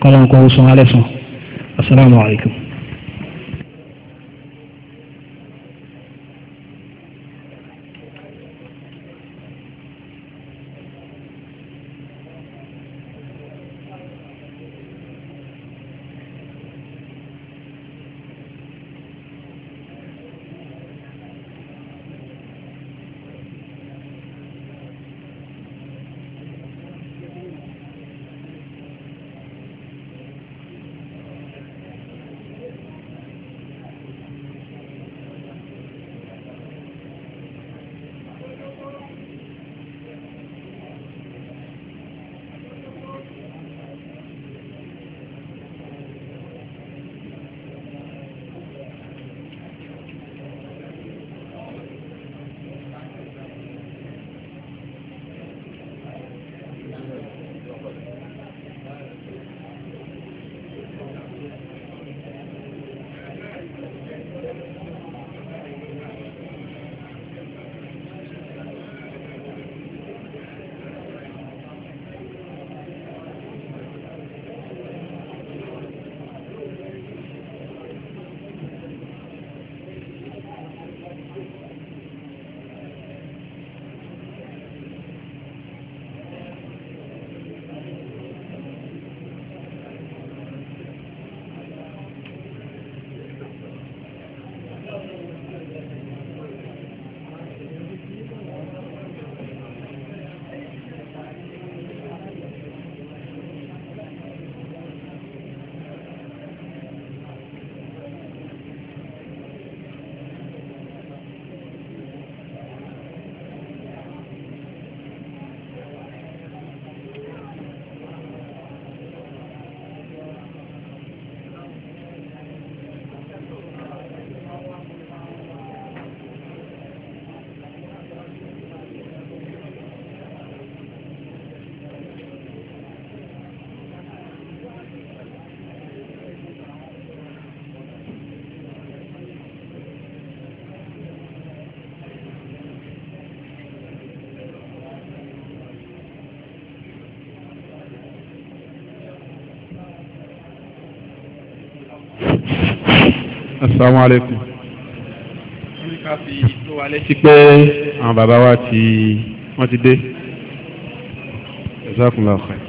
kọ́lọ́nkọ́ ó san alẹ́ san asalaamualeykum. asalaamu alaykum. wọ́n ní ká fi tó wa létí pé àwọn bàbá wa ti wọ́n ti dé. jazakumullahu khair.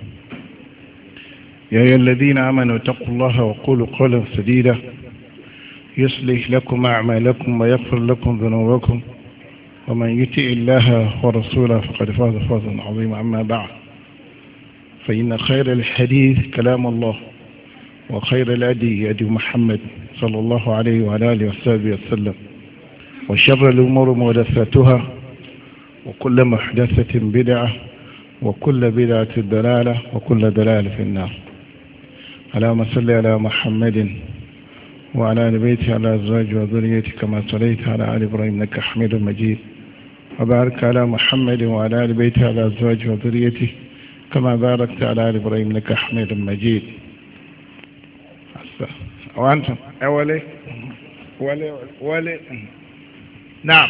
يا أيها الذين آمنوا اتقوا الله وقولوا قولا سديدا يصلح لكم أعمالكم ويغفر لكم ذنوبكم ومن يطع الله ورسوله فقد فاز فوزا عظيما أما بعد فإن خير الحديث كلام الله وخير الأدي أدي محمد صلى الله عليه وعلى آله وصحبه وسلم وشر الأمور محدثاتها وكل محدثة بدعة وكل بدعة دلالة وكل دلالة في النار اللهم صل على محمد وعلى آل بيته على ازواج وذريته كما صليت على آل إبراهيم إنك حميد مجيد وبارك على محمد وعلى آل بيته على ازواج وذريته كما باركت على آل إبراهيم إنك حميد مجيد وأنتم أولي ولي ولي نعم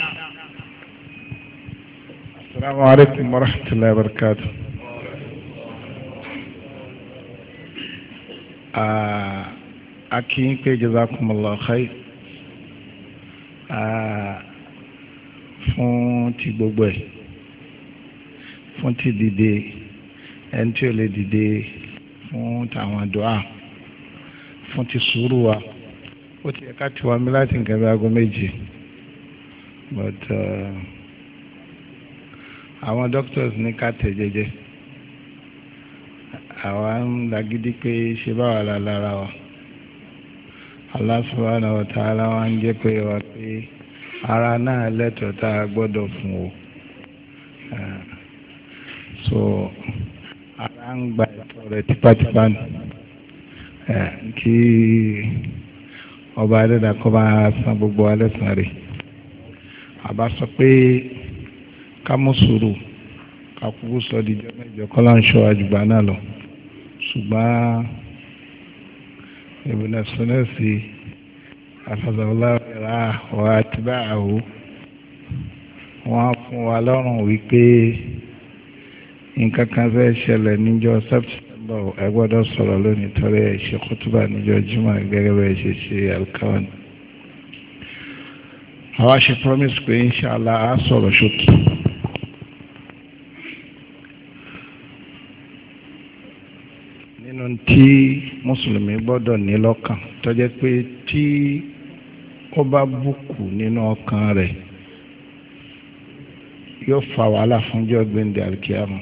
السلام عليكم ورحمة الله وبركاته akíyín pé jazakumullahu khair fún ti gbogbo ẹ̀ fún ti dìde ẹni tí ó lè dìde fún tàwọn dùá fún ti sùúrù wa ó ti ẹ̀ka tiwa mi láti nǹkan bí aago méje but uh, àwọn doctors ní ká tẹ̀ jẹ́jẹ́ àwa ń lagídí pé ṣe báwa la lára wa Allah subhanahu wa ta'ala wa ń jẹ́ pé wa pé ara náà lẹ́tọ̀ọ́ tá a gbọ́dọ̀ fún o eh, so ara ń gba ẹ̀tọ́ rẹ̀ tipátipá nù eh, kí ọba adẹ́dà kọ́ bá san gbogbo alẹ́ sàn rè àbá sọ pé ká mú sùúrù ká kúkú sọ di jẹ́ mẹ́jọ kọ́lá ń ṣọ́ àjùgbà náà lọ ṣùgbọ́n ìbùnà sọ́nẹ́sì àfàzàwọlá ra ọ̀rọ̀ àtibá àwò wọ́n fún wa lọ́rùn wípé nǹkan kan fẹ́ ṣẹlẹ̀ níjọ́ sẹ́pítẹ́mbà ẹ gbọ́dọ̀ sọ̀rọ̀ lónìí torí ẹ̀ ṣe kútúbà níjọ́ jimá gẹ́gẹ́ bẹ́ẹ̀ ṣe ṣe alkawan àwa ṣe promise pé inṣàlá a sọ̀rọ̀ ṣókí. tí mùsùlùmí gbọ́dọ̀ ní lọ́kàn tó jẹ́ pé tí ó bá bùkù nínú ọkàn rẹ̀ yóò fa wàhálà fúnjọ́ gbẹ̀ndẹ̀ àríkíámù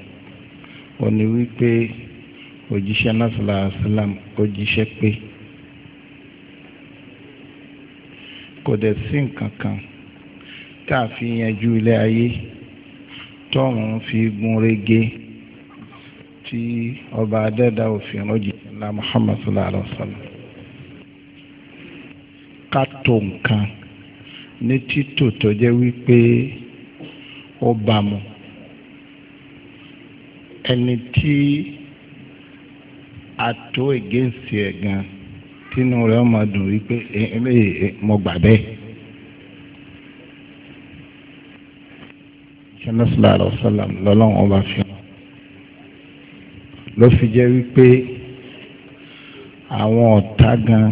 ó ní wípé òjíṣẹ́ náà sọ̀rọ̀ àṣìlám òjíṣẹ́ pé kò dẹ̀ sí nǹkan kan tá a fi yanjú ilé ayé tọ́run fi gún régé tí ọba adẹ́dá òfin rọ́jì ńlá Muhammad sallallahu alaihi wa sallam ká tó nǹkan ní títò tó jẹ́ wípé ó bá mu ẹni tí a tó ègéǹsì ẹ̀ gan tínú rẹ̀ ọmọ dùn wípé eh, eh, eh, mo gbà bẹ́ẹ̀. sallallahu alaihi wa sallam lọ́lọ́run ọba fi hàn. ló fi jẹ́ wípé àwọn ọ̀tá gan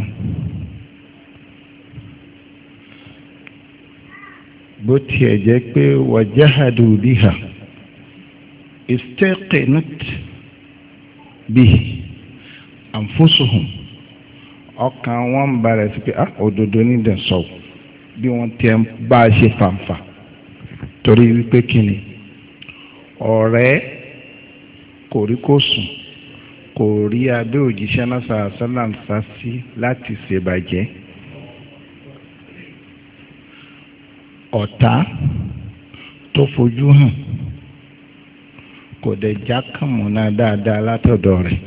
bó tiẹ̀ jẹ́ pé wàjáhàdù bíhà istaqinat bihi anfusuhum ọkàn wọn ń balẹ̀ sí pé ah, òdodo ní dẹ̀sọ̀ bí wọ́n tiẹ̀ bá a ṣe fàǹfà torí wípé kíni ọ̀rẹ́ kò rí kò rí abẹ́ òjíṣẹ́ náà sàásálàm sásí láti ṣèbàjẹ́ ọ̀tá tó fojú hàn kò dẹ̀ jákàmùnà dáadáa látọ̀dọ̀ rẹ̀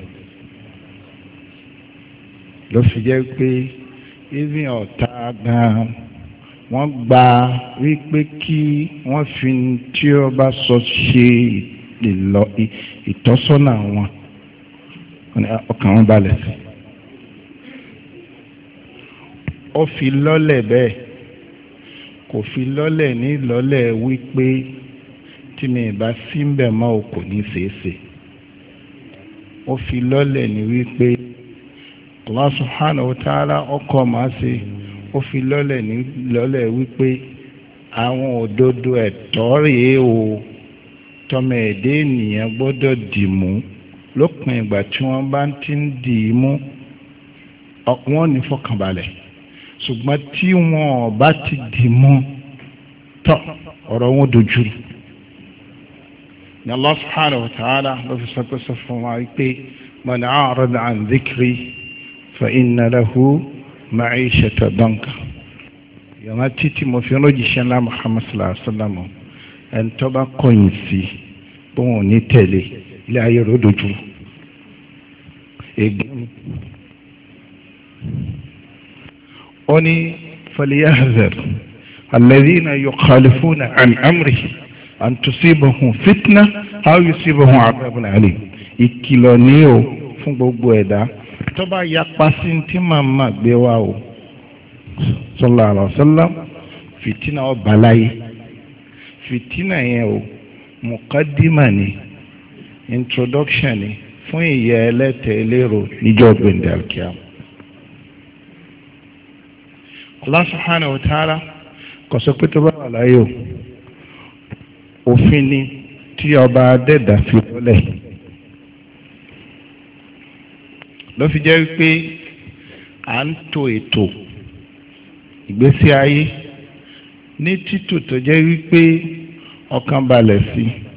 ló fi jẹ́ pé even ọ̀tá gan-an wọ́n gba wípé kí wọ́n fi tí ọba sọ ṣe ìtọ́sọ́nà wọn. Ah, ọkàn wọn balẹ̀ sí ó fi lọ́lẹ̀ bẹ́ẹ̀ kò fi lọ́lẹ̀ ní lọ́lẹ̀ wípé tí mi ì bá sí ń bẹ̀ mọ́ o kò ní ṣeéṣe ó fi lọ́lẹ̀ ní wípé Allah subhanahu wa ta'ala ọkọ̀ máa ṣe ó fi lọ́lẹ̀ ní lọ́lẹ̀ wípé àwọn òdodo ẹ̀tọ́ rèé o tọmọ ẹ̀dẹ́ ènìyàn gbọ́dọ̀ dì mú lópin ìgbà tí wọ́n bá ti ń dì í mú wọ́n ní fọkànbalẹ̀ ṣùgbọ́n tí wọ́n bá ti dì í mú tọ́ ọ̀rọ̀ wọn dojúrú ni Allah subhanahu wa ta'ala ló fi sọ pé sọ fún wa pé man a'rada 'an dhikri fa inna lahu ma'ishata danka yàrá títí mo fi ránjíṣẹ́ ńlá Muhammad sallallahu alaihi wa sallam ẹni tó bá kọ̀yìn sí bóun ní tẹ̀lé. E ilé ayé rẹ̀ ó dojú ègbón ó ní falyahdhar alladhina yukhalifuna an amrihi an tusibahum fitna aw yusibahum adhabun alim ìkìlọ̀ ní o fún gbogbo ẹ̀dá tó bá yapa sí tí màmá gbé wa o sallallahu alaihi wasallam ọba láyé fìtínà yẹn o mùkádìmà ni introduction ni fún ìyà ẹlẹ́tẹ̀ elérò níjọ́ gbẹ̀ndẹ̀ alkiam Allah subhanahu wa ta'ala kò sọ pé tó bá wà láyé o òfin ni tí ọba adẹ́dà fi lọ́lẹ̀ ló fi jẹ́ wípé à ń tò ètò ìgbésí ayé ní títò tó jẹ́ wípé ọkàn balẹ̀ sí i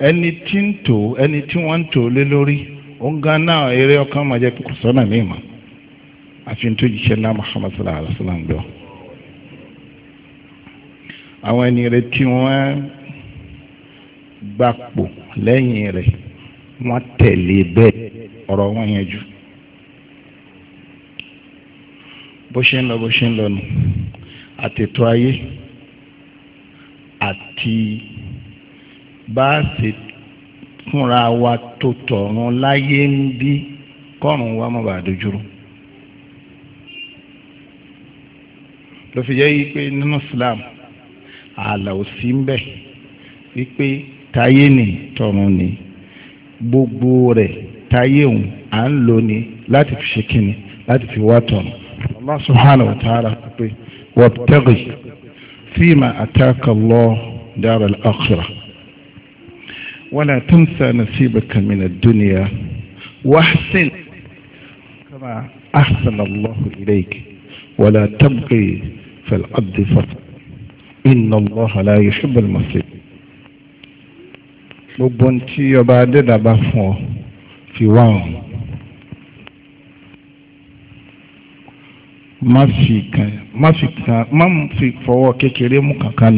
ẹni tí ń tò ẹni tí wọ́n ń tò lé lórí ó gan náà eré ọkàn máa jẹ́ kókò sọ́nà mí mà àfi tó jíṣẹ́ ńlá Muhammad sallallahu alayhi wa sallam gbọ́. àwọn ẹni rẹ̀ tí wọ́n gbapò lẹ́yìn rẹ̀ wọ́n tẹ̀lé bẹ́ẹ̀ ọ̀rọ̀ wọn yẹn jù bó ṣe ń lọ bó ṣe ń lọ nù àtètò ayé àti bá a ṣe fúnra wa tó tọ̀run láyé ń bí kọ́run wa má bàa dojúrú. ló fi jẹ́ yí pé nínú Islam ààlà ò sí ń bẹ̀ wípé táyé ni tọ̀run ni gbogbo rẹ̀ táyé òun à ń lò ní láti fi ṣe kíni láti fi wá tọ̀run. Allah subhanahu wa ta'ala pé wabtaghi fima ataka Allah dara al ولا تنسى نصيبك من الدنيا واحسن كما أحسن الله إليك ولا تبقي في الأرض فساد إن الله لا يحب المصير gbogbo بعد ọba adéda bá fún ọ fi wá ọ̀hún má fi kan má fi kan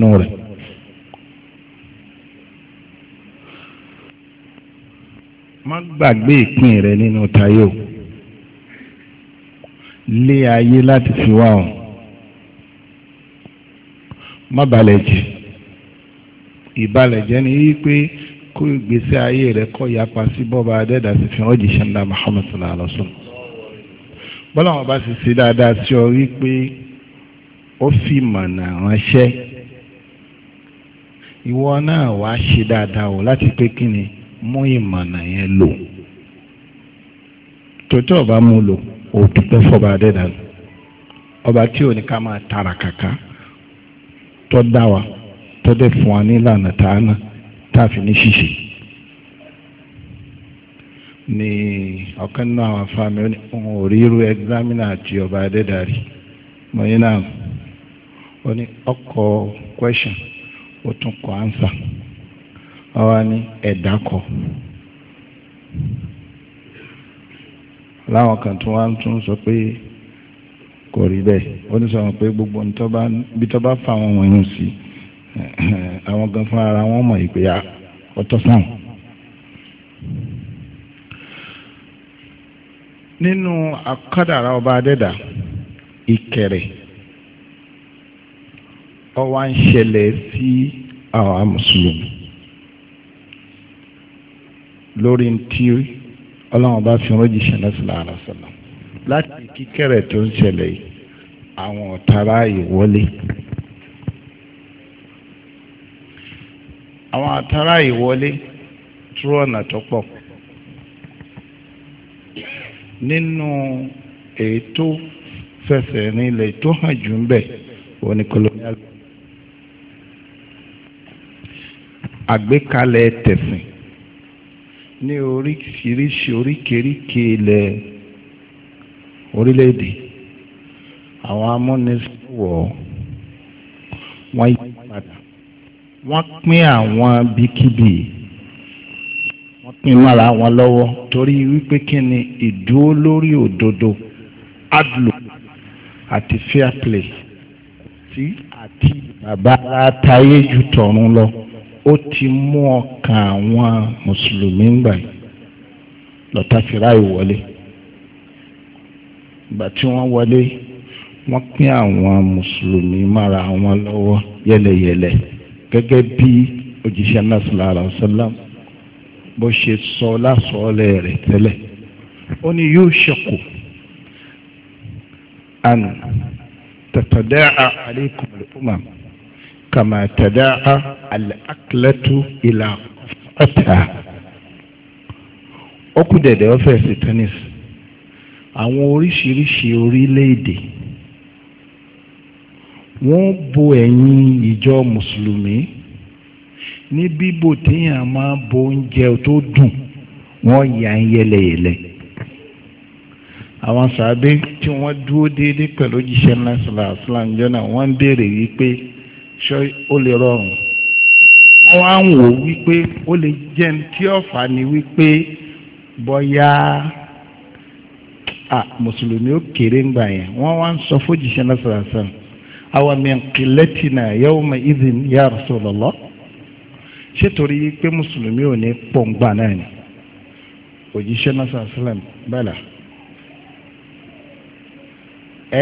má gbàgbé ìpín rẹ nínú tayo lé ayé láti fi wá ọ má balẹ̀ jẹ́ ìbalẹ̀ jẹ́ ni wípé kó ìgbésí ayé rẹ kọ́ yapa sí bọ́ba adẹ́dà sí fi hàn jíṣẹ́ ńlá Muhammad sallallahu alaihi wa sallam bọ́lá wọn bá sì ṣe dáadáa sí ọ wípé ó fi mọ̀nà ránṣẹ́ ìwọ náà wàá ṣe dáadáa o láti pé kí ni. mú ìmọ̀nà yẹn lò tòótọ́ ọba mú lò òdùpẹ́ fọba ọba tí ò ní ká máa tara kàkà tó dá wa tó dẹ̀ fún wa nílànà tààna tá a fi ní ni ọ̀kan náà àwọn afáàmì òun ò rí irú ẹgbẹ́mínà ọba adẹ́dàrí mọ̀nyí náà ó ní ọkọ̀ question ó kọ answer. àwa ní ẹ̀dá kọ láwọn kan tún wá tún sọ pé kò rí bẹ́ẹ̀ ó ní sọ pé gbogbo ibi tó bá fa àwọn wọ̀nyí sí àwọn gan fún ara wọn mọ̀ ìpè ọtọ́ fáwọn. nínú akádàrá ọba adẹ́dà ìkẹrẹ ó wá ń ṣẹlẹ̀ sí àwa mùsùlùmí lórí tí ọlọ́run bá fi rọ́jìṣẹ́ lọ́sọ̀lá àràsọ̀lá láti kíkẹ́rẹ̀ tó ń ṣẹlẹ̀ yìí àwọn ọ̀tara ìwọlé. àwọn àtàrà ìwọlé tú ọ̀nà tó pọ̀ nínú ètò fẹsẹ̀ nílẹ̀ tó hàn jù ń bẹ̀ wọ́n ní colonial àgbékalẹ̀ tẹ̀sìn ní oríṣiríṣi oríkèríkè ilẹ̀ orílẹ̀-èdè àwọn amúnisìnwọ̀ wọ́n yí padà wọ́n pín àwọn bíkíbì wọ́n pín mọ́ra wọn lọ́wọ́ torí wípé kí ni ìdúró lórí òdodo adlo àti fair play tí àti bàbá ara tayé ju tọ̀run lọ. ó ti mú ọkàn àwọn mùsùlùmí ń lọ́tà fìráì wọlé ìgbà tí wọ́n wọlé wọ́n pín àwọn mùsùlùmí mára wọn lọ́wọ́ yẹlẹyẹlẹ gẹ́gẹ́ bí òjíṣẹ́ náà sọ̀rọ̀ sọ́lám bó ṣe sọ lásọ̀ọ́lẹ̀ rẹ̀ tẹ́lẹ̀ ó ní yóò ṣẹ̀kù kama tadaa al-aklatu ila qata ọkù dẹ̀dẹ̀ ọ́fẹ̀sì tennis àwọn oríṣiríṣi orílẹ̀-èdè wọ́n bo ẹ̀yìn ìjọ mùsùlùmí ní bíbò téèyàn máa bo oúnjẹ tó dùn wọ́n yà ń yẹlẹyẹlẹ àwọn sàbẹ tí wọ́n dúró déédéé pẹ̀lú jíṣẹ́ náà sọ̀rọ̀ àṣìlá ńjọ́ náà wọ́n ń béèrè wípé ṣé ó lè rọrùn wọ́n wá ń wò wípé ó lè jẹ́ ní tí ọ̀fà ni wípé bọ́yá mùsùlùmí ó kéré ńgbà yẹn wọ́n wá ń sọ fójìṣẹ́ náà sàràsàn àwọn mẹ́ńkìlẹ́tì náà yẹ́wò mọ ìdìn ya Rasulullah ṣé torí pé mùsùlùmí ò ní pọ̀ ńgbà náà ni òjíṣẹ́ náà sàràsàn bẹ́ẹ̀ la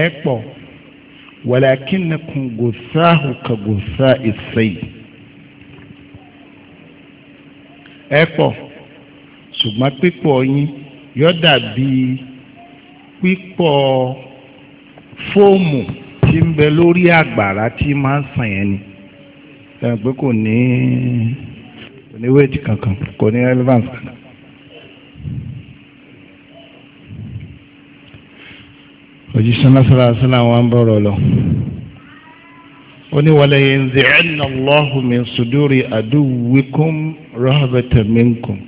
ẹ̀ pọ̀ wàlàkínàkùn gòsáhù ka gòsá ìsẹ́yì ẹ pọ̀ ṣùgbọ́n pípọ̀ yín yóò dàbí pípọ̀ fóòmù tí ń bẹ lórí àgbàrá tí máa ń sàn yẹn ni ẹ pé kò ní kò ní wéètì kankan kò ní relevance kankan. òjíṣẹ́ lásìlá sílá wọn bọ̀rọ̀ lọ ó ní wọlé yẹn zi ẹnna lọ́hùn mi sùdúrì àdúwìkún rọ́hàbẹ̀tẹ̀ mìínkùn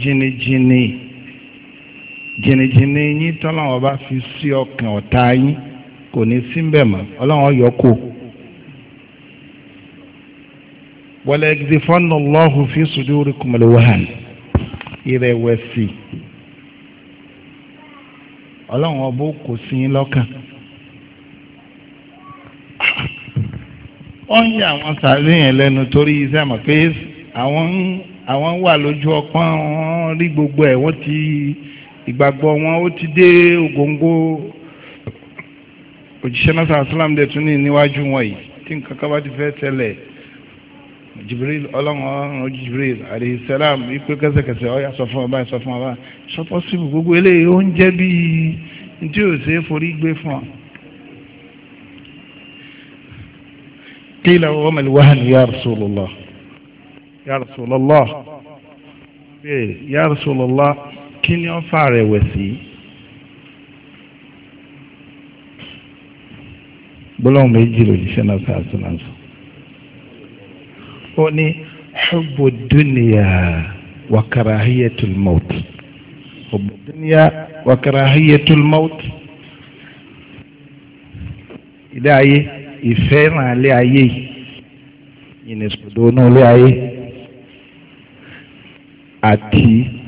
jìnnìjìnnì jìnnìjìnnì yín tọ́láwọn bá fi sí ọkàn ọ̀tá yín kò ní síbẹ̀ mọ́ ọlọ́wọ́n yọ kó. wọlé yẹn zi fọ́nà lọ́hùn fi sùdúrì kùmọ̀lẹ́wàhàn ìrẹ̀wẹ̀sì ọlọ́run ọba kò sí yín lọ́kàn. wọ́n ń yà àwọn sàárè yẹn lẹ́nu torí iṣẹ́ mọ̀ pé àwọn àwọn wà lójú ọpọ́n wọn rí gbogbo ẹ̀ wọ́n ti ìgbàgbọ́ wọn ó ti dé ògóńgó òjíṣẹ́ náà sàásùlámù dẹ̀ tún ní níwájú wọn yìí tí nǹkan kan bá ti fẹ́ tẹ́lẹ̀ jibril ọlọ́run jibril aleyhisselam wípé kẹsẹkẹsẹ ọ̀yà sọ fún ọba sọ fún ọba sọ pọ́sibù gbogbo eléyìí ó ń jẹ́ bíi ntí ò ṣe é forí gbé fún ọ. kílà wọ́n mẹ́lẹ̀ wá ní ya Rasulullah ya Rasulullah bẹ́ẹ̀ ya Rasulullah kí ni ó fà rẹ̀ wẹ̀ sí. gbọ́dọ̀ méjì lòdì sẹ́nà sàásùnà sọ ó ní hubbu dunya wa karahiyatul maut hubbu dunya wa karahiyatul maut ilé ayé ìfẹ́ ràn án lé ayé yìí ìnìsòdò ní ilé ayé àti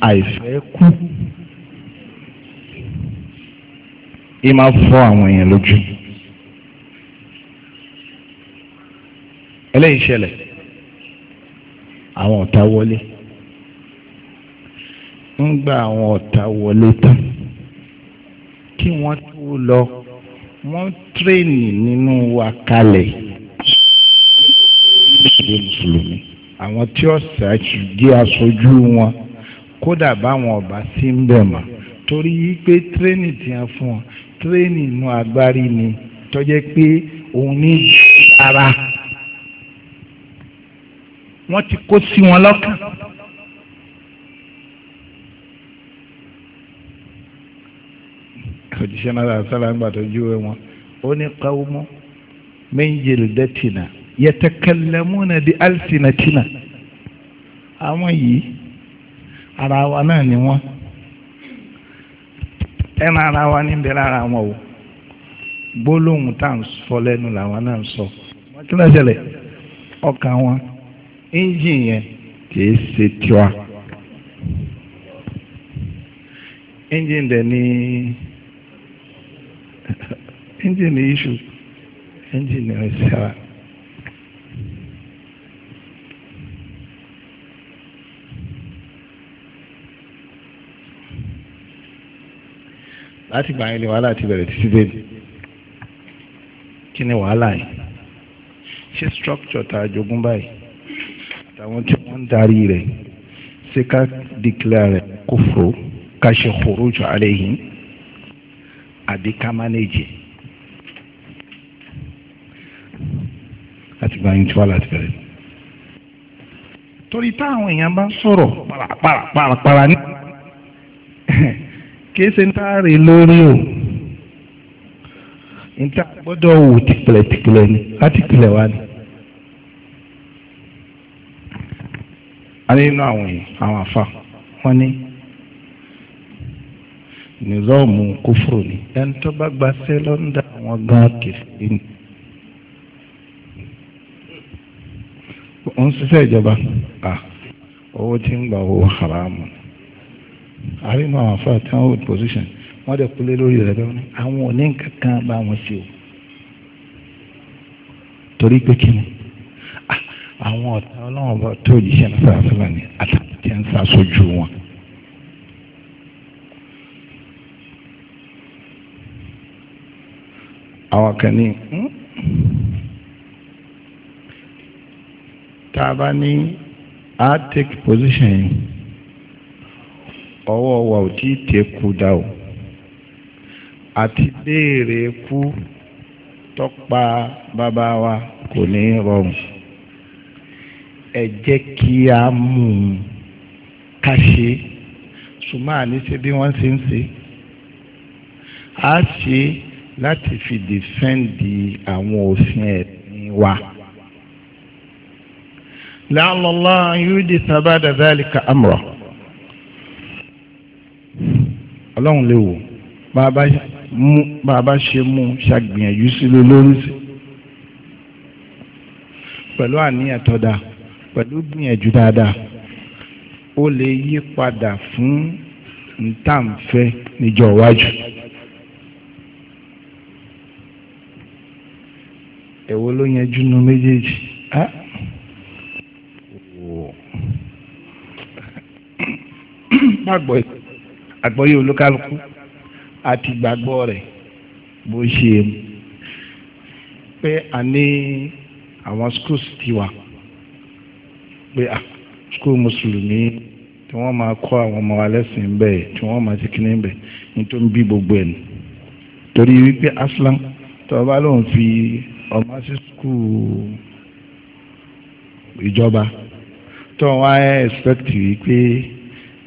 àìfẹ́ kú ì máa fọ́ àwọn èèyàn lójú eléyìí ṣẹlẹ̀ àwọn ọ̀tá wọlé ń gba àwọn ọ̀tá wọlé tán kí wọ́n tó lọ wọ́n tírèènì nínú wa kalẹ̀ ìdílé mùsùlùmí àwọn tí ọ̀sà jẹ́ aṣojú wọn kódà báwọn ọba sí ń bẹ̀ mọ́ torí pé tírèènì tí a fún wọn tírèènì inú agbárí ni tó pé òun ní ara wọ́n ti kó sí wọn lọ́kàn. òjíṣẹ́ náà sálà ń gbà tó júwe wọn ó ní qawmu min jildatina yatakallamuna bi alsinatina àwọn yìí ara wa náà ni wọ́n ẹran ara wa ní bẹ̀rẹ̀ ara wọn o gbólóhùn tá à ń sọ lẹ́nu làwọn náà ń sọ. kí ló ń ṣẹlẹ̀ ọkàn wọn engine yẹn kìí ṣe tiwa engine dẹ̀ ní engine ní issue engine ní ọ̀sẹ̀ láti gbà yín ni wàhálà ti bẹ̀rẹ̀ títí dé kí ni wàhálà yìí ṣé structure tá a jogún báyìí àtàwọn tí wọ́n ń darí rẹ̀ ṣé ká declare kófò ká ṣe khuruj alayhim àbí ká manage e? láti gba ẹni tí wà láti bẹ̀rẹ̀. torí táwọn èèyàn bá ń sọ̀rọ̀ pàràpàràpàrà ní kìí ṣe ń táàrí lórí o ń tá gbọ́dọ̀ wò tìpìlẹ̀tìpìlẹ̀ ni láti pìlẹ̀ wá ni. alẹ́ inú àwọn yìí àwọn àfa wọn ní nìzọ́ọ̀mù kófòrò ni ẹni tó bá gbaṣẹ́ lọ́ńdà àwọn gan kìfìrí ni òun ṣiṣẹ́ ìjọba owó tí ń gba owó haramu àrínú àwọn àfa tí wọ́n hold position wọ́n dẹ̀ kúlé lórí rẹ̀ bẹ́ẹ̀ ni àwọn ò ní nǹkan kan bá wọn ṣe o torí pé kí ni àwọn ọ̀tá ọlọ́run ọba tó òjíṣẹ́ náà sàásùlà ní àtàkùtì ń sàṣojú wọn. àwọn kan ní hmm? tá a bá ní a take position yìí ọwọ́ wa ò tí ì tẹ́kù dá o àti béèrè kú tọ́pa bàbá wa kò ní rọrùn ẹ jẹ́ kí a mú un ká ṣe ṣùgbọ́n àní ṣe bí wọ́n ṣe ń ṣe a ṣe láti fi dìfẹ́ǹdì àwọn òfin ẹ̀sìn wa. lálọ́lá yóò di sábàdà dálíkà amúra ọlọ́run lè wò bá a bá ṣe mú ṣàgbìyànjú sí lórí sí pẹ̀lú àníyàn tó dáa pẹ̀lú gbìyànjú dáadáa ó lè yí padà fún ntàǹfẹ́ níjọ́ iwájú. èwo ló yanjú nu méjèèjì gbàgbọ́ àgbọ́yé olúkálukú àti gbàgbọ́ rẹ̀ bó ṣe pé a ní àwọn schools tiwa pé à ah, skul mùsùlùmí tí wọ́n máa kọ́ àwọn ọmọ alẹ́sìn bẹ́ẹ̀ tí wọ́n máa ti kíní bẹ́ẹ̀ ní tó ń bí gbogbo ẹ̀ torí wípé aslam tọ́ba ló ń fi ọmọ sí skul ìjọba tó wá expect wípé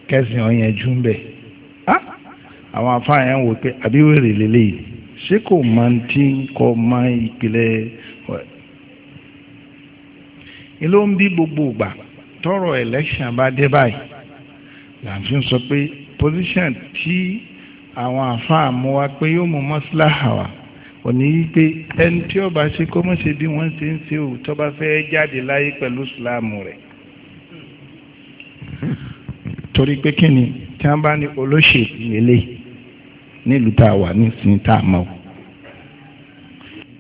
kẹ́sìn ọ̀yẹ́jú ń bẹ̀ ah! àwọn afáàyàn wò pé àbí wèrè lélẹ́yìí ṣé kò máa ń tí kò máa ìpìlẹ̀ ló ń bí gbogbo ìgbà tọrọ election bá dé báyìí là sọ pé position tí àwọn àfáà mú wa pé yóò mú mọ́síláhà wa òní wípé ẹni tí ó bá ṣe kó mọ̀ ṣe bí wọ́n ṣe ń ṣe òótọ́ bá fẹ́ jáde láyé pẹ̀lú ìsìláàmù rẹ̀ torí pé kí ni tí wọ́n bá ní olóṣèlú nílé nílùú tá a wà nísìnyí tá a mọ̀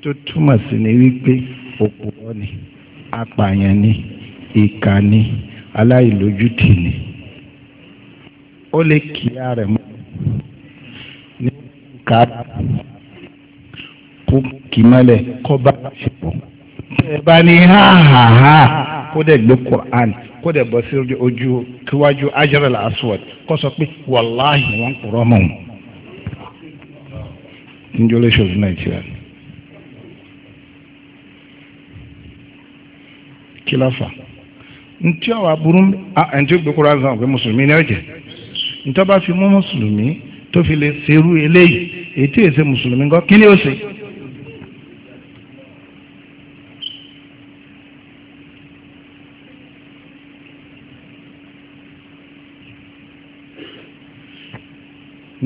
tó túmọ̀ sí ni wípé òpùrọ̀ ni. apààyàn ni ìkà ni aláìlójútì ni ó lè kíyà rẹ̀ mọ́ ní ká kó kì mọ́lẹ̀ kó bá ṣepọ̀ ẹ bá ní háàháà kó dẹ̀ gbé Qur'an kó dẹ̀ bọ́ sí ojú kíwájú ajral aswad kó sọ pé wọn kúrọ́ mọ́ ọ́n ń nàìjíríà. kí la fà ntí ọ̀wà burú ẹ̀ntí gbé kúrò azan pé mùsùlùmí ni ó jẹ́ ntọ́ bá fi mú mùsùlùmí tó fi lè serú eléyìí ètí èsè mùsùlùmí ńkọ́ kí ni ó ṣe.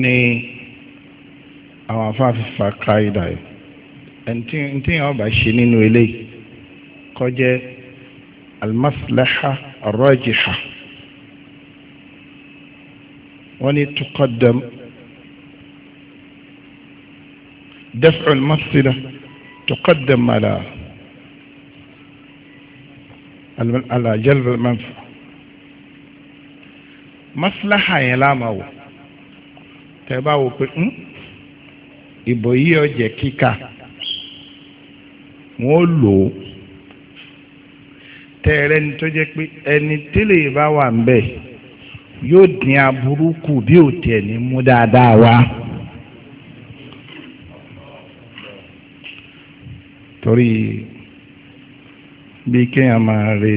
ni àwọn afáfífa káyidà yìí ẹ̀ ntí ọba ṣe nínú eléyìí kọjá almaslaha arrajiha wọ́n ní tuqaddam daf'u almasila tuqaddam ala ala jalb almanfa maslaha yẹn láàmà wò tẹ́ bá wò pé ìbò yìí ọ̀jẹ̀ kíkà wọ́n lò ó. tẹrẹ ni tó jẹ́ pé ẹni tẹ́lẹ̀ bá wà ń bẹ̀ yóò dín aburú kù bí ò tiẹ̀ ní mú dáadáa wá. torí bí kéèyàn máa re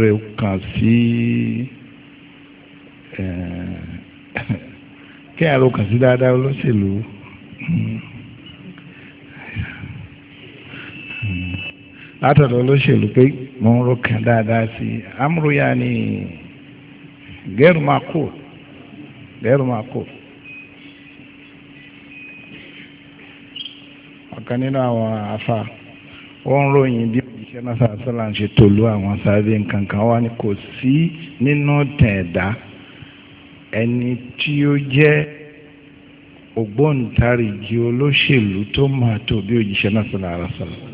re kàn sí kéèyàn ro kàn sí mo ń rúkà dáadáa sí i ni gẹ́rù máa kú nínú àwọn afa wọ́n ròyìn bí òṣìṣẹ́ náà sàásọ́là ń ṣe tòlú àwọn sáré nǹkan wá ní kò sí nínú tẹ̀ẹ̀dá ẹni tí ó jẹ́ ògbóǹtarìgì olóṣèlú tó máa tó bí òṣìṣẹ́ náà sọ̀rọ̀ àrà sọ̀rọ̀.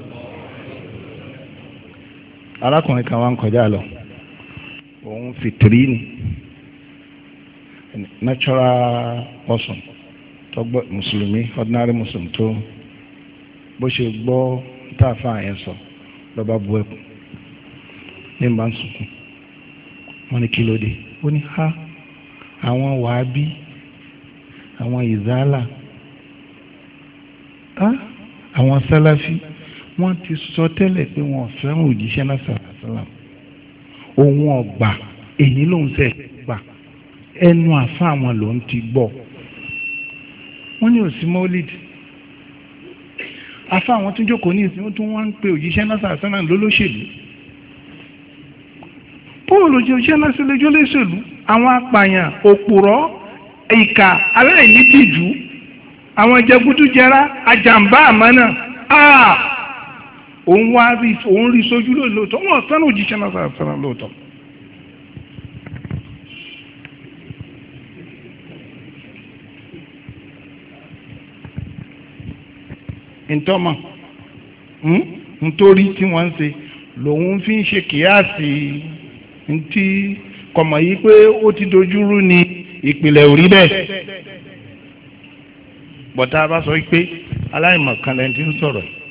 arákùnrin kan wá ń kọjá lọ òun fìtìrí ni natural person tó gbọ́ mùsùlùmí ordinary muslim tó bó ṣe gbọ́ táàfà yẹn sọ lọ́ba bu ẹkùn ní bá ń sunkún wọ́n ní kí ló dé ó ní ha àwọn wàábí àwọn ìzálà àwọn sálàfí wọ́n ti sọ tẹ́lẹ̀ pé wọn ò fẹ́ràn òjíṣẹ́ náà sàlàsàlà òun ọ̀gbà èyí lòun sẹ̀ gbà ẹnu àfa àwọn lòun ti gbọ́ wọ́n ní òsì mọ́lid àfa àwọn tó jókòó ní ìsìn tó wọ́n ń pe òjíṣẹ́ náà sàlàsàlà lólóṣèlú bóòlù òjíṣẹ́ náà sì lójó lóṣèlú àwọn apààyàn òpùrọ́ ìkà aláìní tìjú àwọn jẹgúdújẹrá àjàmbá àmọ́ náà òun wá rí òun rí sójú lóòótọ́ wọn fẹ́ràn òjíṣẹ́ náà sára fẹ́ràn lóòótọ́. ntọ́mọ̀ hmm? ntorí tí wọ́n ń ṣe lòun fi ń ṣe kíyàsí ntí kọ̀mọ̀ yìí pé ó ti dojúrú ni ìpìlẹ̀ ò bẹ́ẹ̀ bọ̀tá bá sọ pé aláìmọ̀kan lẹ́ni tí ń sọ̀rọ̀ yìí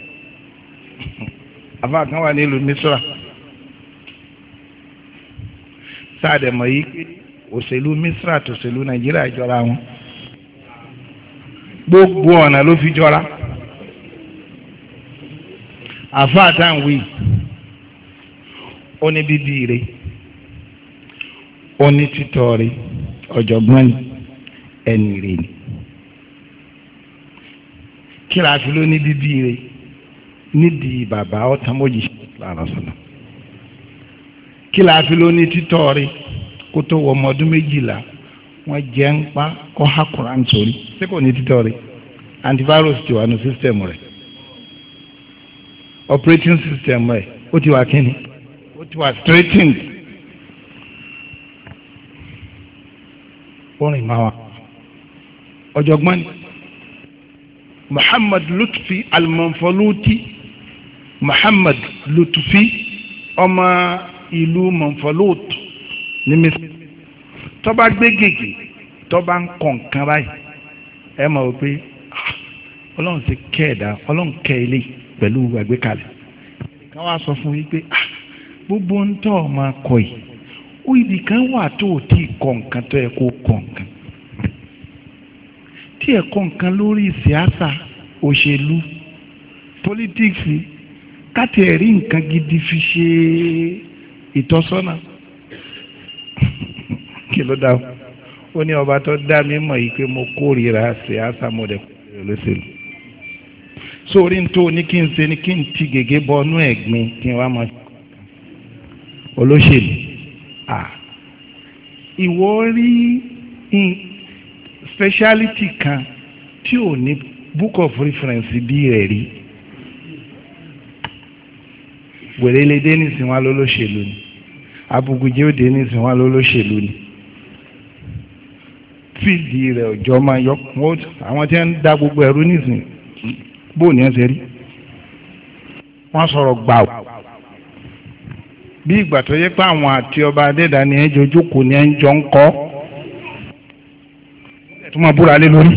àfa kan wà nílùú Misra sáàdẹ̀mọ̀ yìí òṣèlú Misra tòṣèlú Nàìjíríà jọra wọn gbogbo ọ̀nà ló fi jọra àfa àtàwí ó ní bíbí rẹ̀ ó ní títọ́ rẹ̀ ọ̀jọ̀gbọ́n ni ẹni rẹ̀ ni kí la fi ló bíbí rẹ̀ nídìí bàbá ọ̀tán mọ́jì lárasọ̀nà kí la fi ló ní títọ́ rí kó tó wọ ọmọ ọdún méjìlá wọ́n jẹ́ ń pa kọ́ ha Quran sórí ṣé ní títọ́ antivirus ti wà nù system rẹ̀ operating system rẹ̀ ó ti wà kíni ó ti wà straightened ó máa wà ọ̀jọ̀gbọ́n Muhammad Lutfi al Muhammad Lutufi ọmọ ìlú Monfolot ní Misiri tọ́ba gbé gègé tọ́ba ń kọ̀ nǹkan báyìí ẹ mọ̀ pé ah, ọlọ́run ti kẹ́ ẹ̀dá ọlọ́run kẹ́ ilé pẹ̀lú àgbékalẹ̀ kan wá sọ fún yín pé ah, gbogbo ohun tó o máa kọ yìí ó ibì kan wà tó o tí ì nǹkan tó yẹ kó o nǹkan tí ẹ nǹkan lórí ìsíásà òṣèlú pólítíìsì káti ẹ̀rí nǹkan gidi fi ṣe ìtọ́sọ́nà kí ló dáa ó ní ọba tó dá mi mọ̀ yìí pé mo kórìíra ṣe àṣàmọ̀dẹ̀ kórìíra lóṣèlú sórí tó ní kí n ṣe ni kí n ti gègé bọnú ẹ̀gbin kí n wá máa olóṣèlú à ìwọ rí speciality kan tí ò ní book of reference bí rẹ̀ rí wèrèlédé nìsín wa lólóṣèlú ni abugujẹ òde nìsín wa ni fíìdì rẹ̀ ọ̀jọ́ máa yọ àwọn tí wọ́n ń da gbogbo ẹ̀rú nìsín bó ni wọ́n ṣe rí wọ́n sọ̀rọ̀ gbà ó bí ìgbà tó yẹ pé àwọn àti ọba adẹ́dá ni ẹjọ́ jókòó ni ẹjọ́ ń kọ́ tó máa búra lé lórí.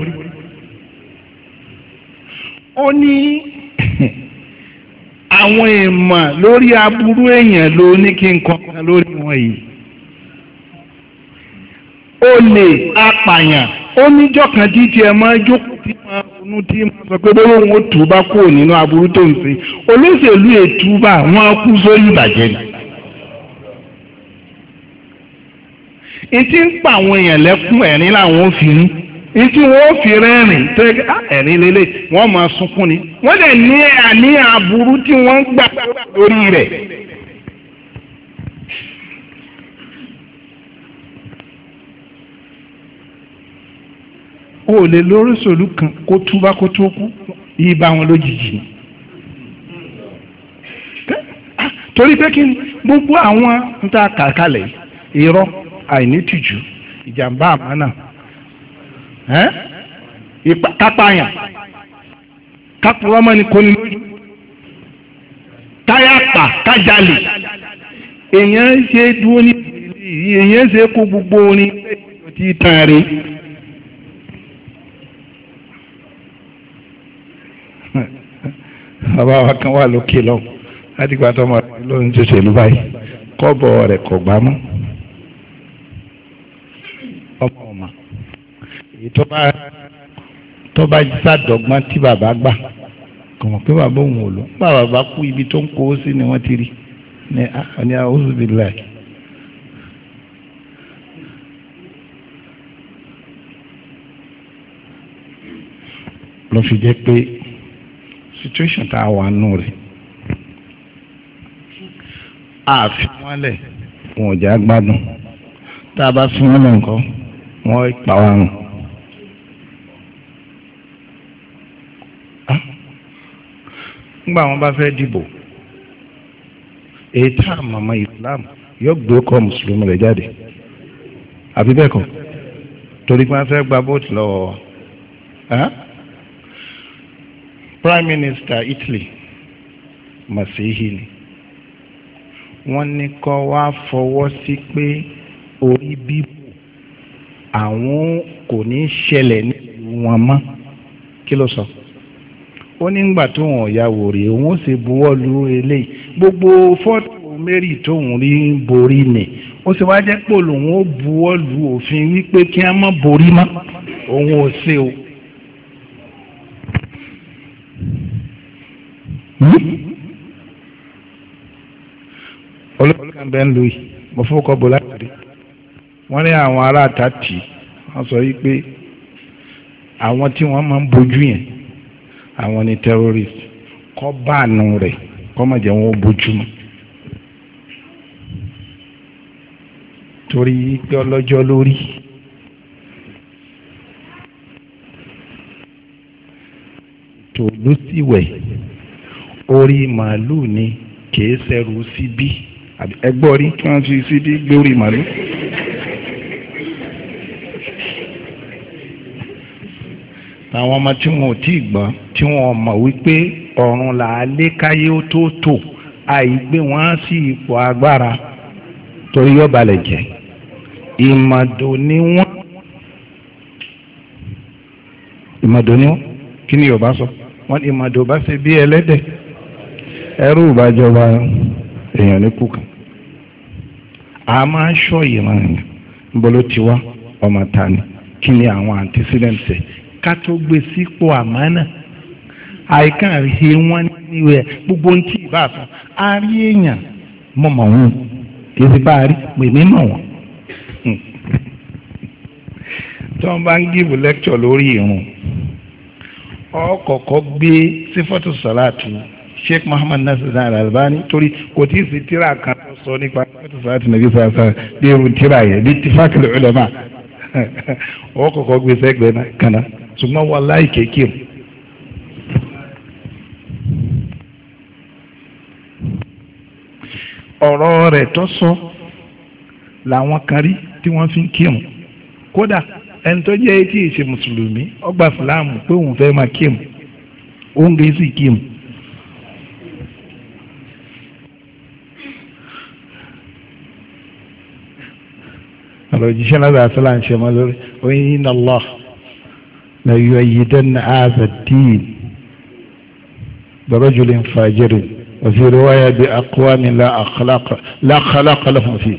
ó ní àwọn ìmọ̀ lórí aburú èèyàn ló ní kí n kọ́kọ́ lórí wọn yìí olè apààyàn ó níjọ́ kan díje ẹ máa jókòó tí máa ronú tí máa sọ pé bóyá òun ó tù bá kúrò nínú aburú tó ń ṣe olóṣèlú ètú bá wọn kú sórí ìbàjẹ́ ni. ìtí ń pa àwọn èèyàn lẹ́kún ẹ̀rín làwọn ò fi ń ìtú wọn ó fi rẹ́rìn tẹ́gẹ́ ah, ẹ̀rín lélẹ̀ wọ́n máa sunkún ni wọ́n lè ní àníyàn aburú tí wọ́n gbà lórí rẹ̀. o lè lórí sòlú kan kó túbá kó tó kú yìí bá wọn lójijì ni torí pé kí gbogbo àwọn ń ta kàkálẹ̀ irọ́ àìnítìjú ìjàmbá àmánà kápáyàn e kápúrọ́mọ́ ni kò ní lójú táyà pa kájàlè èèyàn ṣe dúró ní èèyàn ṣe kó gbogbo orin tí tàn rí. bàbá wa kan wà lókè lọ láti báyìí kọ́ bọ̀ rẹ̀ kọ̀ tọ́ba tọ́ba sàdọ̀gbọ́n tí bàbá gbà kọ̀mọ̀ pé bàbá òun ò lò nígbà bàbá kú ibi tó ń kó o sí ni wọ́n ti rí ní àwọn oṣù bíi láì. ló fi jẹ́ pé situation tá a wà nù rẹ̀ a fi wọ́n lẹ̀ wọn ò já gbádùn tá a bá fi wọ́n lẹ̀ nǹkan wọ́n pa wá nígbà wọn bá fẹ́ dìbò èyí tá àmàmà islam yóò gbé kọ́ mùsùlùmí rẹ̀ jáde àbí bẹ́ẹ̀ kọ́ torí pé wọ́n fẹ́ gba bóòtù lọ́wọ́ prime minister Italy masihi ni wọ́n ní kọ́ wá fọwọ́ sí pé orí bíbù àwọn kò ní ṣẹlẹ̀ nílùú wọn mọ́ kí ló sọ. So? ó ní gbà tóun ọ̀yà wòrè òun ó sì buwọ́ lu eléyìí gbogbo fọ́tò mary tóun rí ń borí nì ó sì wá jẹ́ pò lòun ó buwọ́ lu òfin wípé kí a má borí mọ́ òun ò ṣe o. olùkọ́ bẹ́ẹ̀ ń lu yìí mo fọwọ́ bọ̀ láti wọ́n ní àwọn aráàta tì í wọ́n sọ yìí àwọn tí wọ́n máa ń bojú yẹn àwọn ni terrorist kọ́ báànù rẹ̀ kọ́ má jẹ́ wọn bójúmu. torí pé ọlọ́jọ́ lórí. tòlú síwẹ̀ orí màálùú ni kì í ṣẹrù síbí ẹgbọ́n rí kí wọ́n fi síbí gbórí màálùú. àwọn ọmọ tí wọn ò tí ì tí wọn mọ̀ wípé ọ̀run là á lé káyé ó tó tò àìgbé wọn á sí ipò agbára torí yóò balẹ̀ ni wọ́n ìmọ̀dò ni wọ́n kí ni Yorùbá sọ wọ́n ìmọ̀dò bá ṣe bí ẹlẹ́dẹ̀ ẹrú a máa ń ṣọ ìran ọmọ ta ni kí ni ká tó gbé sípò àmánà àìkàn rí wọn ní rẹ gbogbo ohun tí ìbá fún a rí èèyàn mọ̀ mọ̀ wọn kì í sì bá a rí pèmí mọ̀ wọn tí wọ́n bá ń gíìbù lẹ́kítọ̀ lórí ìrun ọkọ̀ọ̀kọ̀ gbé sífọ́tò sọ́láàtì sheikh muhammad nasir al-albani torí kò tí ì sí tíra kan tó sọ nípa sífọ́tò sọ́láàtì nàbí sàásà bí irun tíra yẹn bí tífákìlì ulama wọ́n kọ̀kọ́ gbé sẹ́gbẹ̀ẹ́ náà ṣùgbọ́n wà láì kéèké o. ọ̀rọ̀ rẹ̀ sọ làwọn kan tí wọ́n fi ń kírun kódà ẹni tó jẹ́ etí ìṣe mùsùlùmí ọgbà fúlàmù pé òun fẹ́ máa kírun àlòjíṣẹ́ náà àṣàlà ń ṣe mọ́ lórí oyin iná lọ la yọ ìyídẹ́ ní àzàdín bọ́rọ̀ jùlọ ń fa jẹ́rì òfin ìrọ̀wáyà bí akọ́wámi láàkàlàkà lọ́fún fi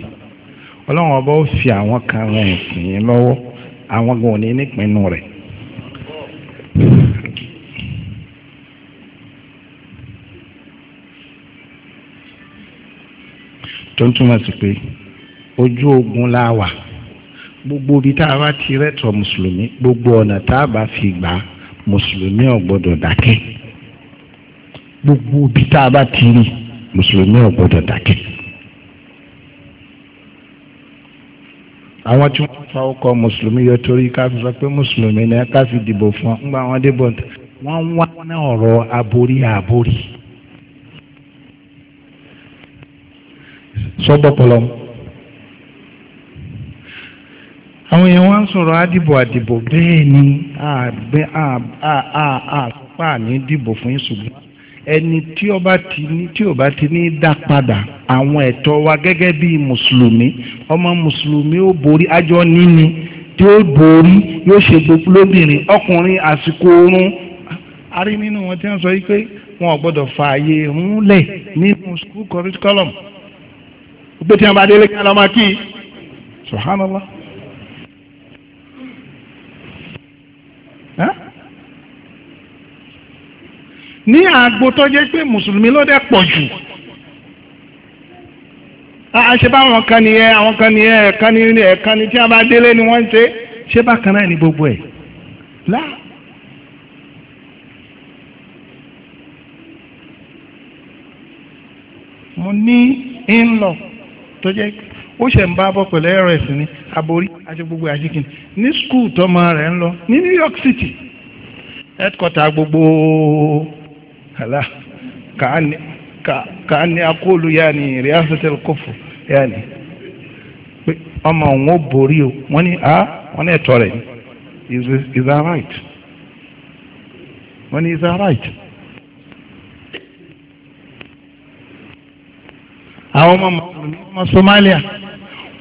ọlọ́run ọba ó fi àwọn kan rẹ̀ ẹ̀sìn yẹn lọ́wọ́ àwọn gan ní nípinnu rẹ̀. tó ń túmọ̀ sí pé ojú ogun la wà gbogbo ibi tá a bá ti rẹ́tọ̀ mùsùlùmí gbogbo ọ̀nà tá a bá fi gbà mùsùlùmí ò gbọ́dọ̀ dákẹ́ gbogbo ibi tá a bá ti rí mùsùlùmí ò gbọ́dọ̀ dákẹ́. àwọn tí wọ́n fa ọkọ̀ mùsùlùmí yọ torí ká fi sọ pé mùsùlùmí ni ká fi dìbò fún ọ ńgbà wọn dé bọ̀ǹtà wọ́n wá ní ọ̀rọ̀ aborí àborí. sọ́gbọ́pọ̀lọ́ àwọn èèyàn wá ń sọ̀rọ̀ àdìbò àdìbò bẹ́ẹ̀ ni àgbẹ̀ àpá ní dìbò fún ìṣùgbọ́n ẹni tí ó bá ti ní tí ó bá ti ní dá padà àwọn ẹ̀tọ́ wa gẹ́gẹ́ bí mùsùlùmí ọmọ mùsùlùmí ó borí ajọ́ níní tí ó borí yóò ṣe gbogbo lóbìnrin ọkùnrin àsìkò oorun a nínú wọn tí wọ́n sọ wípé wọn ò gbọ́dọ̀ fààyè múlẹ̀ nínú school curriculum gbé tí wọ́n bá délé kí wọ́n lọ́ máa kí subhanallah. ní àgbo tó jẹ́ pé mùsùlùmí ló dẹ̀ pọ̀ jù àṣebá àwọn kan ni ẹ àwọn kan ni ẹ ẹ̀kan ni ẹ̀kan ni tí a bá délé ni wọ́n ń ṣe ṣé bákan náà ni gbogbo ẹ̀ lá. mo ní in-law tó jẹ́ ó ṣe ń bá bọ̀ pẹ̀lú ẹ̀rọ ẹ̀sìn ni aborí àti gbogbo àṣekìn ní skul tọmọ rẹ̀ ń lọ ní New York City headquarter gbogbo لا كأني كأني أقول يعني رئاسة الكفر يعني ọmọ òun ó borí o wọ́n ní ah, wọn ni ní ẹ̀tọ́ rẹ̀ is is that right wọn ni is that right. àwọn ọmọ ọmọ Somalia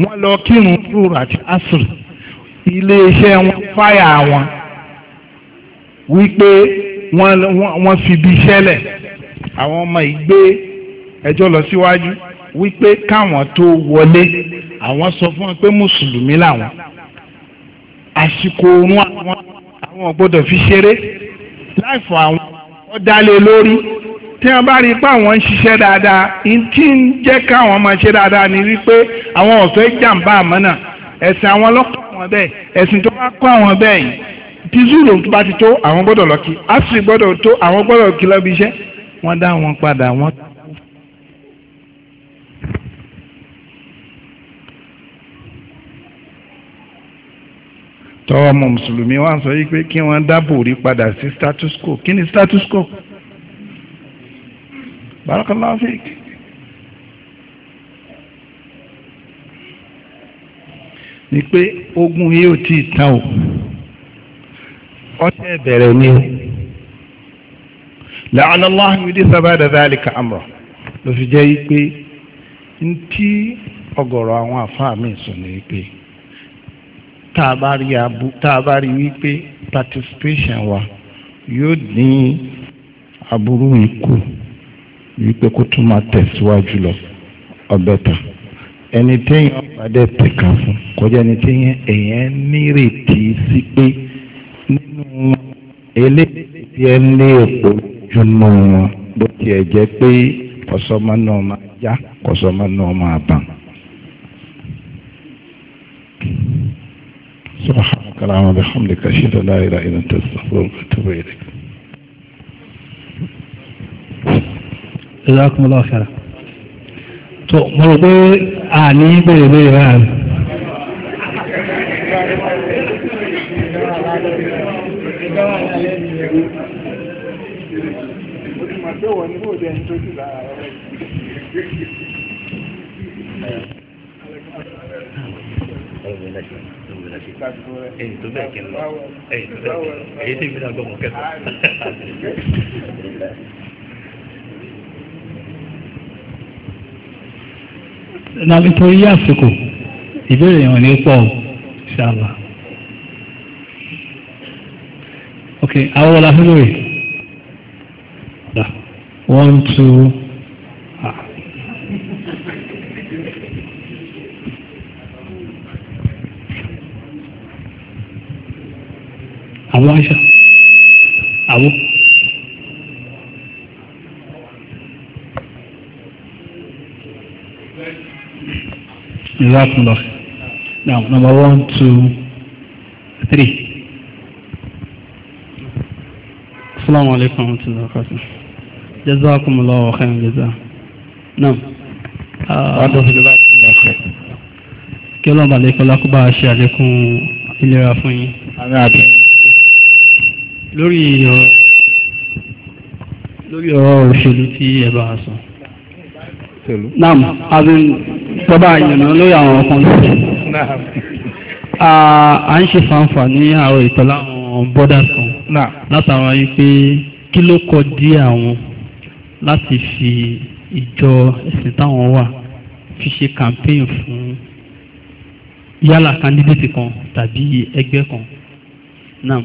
wọn lọ kírun rúurú àti asiri iléeṣẹ́ wọn fáyà wọn wípé. wọ́n fi bí sẹ́lẹ̀ àwọn ọmọ yìí gbé ẹjọ́ lọ síwájú wípé káwọn tó wọlé àwọn sọ fún wọn pé mùsùlùmí làwọn àsìkò òun àwọn ọ̀gbọ́dọ̀ fi ṣeré láìfọ̀ àwọn ọ̀dàlẹ̀ lórí tí wọ́n bá rí i pé àwọn ń ṣiṣẹ́ dáadáa tí ń jẹ́ káwọn máa ṣe dáadáa ni wípé àwọn ọ̀fẹ́ jàǹbá àmọ́ náà ẹ̀sìn àwọn ọlọ́kọ̀ àwọn bẹ́ẹ̀ ẹ̀sìn tó bá kọ́ àwọn bẹ́ẹ̀ yìí tí zulu tó bá ti tó àwọn gbọ́dọ̀ lọ kí asiri gbọ́dọ̀ tó àwọn gbọ́dọ̀ kí lọ́bi iṣẹ́ wọ́n dá wọn padà wọ́n. tọ́wọ́ ọmọ mùsùlùmí wá sọ yìí pé kí wọ́n dáàbò rí padà sí status quo kí ni status quo barakallahu fik. ni pé ogun yìí ò tí ì tán o. ọ̀sẹ̀ bẹ̀rẹ̀ ni la'anallahu yìí sábà da dhalika amra fi jẹ́ pé ntí àwọn àfáà mi sọ ní pé tá a participation wa yóò dín aburú ikú wikpe kó tún máa tẹ̀síwájú lọ ọbẹ̀ tán ẹni téèyàn bá tẹ̀ka fún kọjá ẹni nírètí sí pé. eléyìí tí ẹ ń lé òpó jùnú wọn bó tiẹ̀ jẹ́ pé kọ̀sọ́mọ́ náà máa já kọ̀sọ́mọ́ náà máa bàn. سبحانك اللهم وبحمدك اشهد ان لا اله الا pé àní bèrè bèrè báyìí ó ti mọ̀ pé wọ́n ní kò jẹ́ ní tó jù lára rẹ̀ èyí tó bẹ́ẹ̀ kí n lọ èyí tó bẹ́ẹ̀ kí n lọ èyí tí mi náà gbọ́ mọ̀ kẹta. nàbí torí àsìkò ìbéèrè yẹn ní pọ̀ ṣáàlà. ok àwọn wọlé afẹ́lẹ́ one, two. Abu Aisha. Abu. Now, number one, two, three. Assalamu alaikum wa rahmatullahi wa barakatuh. jazakumullahu khairan jaza nam ah, kí ọlọ́run balẹ̀ kọ́lá kó bá a ṣe àlékún ìlera fún yín lórí ọ̀rọ̀ lórí ọ̀rọ̀ òṣèlú tí ẹ bá sọ nam abin bàbá ìyànà lórí àwọn ọkàn lóṣèlú a ń ṣe fanfa ní àwọn ìtọ́láwọn bọ́dà kan látara yìí pé kí ló kọ dí àwọn láti fi ìjọ ẹ̀sìn táwọn wà fi ṣe campaign fún yálà candidate kan tàbí ẹgbẹ́ kan náà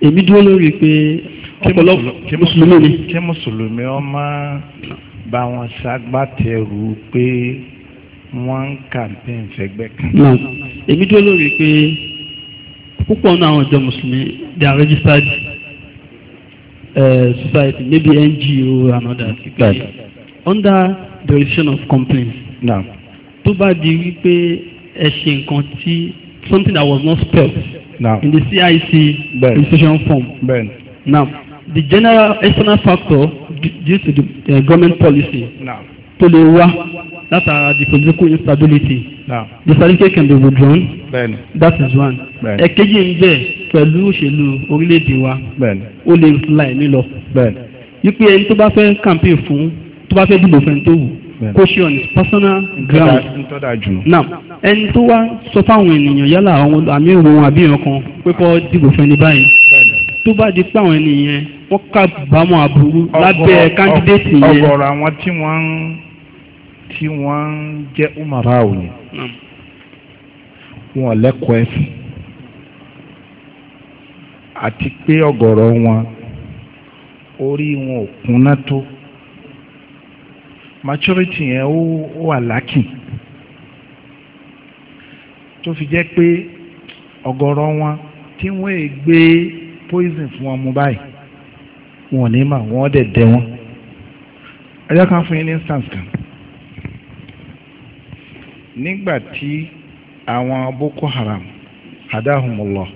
èmi dúró lórí pé kí mùsùlùmí ni. kí mùsùlùmí ọmọ bá wọn ṣagbátẹrù pé wọ́n ń campaign fẹ́gbẹ́ kan. náà èmi dúró lórí pé púpọ̀ náà àwọn ìjọ mùsùlùmí they are registered Uh, society, maybe NGO and others. Right. Under the revision of complaints. No. Tó bá di wípé ẹ ṣe nǹkan tí something that was not spelled. No. In the CIC ben. registration form. Ben. Now, the general external factor due to the uh, government policy. No. Tó lè wá látara the political instability the certificate can be withdrawn that is one ẹ̀kejì ń bẹ pẹ̀lú òṣèlú orílẹ̀-èdè wa ó lè láì mí lọ wípé ẹni tó bá fẹ́ campaign fún tó bá fẹ́ dìbò fẹ́ tó wù kó ṣe personal ground now ẹni tó wá sọ fáwọn ènìyàn yálà àwọn àmì ìwòrán àbí ìran kan pé kó dìbò fẹ́ ní báyìí tó bá di pé àwọn ènìyàn wọ́n kábàámọ̀ aburú lábẹ́ candidate yẹn. ọ̀gọ̀rọ̀ àwọn tí wọ́n ń tí wọ́n jẹ́ umara òní wọn lẹ́kọ̀ọ́ ẹ̀sìn àti pé ọ̀gọ̀rọ̀ wọn orí wọn ò kúnná tó maturity yẹn ó wà lákìn tó fi jẹ́ pé ọ̀gọ̀rọ̀ wọn tí wọ́n è gbé poison fún wọn mú báyìí wọn ò ní mà wọ́n dẹ̀ dẹ wọn. ẹ jẹ́ ká fún yín ní instance kan. nígbà tí àwọn boko haram hadahumullah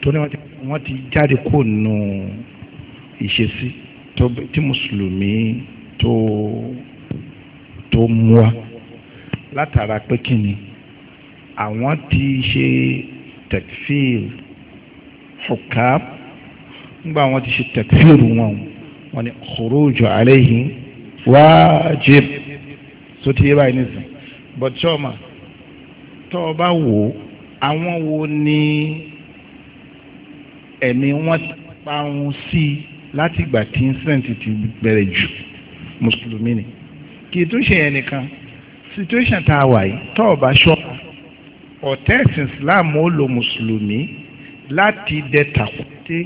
tó ní wọ́n ti jáde kó nù ìṣesí tí mùsùlùmí tó tó mú wa látara pé kí ni àwọn ti ṣe tẹkfíìl hukam nígbà wọ́n ti ṣe tẹkfíìl wọn wọ́n ní khuruju alayhim wájib tó ti yé báyìí nísìn but ṣọ́ọ̀mà tó o bá wò ó àwọn wo ni ẹ̀mí wọn parun sí i láti ìgbà tí incent ti bẹ̀rẹ̀ jù mùsùlùmí ni kì í tún ṣe yẹn nìkan situation tá a wà yìí tó o bá ṣọ́ọ̀mà ọ̀tẹ́ ẹ̀sìn Islam ó lo mùsùlùmí láti dẹ tàkúté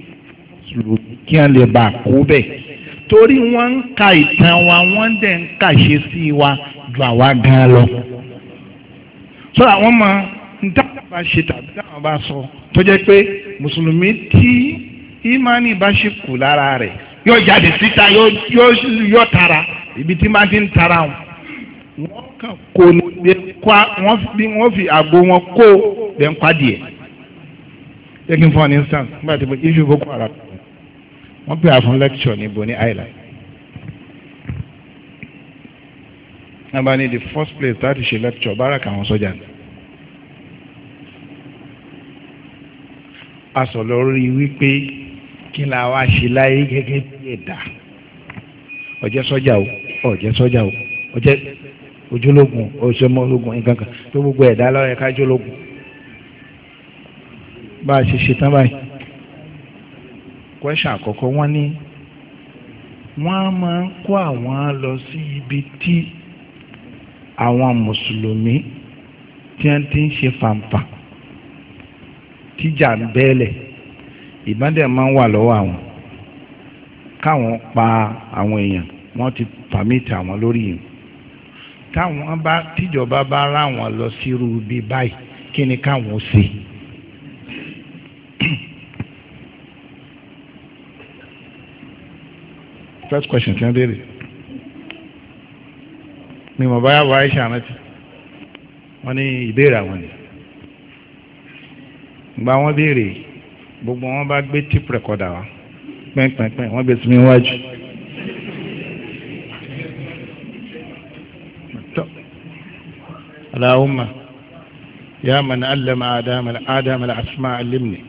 mùsùlùmí kí wọ́n lè bá a kú bẹ́ẹ̀ torí wọ́n ń ka ìtàn wa wọ́n dẹ̀ ń kàṣe sí wa ju àwa gan lọ. sọ́dọ̀ àwọn ọmọ ntàkùnbà ṣe tàbí táwọn bá sọ tó jẹ́ pé mùsùlùmí tí ìmánì bá ṣe kù lára rẹ̀ yóò jáde síta yóò tara ibi tí máa ti ń tara wọn wọ́n kàn kó ní bí wọ́n fi àgbo wọn kó bẹ́ẹ̀ ń padìyẹ. taking for an instance nígbà tí mo issue Boko Haram wọ́n pè á fún lecture ní Bonny Island. nàbà ni the first place láti ṣe lecture báràkà àwọn sọ́jà ni. a sọ lórí wípé kí la wá ṣe láyé gẹ́gẹ́ bí ẹ̀dá ọ̀jẹ́ sọ́jà o ọ̀jẹ́ sọ́jà o ọ̀jẹ́ ojúlógun ọ̀ṣọ́mọ́lógun nǹkan kan tó gbogbo ẹ̀dá lọ́yẹ̀ká jólógun bá a ṣe ṣe tán báyìí kwẹ́sà àkọ́kọ́ wọ́n ní wọ́n á máa ń kó àwọn lọ sí ibi tí àwọn mùsùlùmí tí wọ́n ti ń ṣe fàǹfà tíjà ń bẹ́ẹ̀lẹ̀ ìbádẹ́ máa ń wà lọ́wọ́ àwọn káwọn pa àwọn èèyàn wọ́n ti pàmìtì àwọn lórí yìí táwọn bá tíjọba bá rá wọn lọ sírú bíi báyìí kí ni káwọn ṣe. first question tí wọ́n béèrè ni mo bá yàwó Aisha rántí wọ́n ní ìbéèrè àwọn ni ìgbà wọ́n béèrè gbogbo wọn bá gbé tip rẹ̀kọ̀dà wa pẹ́ẹ́pẹ́ẹ́pẹ́ wọ́n gbé sí mi wájú. اللهم يا من علم آدم آدم الأسماء علمني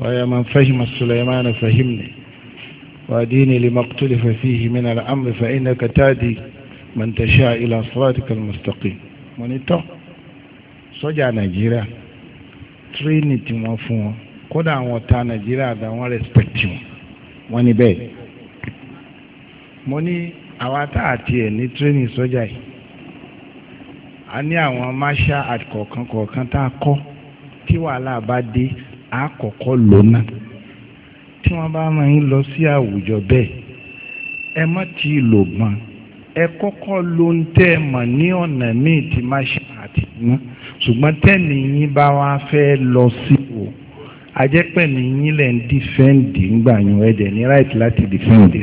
ويا من فهم سليمان فهمني وأديني لما اختلف فيه من الأمر فإنك تهدي من تشاء إلى صراطك المستقيم mọ̀nítọ́ sọ́jà nàìjíríà tírénì tí wọ́n fún wọn kódà àwọn ọ̀tá nàìjíríà àdá wọn rẹ́spẹ̀tì wọn wọn ni bẹ́ẹ̀. mo ní àwa tá àti ẹ̀ ní tírénì sọ́jà yìí a ní àwọn marshal àti kọ̀ọ̀kan kọ̀ọ̀kan tá a kọ́ tí wàhálà bá dé àkọ́kọ́ lónà. tí wọ́n bá máa lọ sí àwùjọ bẹ́ẹ̀ ẹ má ti lò kọ́kọ́ ló ń tẹ́ ẹ mọ̀ ní ọ̀nà míì tí má ṣe àti iná ṣùgbọ́n tẹ́ni yín bá wá fẹ́ lọ sí o ajẹ́pẹ́ ni yín lẹ̀ ń dífẹ́ǹdì ní ráìtì láti dífẹ́ǹdì.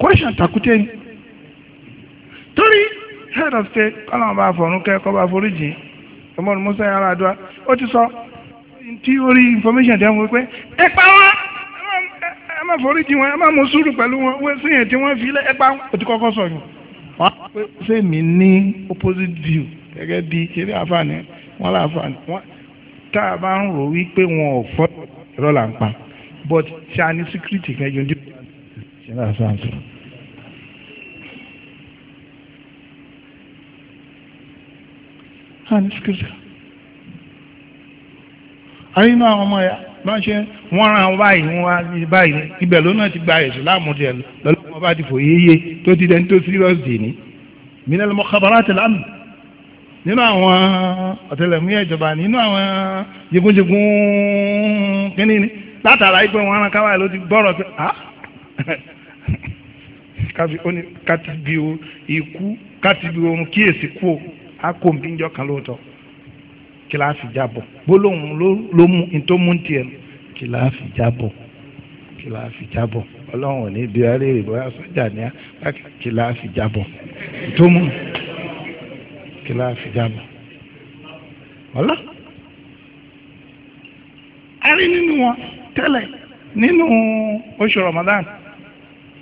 question takute ni torí head of state kọ́lọ́mù bá fọ̀rún kẹ́kọ́ bá foríjì ọmọdé musa yàrá àdúrà ó ti sọ tí ó rí information tẹ́ ń wọ pé ẹ pa wọn ẹ má foríjì wọn ẹ má mú sùúrù pẹ̀lú wọn wọ́n sì yẹn tí wọ́n fi lẹ́ ẹ pa wọn ó ti kọ́kọ́ sọ yìí. wọ́n á pé ní opposite view gẹ́gẹ́ bí eré àfààní wọn láǹfààní wọn tá a bá ń rò wípé wọn ò fọ́ ìrọ̀lá ń pa but ṣe a ní security kẹjọ ní. Asante. Hani sikirisa. Ayé inú àwọn ọmọ ya máa ṣe wọ́n ra àwọn báyìí wọ́n wá ní báyìí ibẹ̀ ló náà ti gba ẹ̀sùn láàmú tiẹ̀ lọ́lọ́mọ bá ti fò yéye tó ti dẹni tó serious dì ní. Minal mukhabarat al-amn nínú àwọn ọ̀tẹlẹ̀múyẹ́ ìjọba nínú àwọn jẹgúnjẹgún kínní ni látara ìpè wọn ti gbọ́rọ̀ pé ah, kátìbí o kati kátìbí o kíyèsí kú o a kò bí njọ́ kan lóòótọ́ kíláàsì jábọ̀ gbólóhùn ló mú ntòmú tiẹ̀ kíláàsì jábọ̀ kíláàsì jábọ̀ ọlọ́run ò ní bí wàá lè bóyá sọ́jà ní á kíláàsì jábọ̀ ntòmú kíláàsì jábọ̀ ọlọ́ a rí nínú wọn tẹ́lẹ̀ nínú oṣù Ramadan.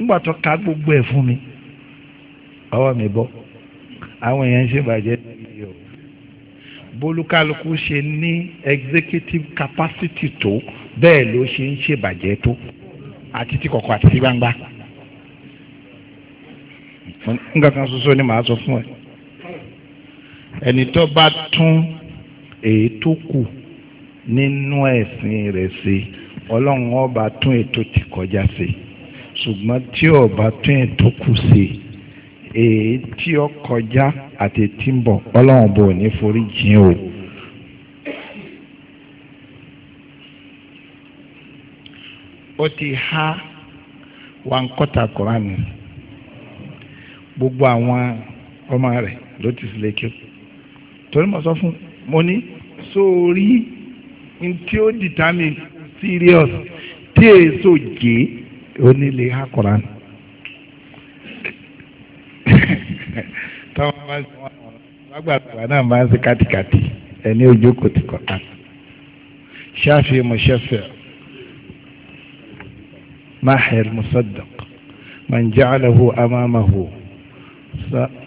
ńgbà tó ka gbogbo ẹ̀ fún mi ọwọ́ mi bọ́ àwọn èèyàn ṣe bàjẹ́ bólúkálukú ṣe ní executive capacity tó bẹ́ẹ̀ ló ṣe ń ṣe bàjẹ́ tó àti ti kọ̀kọ̀ àti ti gbangba nǹkan kan ṣoṣo ni màá sọ fún ẹ ẹni tó bá tún èyí tó kù nínú ẹ̀sìn rẹ̀ ṣe ọlọ́run ọba tún ètò ti kọjá ṣe ṣùgbọ́n tí ò bá tún ẹ̀ tó kù sí èyí tí ó kọjá àti tí ń bọ̀ ọlọ́run bò ní forí jìn o. ó ti há wa ń kọ́ta Kùránì gbogbo àwọn ọmọ rẹ̀ ló ti sílẹ̀ kí o torí mo sọ fún mo ní sórí ntí ó determine serious tí èso jèé onílé akọ̀rán táwọn bá ṣe wọn lágbàgbà náà máa ń ṣe kàtìkàtì ẹni ojú kò ti kọ̀tà ṣáfi mọ̀ṣẹ́fẹ̀ mahir musaddaq man ja'alahu amamahu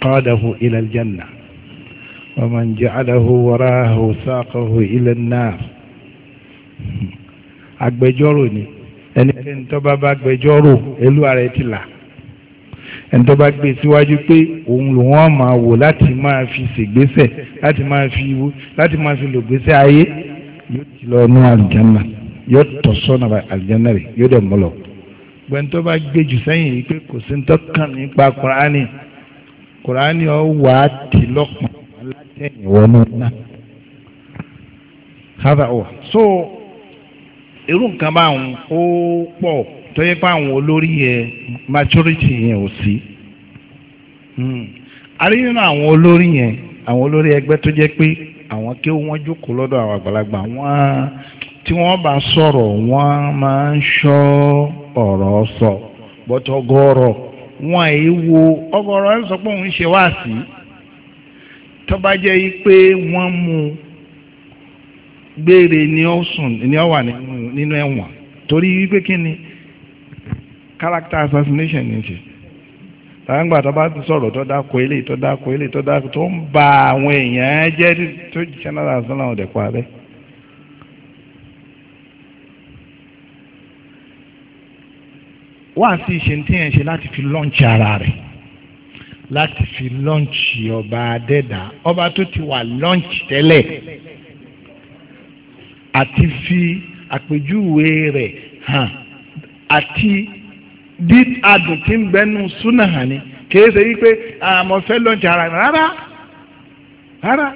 qadahu ila aljanna wa man ja'alahu warahu saqahu ila an-nar ni ẹni tó bá bá gbẹjọ́rò ẹlú ara ẹ ti là ẹni tó bá gbé e síwájú pé òun ló wọ́n máa wò láti máa fi ṣègbésẹ̀ láti máa fi wú láti máa fi lògbésẹ̀ ayé yóò ti lọ ní àlùjáná yóò tọ̀ sọ́nà àlùjáná rẹ̀ yóò dẹ̀ mọ́ lọ. gbẹ̀ni tó bá gbé jù sẹ́yìn yìí pé kò sí ní tọ́kàn nípa kùránì kùránì ọ̀ wà á ti lọ́kàn látẹ̀yìn wọnú náà. so irú nǹkan báwọn ó pọ̀ tó yẹ pé àwọn olórí yẹn majority yẹn ò sí àrí hmm. nínú àwọn olórí yẹn àwọn olórí ẹgbẹ́ tó jẹ́ pé àwọn kí wọ́n jókòó lọ́dọ̀ àwọn àgbàlagbà wọ́n tí wọ́n bá sọ̀rọ̀ wọ́n máa ń ṣọ́ ọ̀rọ̀ sọ bọ́tọ̀gọ́rọ̀ wọ́n èyí wo ọgọ́rọ̀ ẹ̀ sọ pé òun ṣe wá sí tó bá pé wọ́n mú un. gbére ni ọ sùn ni ó wà nínú ẹ̀wọ̀n torí wípé kí ni character assassination ni ṣe tàǹgbà tó bá ti sọ̀rọ̀ tó dáko ilé tó dáko ilé tó dáko tó ń ba àwọn èèyàn jẹ́ tó jíṣẹ́ náírà sọ́nà ọ̀dẹ̀ pa bẹ́ẹ̀. wá sí ìṣe tí yẹn ṣe láti fi lọ́ǹchì ara rẹ̀ láti fi lọ́ǹchì ọba adẹ́dà ọba tó ti wà lọ́ǹchì tẹ́lẹ̀ àti fi àpèjúwe rẹ̀ hàn àti bí adùn tí ń bẹnu súnà hàn ni kìí ṣe wípé àmọ́ fẹ́ lọ́ọ̀tì ara rárá rárá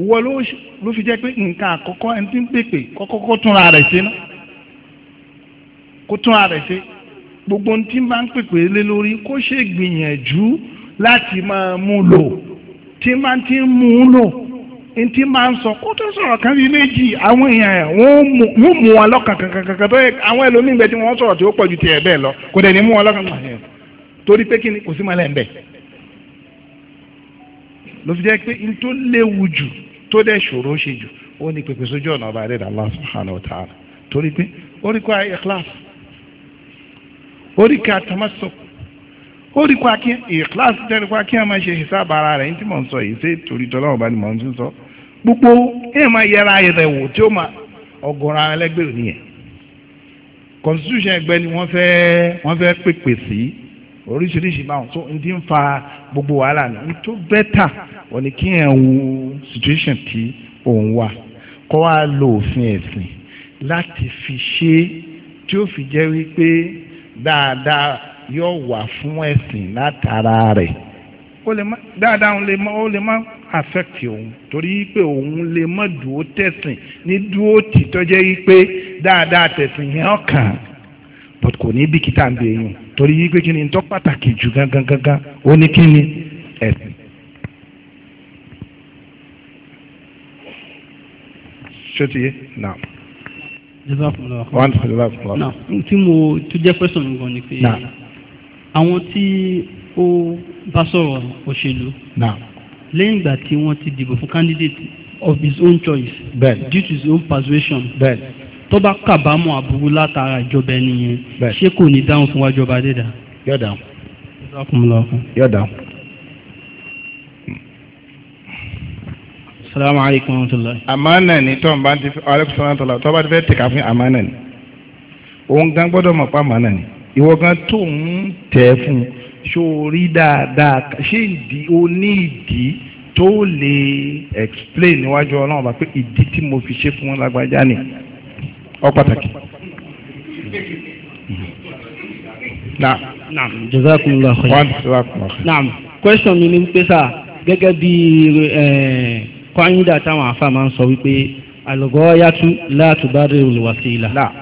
wọ́n ló fi jẹ́ pé nǹkan àkọ́kọ́ ẹni tí ń pèpè kọ́kọ́ kó túnra rẹ̀ ṣe náà kó túnra rẹ̀ ṣe gbogbo ohun tí ń bá ń pèpè lé lórí kó ṣe gbìyànjú láti máa mú lò tí máa ti ń mú lò. ntí máa ń sọ kó tó sọ̀rọ̀ kan bíi méjì àwọn èèyàn wọ́n mú wọn lọ́kàn kankankan tó yẹ àwọn ẹlòmíín bẹ tí wọ́n sọ̀rọ̀ tí ó pọ̀ ju tiẹ̀ bẹ́ẹ̀ lọ kò dẹ̀ ní mú wọn lọ́kàn kankan torí pé kí ni kò sí mọ́lẹ̀ ń bẹ̀. ló fi jẹ́ pé n tó léwu jù tó dẹ̀ ṣòro ṣe jù ó ní pèpè sójú ọ̀nà ọba adéda Allah subhanahu torí pé oríkọ́ ó rí pa kí ìkíláàsì tẹ́lẹ̀ pa kí a máa ṣe ìsáàbà ara rẹ̀ ní tí mò ń sọ yìí ṣé torí tọ́lọ́wọ́ bá ní mò ń tún sọ gbogbo ẹ̀ máa yẹra rẹ̀ wò tí ó máa ọgọ́ra ẹlẹ́gbẹ̀rún nìyẹn constitution ẹgbẹ́ ni wọ́n fẹ́ wọ́n fẹ́ pèpè sí oríṣiríṣi báwọn tó ń ti ń fa gbogbo wàhálà náà tó bẹ́tà òní kí ẹ̀ ń wo situation tí òun wà kọ́ wa lo òfin ẹ̀sìn láti fi ṣe tí ó fi jẹ́ wípé dáadáa yóò wà fún ẹ̀sìn látara rẹ̀ ó lè má dáadáa òun lè má ó lè má affect òun torí pé òun lè má dúró tẹ̀sìn ní dúró tìtọ́ jẹ́ wípé dáadáa tẹ̀sìn yẹn ọ̀kan but kò ní bìkítà ń bẹ yín torí wípé kí ni tó pàtàkì jù gangan gangan ó ní kí ni ẹ̀sìn. ṣètìyé náà. jésù àfọlọ́wọ́. wọ́n ti fi lọ́wọ́ àfọlọ́wọ́. náà tí mo tó jẹ́ pẹ́sàn gan ni pé. náà àwọn tí ó bá sọ̀rọ̀ òṣèlú lẹ́yìn ìgbà tí wọ́n ti dìbò fún candidate of his own choice ben. due to his own persuasion ben. tó bá kàbámọ̀ àbúrú látara ìjọba ẹni yẹn ṣé kò ní dáhùn fún wájú ọba dẹ́dà. yóò dáhùn. yóò dáhùn. salamu alaykum wa rahmatulah. amana ni tó ń bá ti fẹ́ alaykum salaam tó bá ti fẹ́ tẹ̀ka fún amana ni òun gan gbọ́dọ̀ mọ̀ pa amana ni ìwọ gan tó ń tẹ̀ fún un ṣó rí dáadáa ṣé ìdí ó ní ìdí tó lè explain níwájú ọlọ́run bá pé ìdí tí mo fi ṣe fún lágbájá ni ọ pàtàkì. question mi ni pé sá gẹ́gẹ́ bí kọ́ńdà táwọn afa máa ń sọ wípé àlùgọ́ yàtú láàtúbárẹ̀ olùwàsílà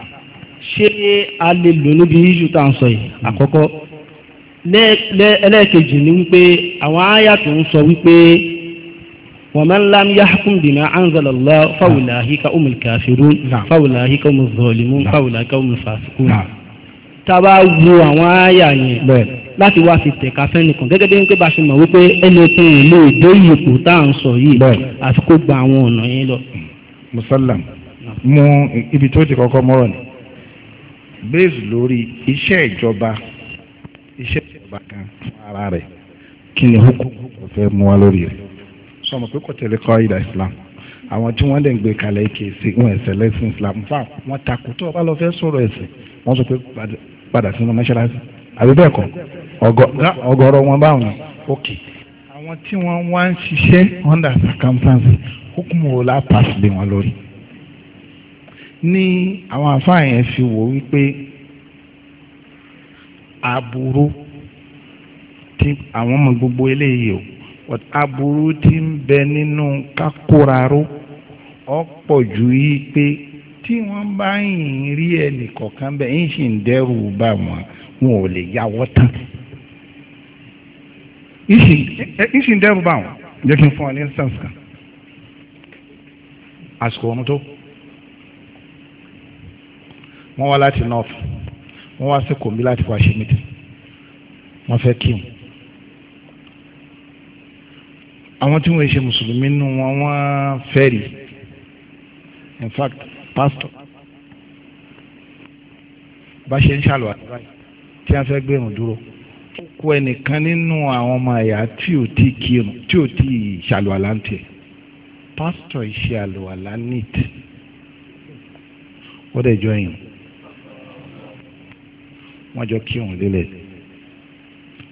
ṣé a lè lò níbi yíṣu tá à ń sọ yìí àkọ́kọ́ ẹlẹ́ẹ̀kejì ni wípé àwọn àyà tó ń sọ wípé wa man lam yahkum bima anzala Allah fa ulahika umul kafirun fa ulahika umuz zalimun fa ulahika umul fasiqun tábà wo àwọn àyà yẹn láti wá fi tẹ̀ka fẹ́nìkan gẹ́gẹ́ bí wípé bá ṣe mọ̀ wípé ẹni tó ń lò dé ìyẹ̀kù tá à ń sọ yìí àfi kó gba àwọn ọ̀nà yẹn lọ. musalam mú ibi tó ti kọ́kọ́ mọ́rọ̀ ni based lórí iṣẹ́ ìjọba iṣẹ́ ìjọba kan fún ara rẹ̀ kí ni hukumu kò fẹ́ mú wa lórí rẹ̀ sọmọ pé kò tẹ̀lé kọ́ ìdá Islam àwọn tí wọ́n dẹ̀ ń gbé kalẹ̀ kéésì wọn ẹ̀sẹ̀ lẹ́sìn Islam fún àwọn takò tó ọba lọ fẹ́ sọ̀rọ̀ ẹ̀sìn wọ́n sọ pé padà sínú mọ́ṣáláṣí àbí bẹ́ẹ̀ kọ́ ọgọ́rọ̀ wọn báwọn ok àwọn tí wọ́n wá ń ṣiṣẹ́ under circumstances hukumu wo la pass lé wọn lórí. ní àwọn àfáà yẹn fi wò wípé aburú tí àwọn ọmọ gbogbo eléyìí o aburú ti ń bẹ nínú kákóraró ọ̀pọ̀ ju yìí pé tí wọ́n bá yìn rí ẹnì kọ̀ọ̀kan bẹ́ẹ̀ ń sì ń dẹ́rù bá wọn wọn ò lè yáwọ́ tán ń sì ń dẹ́rù bá wọn jẹ́ ọ ní instance kan àsìkò ọ̀run wọ́n wá láti north wọ́n wá sí kòmí láti wá ṣe mítì wọ́n fẹ́ kí wọn. àwọn tí wọ́n ṣe mùsùlùmí nù wọ́n fẹ́ rí in fact pastor bá ṣe ń ṣàlùwà tí wọ́n fẹ́ gbé irun dúró kó ẹnìkan nínú àwọn ọmọ ẹ̀yà tí ò tí kírun tí ò tí ṣàlùwà láǹtì pásítọ̀ ìṣe àlùwàlá nìtì ó dẹ̀ jọ yìí wọ́n jọ kí òun lélẹ̀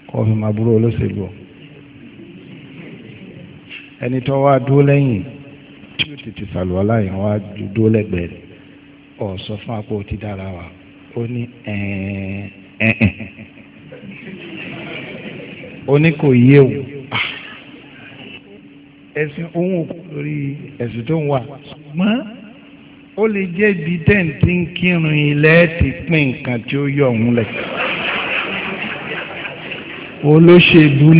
kọ́ fi máa burú olóṣèlú ọ ẹni tó wá dúró lẹ́yìn tí ó tètè sàlùwà láyìn wá dúró lẹ́gbẹ̀ẹ́ rẹ̀ ọ̀ sọ fún apò tí dára wa ó ní ó ní kò yé o ah. ẹ̀sìn òun ò kú lórí ẹ̀sìn tó ń wà ó lè jẹ́ ibi tẹ́ǹtì ń kírun ilẹ̀ ti pín nǹkan tí ó yọ òun lẹ̀ olóṣèlú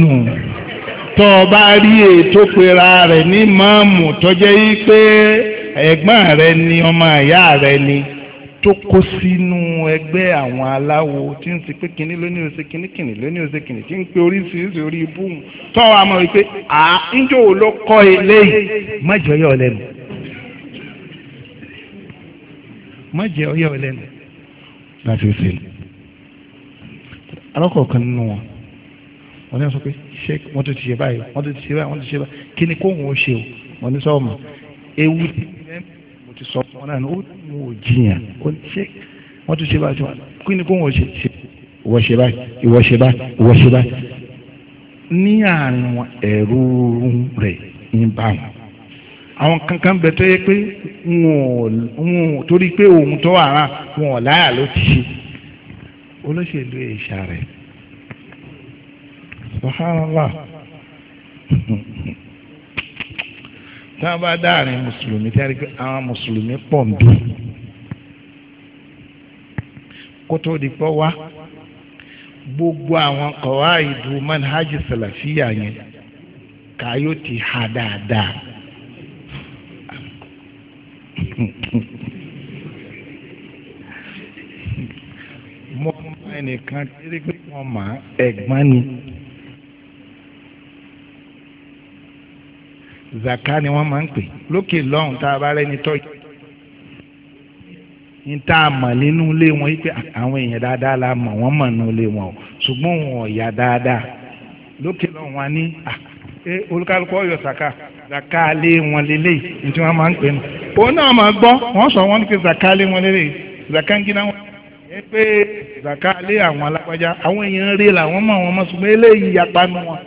tó o bá rí ètò pera rẹ̀ ní mọ́ọ̀mù tó jẹ́ yí pé ẹ̀gbọ́n rẹ̀ ni ọmọ ìyá rẹ̀ ni tó kó sínú ẹgbẹ́ àwọn aláwo tí ń ṣe pé kínní lóní ose kínní kínní lóní ose kínní tí ń pe oríṣiríṣi orí ibùn tó o àmọ̀ wípé à ń jò ló kọ́ eléyìí mọ́jọ́ yọ̀ lẹ́nu má jẹ́ ọyẹ́ ọlẹ́nu láti ṣe lè alákọ̀ọ́kan nínú wọn wọ́n ní sọ pé ṣé wọ́n tó ti ṣe báyìí wọ́n tó ti ṣe báyìí wọ́n tó ti ṣe báyìí kí ni kóhùn ó ṣe o wọ́n ní sọ́ọ̀mù ewu mo ti sọ wọn náà ó mú o jiyàn ó ní ṣé wọ́n tó ṣe báyìí kí ni kóhùn ó ṣe ṣe ìwọ ṣe báyìí ìwọ ṣe báyìí ìwọ ṣe báyìí ní àárín ẹ̀rú rẹ̀ ń bá wọn àwọn kankan bẹ tó yẹ pé wọn torí pé òun tó ara wọn láyà ló ti ṣe olóṣèlú èṣà rẹ sọhánàlá tá a bá dáàrin mùsùlùmí tá a rí pé àwọn mùsùlùmí pọ̀ ń dùn kó tó di pọ́ wá gbogbo àwọn kọ̀wá ìdúró manhaj salafiya yẹn kàyó ti ha dáadáa mo mọ ẹnìkan kiri pé wọ́n mọ ẹ̀gbọ́n ni zaka ni wọ́n máa ń pè lókè lọ́hùn tá a bá rẹ́ni tọ́jú ní tá a mọ̀ nínú ilé wọn yìí pé àwọn èèyàn dáadáa la mọ̀ wọ́n mọ̀ nínú ilé wọn o ṣùgbọ́n wọn ò yà dáadáa lókè lọ́hùn wa ní olùkálùkù ọ̀yọ́ zaka zakaalé wọn lélẹ̀ ní tí wọ́n máa ń pè nù òun náà máa gbọ́ wọ́n sọ wọ́n ní pé zakaalé wọn lélẹ̀ zakangina wọn yẹ pé zakaalé àwọn alágbájá àwọn èèyàn rí làwọn mọ àwọn ọmọ ṣùgbọ́n eléyìí yapa nu wọn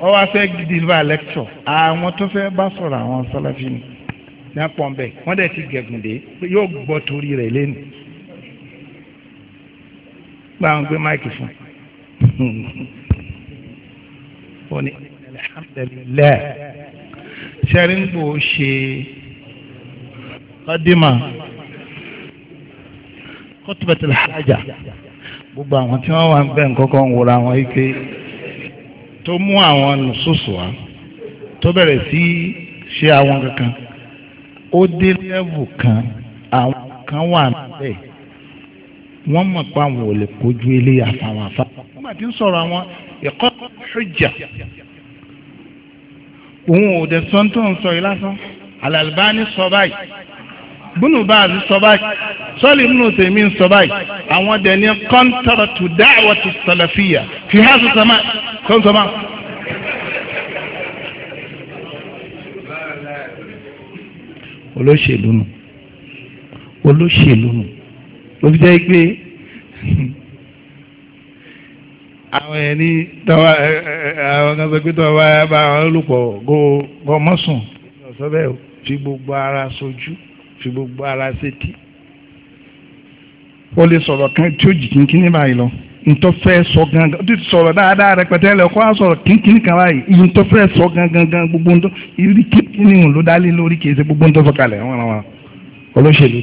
wọ́n wá fẹ́ deliver lecture àwọn tó fẹ́ bá sọ̀rọ̀ àwọn sọ́láfin ni ní apọ̀nbẹ wọ́n dẹ̀ ti gẹ̀gùn dé yóò gbọ́ torí rẹ̀ lẹ́nu gba àwọn gbé máìkì fún un ó ní sẹ́rìngbò ṣe ọdímà kọ́tùbẹ̀tì làájà gbogbo àwọn tí wọ́n wà ń bẹ̀ ń kọ́kọ́ ń wòra àwọn ike tó mú àwọn nùsùsù wá tó bẹ̀rẹ̀ sí ṣe àwọn kankan ó dé lẹ́vù kan àwọn kan wà bẹ́ẹ̀ wọ́n mọ̀ pé àwọn ò lè kojú eléyà fáwọn afá. wọ́n máa ń sọ̀rọ̀ àwọn ẹ̀kọ́ hujja òun ò dẹ̀ sọ tó ń sọ yìí lásán Al-Albani sọ báyìí bùnú báàzì sọ báyìí sọ́ọ̀lì bùnú tèmi ń sọ báyìí àwọn dẹ̀ ní kọ́ńtàràtù da'watu salafiyya fi há sọ sọ́mà sọ́n sọ́mà. olóṣèlú nù olóṣèlú nù ló fi jẹ́ pé àwọn ẹni tọ́wọ́ àwọn kan sọ pé tọ́wọ́ bá àwọn olùpọ̀ gọmọ́sùn ọ̀sọ́ bẹ́ẹ̀ fi gbogbo ara sojú fi gbogbo ara sétí ó lè sọ̀rọ̀ kan tí ó jì kínkínní báyìí lọ ntọ́fẹ́ sọ gangan tí sọ̀rọ̀ dáadáa rẹpẹtẹ lẹ kó a sọ̀rọ̀ kínkínní kan báyìí ntọ́fẹ́ sọ gangan gan gbogbo ntọ́ ìrírí kínkínní ń lò dálé lórí kìí ṣe gbogbo ntọ́ sọ̀kalẹ̀ wọn wọn olóṣèlú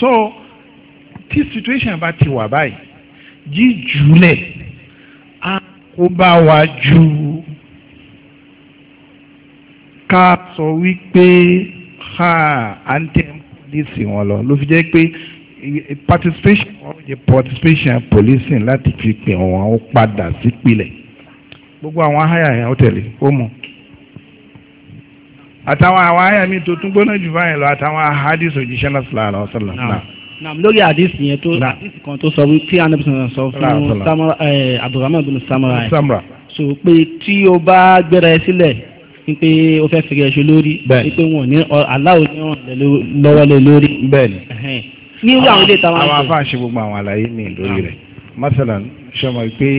so tí situation bá ti wà báyìí jíjùlẹ̀ kó bá wa ju ká sọ wípé ha à ń tẹ polisi wọn lọ ló fi jẹ́ pé eh, participation wọn jẹ participation policing láti fi pè wọn ó padà sípìlẹ̀ gbogbo àwọn háyà yẹn ó tẹ̀lé ó mọ̀ àtàwọn àwọn àyà mi tó tún gbóná jù báyìí lọ àtàwọn ahadis òjíṣẹ́ náà sallallahu alaihi wasallam náà naam lórí àdìsí yẹn tó àdìsí kan tó sọ wípé anabi sọ̀rọ̀ sọ fún eh, abdulrahman bin samara so pé tí o bá gbéra ẹ sílẹ̀ ní pé o fẹ́ fìrẹ̀ ṣe lórí ní pé wọn ní aláwo ní wọn lọ́wọ́ lé lórí. bẹ́ẹ̀ni ní irú àwọn ilé ìtawà ń sọ. àwọn afáà ṣe gbogbo àwọn àlàyé mi lórí rẹ̀ masalan ṣọmọ pé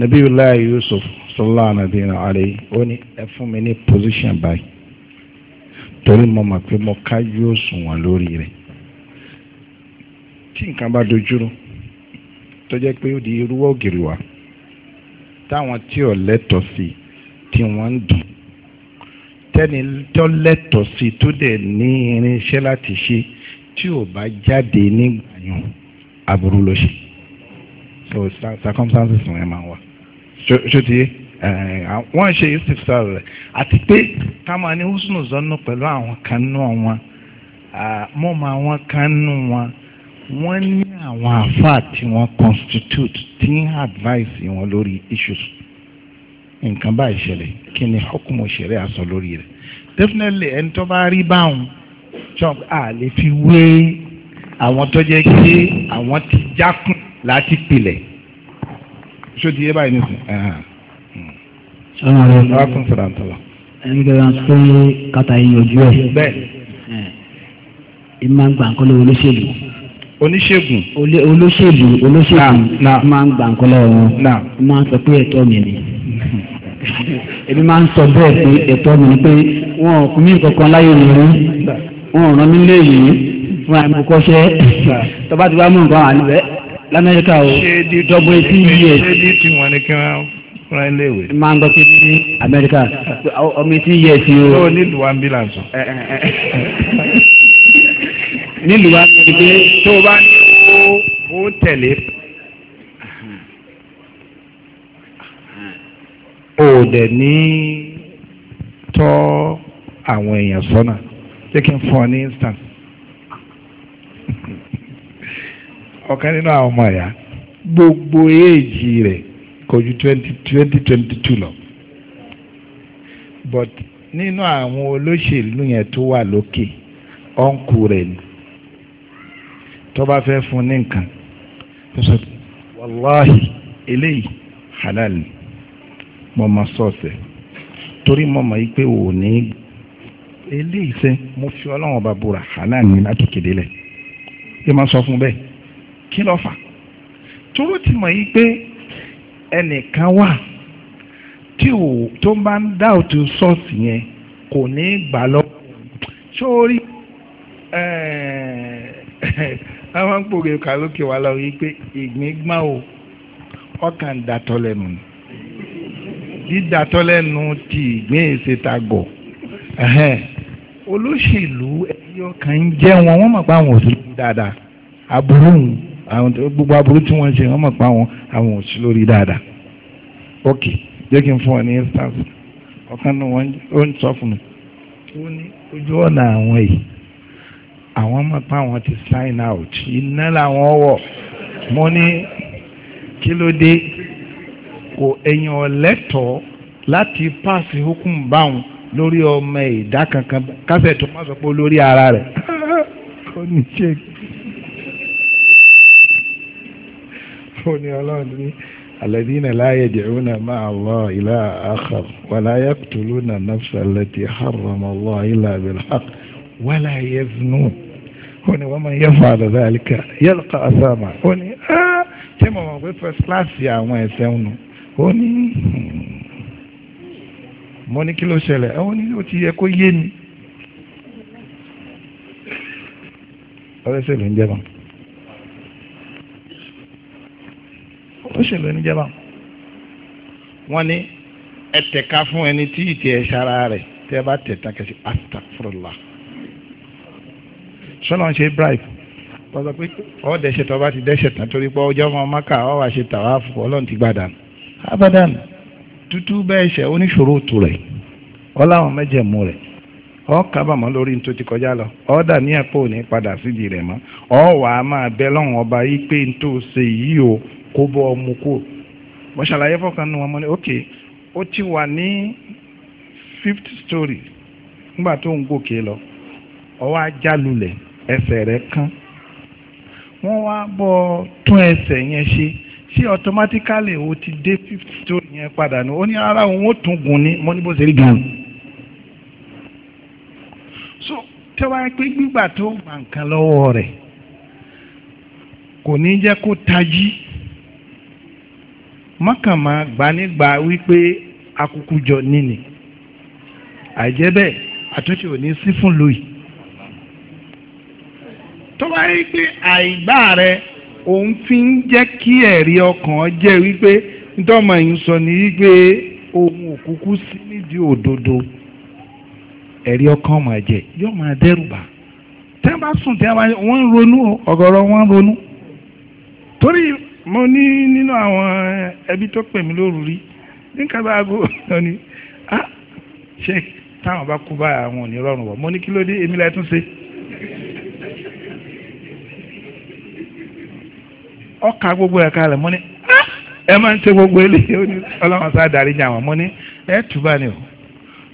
nabiyullah yusuf sallallahu alaihi wa alayhi ó ní ẹ fún mi ní position báyìí torí mo mọ̀ pé mo ká yóò sùn wọn lórí rẹ̀ tí nǹkan bá dojúrú tó jẹ́ pé ó di irúwọ́ ògiri wa táwọn tí ò lẹ́tọ̀ọ́ sí tí wọ́n ń dùn tẹ́ni tó lẹ́tọ̀ọ́ sí tó dẹ̀ ní irinṣẹ́ láti ṣe tí ò bá jáde nígbà yàn aburú ló ṣe so circumstances wọ́n máa wà ṣó ti yé wọ́n ṣe yusuf sáré rẹ̀ àti pé ká máa ní húsùnù zọ́nù pẹ̀lú àwọn kan nù wọn mọ́ máa wọn kan nù wọn wọ́n ní àwọn àfáà tí wọ́n constitute tí ń advice wọn lórí issues nǹkan báyìí ṣẹlẹ̀ kí ni hukumu ṣẹlẹ̀ àsọ lórí rẹ̀ definitely ẹni tó bá rí báwọn chop a lè fi wé àwọn tó jẹ́ pé àwọn ti jákùn láti pilẹ̀ ṣó ti yé báyìí nísìn. sọ́nà rẹ̀ ló ń sọ̀rọ̀ àtọ̀lọ̀. ẹni kí wọ́n pé kàtà yín ojú ẹ̀. bẹ́ẹ̀. ìmọ̀ gbàǹkọ́ lówó olóṣèlú oníṣègùn. olóṣèlú olóṣèlú máa ń gbà nǹkan lọ́wọ́ wọn máa ń sọ pé ẹ̀tọ́ mi ni èmi máa ń sọ bẹ́ẹ̀ pé ẹ̀tọ́ mi ni pé wọn ò kún mí kankan láyé mi rí wọn ò rán mi léyìí fún àìmọ̀ kọ́ṣẹ́ tọ́ba ti wá mú nǹkan àníbẹ̀ lamẹ́ríkà o double eighteen years. ṣé di tí wọn e ni kí wọn fúnra ilé ìwé. máa ń gbọ́ ní amẹ́ríkà ọmọ eighteen years yìí o. ó nílùú ambulance nílùú wa ti gbé tó o bá ní o ò tẹ̀lé o dẹ̀ ní tọ́ àwọn èèyàn sọ́nà jẹ́ kí n fún ọ ní instance ọ̀kan nínú àwọn ọmọ ẹ̀yà gbogbo èèjì rẹ̀ kò twenty twenty twenty two lọ but nínú àwọn olóṣèlú yẹn tó wà lókè ọ̀nkù rẹ̀ ni tó bá fẹ́ fún ní nǹkan tó sọ wàláhì eléyìí halal ni mo máa sọ́ọ̀sẹ̀ torí mo mọ̀ pé ò ní eléyìí sẹ́ mo fi ọlọ́run ọba búra halal ni látòkèdè lẹ̀ ẹ máa sọ fún bẹ́ẹ̀ kí ló fà tóró ti mọ̀ yìí pé ẹnìkan wà tí ò tó bá ń dá òtún sọ́ọ̀sì yẹn kò ní gbà lọ sórí àwọn pòrè kàlókè wà lọ rí pé ìgbìngbà o ọkàn dàtọ lẹ́nu dídàtọ lẹ́nu ti ìgbín ìṣètàgọ olóṣèlú ẹyọ ọkàn ń jẹ wọn wọn mọ̀ pé àwọn òṣèlú dáadáa aburú àwọn gbogbo aburú tí wọ́n ṣe wọ́n mọ̀ pé àwọn àwọn òṣèlú lórí dáadáa ok jẹ́ kí n fún ọ ní instance ọ̀kan náà wọ́n ń sọ fún mi ó ní ojú ọ̀nà àwọn yìí àwọn mọ̀ pé àwọn ti sign out iná làwọn wọ̀ mo ní kí ló dé kò èèyàn lẹ́tọ̀ọ́ láti pàṣẹ hukum báwọn lórí ọmọ ìdá kankan kásẹ̀ tó má sọ pé lórí ara rẹ̀ kò ní ṣe kò ní ọlọ́run ní. الذين لا يدعون مع الله إلى آخر ولا يقتلون النفس التي حرم الله إلا بالحق ولا يذنون ó ní wọ́n máa yẹ fún àlọ́dá àlíkà yẹ́lùkà àsáàmà ó ní ṣé mo mọ̀ pé first class àwọn ẹ̀sẹ̀ ń nù ó ní mo ní kí ló ṣẹlẹ̀ ó ní ó ti yẹ kó yé ni ọlọ́sẹ̀ ló ń jẹ́ ọlọ́sẹ̀ ló ń jẹ́ wọ́n ní ẹ̀tẹ̀ka fún ẹni tí ìtì ẹ̀ ṣara rẹ̀ tẹ́ bá tẹ̀ tán kẹ́sì astagfurullah. sọ́nà ṣe bribe wọ́n sọ pé ọ́ tó bá ti dẹ́ṣẹ̀ tán torí pé maka ọ́ wàá ṣe tàwa fún ọlọ́run ti gbàdán abadan tútú bẹ́ẹ̀ ṣe oníṣòro tù rẹ̀ ọ́ láwọn mẹ́jẹ̀mú rẹ̀ ọ́ kábàámọ̀ lórí tó ti kọjá lọ ọ́ dà ní ẹ̀pọ̀ òní padà sídìí rẹ̀ mọ́ ọ́ wàá máa ọba yìí pé n tó ṣe yìí o kó bọ́ ọmú ṣàlàyé ok ó ti wà ní fifth story nígbà tó ń gòkè ẹsẹ̀ rẹ̀ kán wọ́n wá bọ́ tún ẹsẹ̀ yẹn ṣe ṣé automatically o ti dé fifty tó yẹn padà ní ó ní ara òun ó tún gùn ní mo rí gan. so tẹ́wá pé gbígbà tó gbà nǹkan lọ́wọ́ rẹ̀ kò ní jẹ́ kó tají mọ́kànmá gbanígba wípé akúkú jọ níní àìjẹ́ àtúnṣe ò ní sí fún lóyìí. tó bá rí pé àìgbà rẹ òun fi ń jẹ́ kí ẹ̀rí ọkàn jẹ́ wípé ntọ́mọ yìí sọ ní wípé ohun òkúkú sí nídìí òdodo ẹ̀rí ọkàn máa jẹ yóò máa dẹ́rù bà tẹ́ bá sùn tẹ́ bá wọ́n ń ronú ọ̀gọ̀rọ̀ wọ́n ń ronú torí mo ní nínú àwọn ẹbí tó pè mí lóru rí nígbà bá aago ọ̀nà ni ah ṣe táwọn bá kú báyà àwọn ò ní rọrùn wọ̀ mo ní kí ló dé èmi la tún ṣe. ọkà gbogbo ẹ̀ka rẹ̀ mọ́ ni ah, ẹ máa ń ṣe gbogbo eléyìí ó ní ọlọ́run sá darí jà wọ́n mọ́ ni ẹ túbà ni o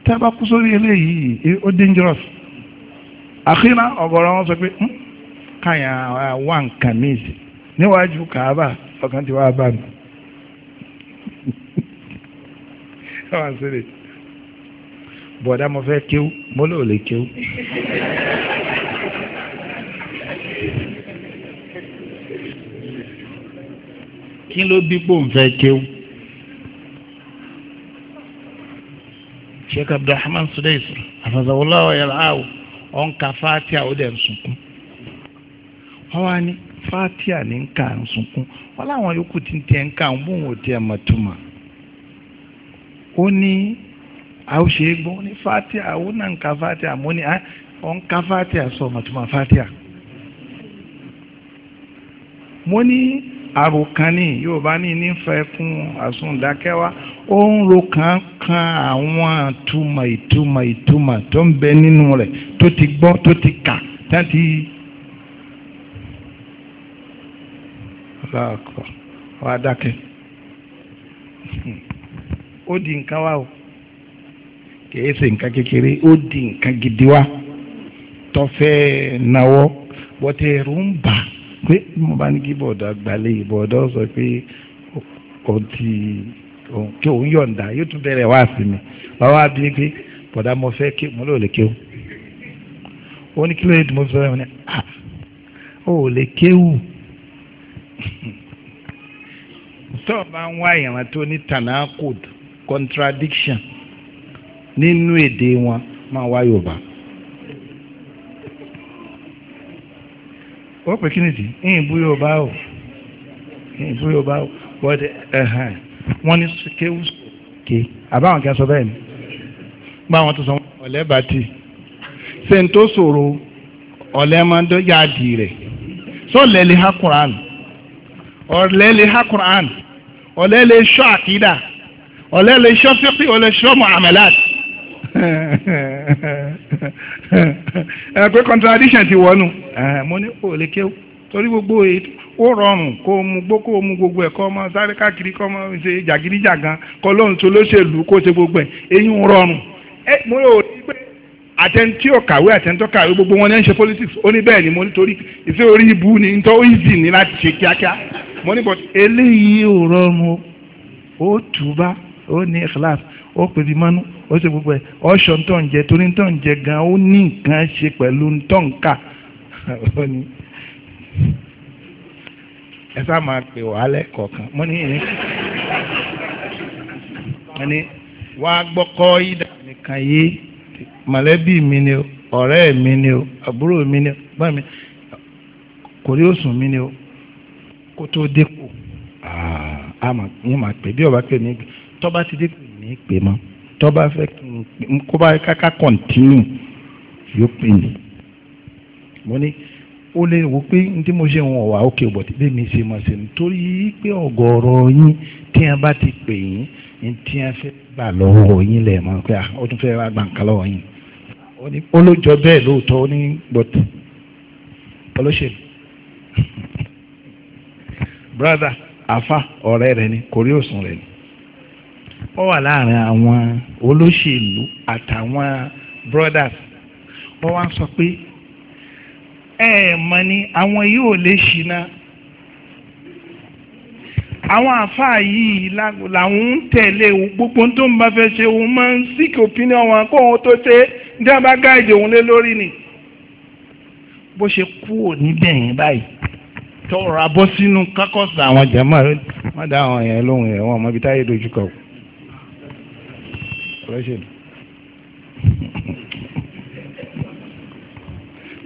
tá a bá kú sórí eléyìí ó dangerous àkínná ọ̀gọ̀rọ̀ wọn sọ pé hmm, káyà wà nǹkan míì níwájú kàábà ọkàn ti wá bá mi bọ̀dá mo fẹ́ kéwú mo lò lè kéwú kí ló dípò ń fẹ́ kéwú. sheikh abdulrahman sudais afasawulawo yalaawo ọ ka fatia ó dẹ̀ ń sunkún wọ́n wá ní fatia ní nka ka ń sunkún wọ́n láwọn yòókù tí ń tiẹ̀ ń ka ń bóun ò tiẹ̀ mọ̀ ó ní àwòṣe gbọ́ ó ní fatia ó náà ń fatia mo ní ọ ah, ń fatia sọ mọ̀ túmọ̀ fatia mo ní. àròkànní yorùbá ní nífẹ̀ẹ́ fún àsundàkẹ́wá ó ń ro kankan àwọn ìtumọ̀ ìtumọ̀ ìtumọ̀ tó ń bẹ nínú rẹ̀ tó ti gbọ́ tó ti kà láti. ó di nǹkan o kìí ṣe nǹkan kékeré ó di nǹkan gidi náwó ń pé mo bá ní kí bọ̀dọ̀ àgbàlẹ̀ bọ̀dọ̀ sọ pé ó ti kí òun yọ̀ǹda yóò tún bẹ̀rẹ̀ wá sí mi wàá wá bí pé bọ̀dọ̀ mo fẹ́ kí mo lò kéwù ó ní kí ló yẹ tí mo fi sọ ẹ̀ ó lè kéwù tó o bá ń wá ìran tó ní tanakod contradiction nínú èdè wọn máa wá Yorùbá. ó pè kí nìdí ìyìn bú yóò bá ò ìyìn bú yóò bá ò wọ́n ẹ̀hàn wọ́n ní kéwù ké àbáwọn kan sọ bẹ́ẹ̀ ni báwọn tó sọ wọn ọ̀lẹ́ bá tì ṣe ń tó ṣòro ọ̀lẹ́ máa ń dọ́ yá di rẹ̀ sọ lẹ́lẹ́ ha Quran ọ̀lẹ́ lè ha Quran ọ̀lẹ́ lè ṣọ́ àkídà ọ̀lẹ́ lè ṣọ́ fíkì ọ̀lẹ́ ṣọ́ muamalat. ẹ eh, pé contradiction ti wọnú eh, mo ní kò lè kéwù torí gbogbo ó rọrùn kó o mu gbó kó o mu gbogbo ẹ̀ kó o mọ sáré káàkiri kó o ṣe jàgídíjàgan kó o tó lóṣèlú kó o ṣe gbogbo ẹ̀ eyín rọrùn ẹ eh, mo rò pé kàwé kàwé gbogbo politics ó ó ṣe gbogbo ẹ̀ ọ̀ṣọ́ ń tàn jẹ torí ń tàn jẹ gan ó ní nǹkan ṣe pẹ̀lú ń tàn ká ẹ sá máa pè wá mo ní ìyẹn mo ní wá ìdá nìkan mi ni o ọ̀rẹ́ mi ni o àbúrò mi ni o bá mi kò rí òsùn mi ni o kó tó dépò àmọ́ ìyẹn máa pè bí ọba pè mí ti ní pè tó bá fẹ́ kaka bá káká kọ̀ntínú yóò pè mí mo ní ó lè wò pé n tí mo ṣe wọn wà ókè bọ̀ tí bẹ́ẹ̀ mi ṣe máa ṣe nítorí pé ọ̀gọ̀ọ̀rọ̀ yín tí wọ́n bá ti pè yín ní tí wọ́n fẹ́ gbà lọ́wọ́ yín lẹ̀ mọ́ pé ah, ó tún fẹ́ wá gbà nǹkan lọ́wọ́ yín ó ló jọ bẹ́ẹ̀ lóòótọ́ ó ní gbọ́tù olóṣèlú brother afa ọ̀rẹ́ rẹ ni kò rí òsùn rẹ ni ó wà láàrin àwọn olóṣèlú àtàwọn brothers wọ́n wá sọ pé ẹ mọ̀ ni àwọn yóò lè ṣìnà àwọn àfáà yìí làwọn ń tẹ̀lé gbogbo tó ń bá fẹ́ ṣe òun máa ń seek opinion wọn kó òun tó ṣe ní abá gáàdì òun lé lórí ni bó ṣe kúrò níbẹ̀ yẹn báyìí tọrọ abọ́ sínú kákọ́sì àwọn jàmáà rẹ̀ má dá àwọn yẹn lóhùn yẹn wọn mọ ibi táyé dojú kọ expression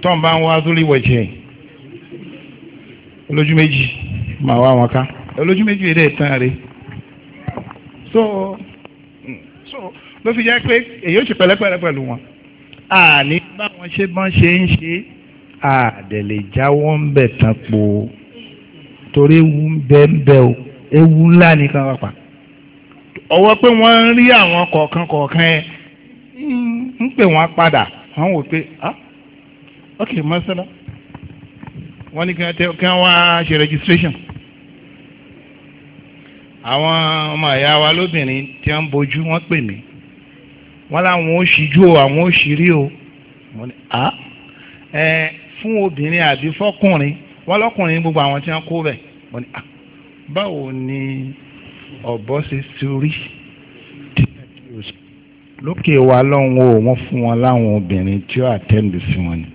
tọ́n bá ń wá sórí wẹ̀jẹ̀ olójú méjì máa wá wọn ká olójú méjì èdè ìtàn rẹ̀ so so ló fi jẹ́ pé èyí ó ṣe pẹ̀lẹ́pẹ̀lẹ́ pẹ̀lú wọn àní báwọn ṣe bọ́n ṣe ń ṣe àdẹ̀lẹ̀ jáwọ́ ń bẹ̀ tán po torí ewu ń bẹ́ ń bẹ́ o ewu ńlá nìkan wà pàtó ọwọ́ pé wọ́n ń rí àwọn kọ̀ọ̀kan kọ̀ọ̀kan ẹ ń pè wọ́n padà wọ́n wò pé ah, ok masala wọ́n ní kí wọ́n wá ṣe registration àwọn ọmọ ìyá wa lóbìnrin tí wọ́n ń bojú wọ́n pè mí wọ́n láwọn ó ṣíjú o àwọn ó ṣírí o wọ́n ní à ah, ẹ fún obìnrin àbí fọ́kùnrin wọ́n lọ́kùnrin gbogbo àwọn tí wọ́n kó bẹ̀ wọ́n ní à ah, báwo ni. Ah, eh, ọ̀bọ ṣe sórí lókè wa lọ́hùn o wọ́n fún wọn láwọn obìnrin tí ó àtẹ́ǹdì sí wọn ni.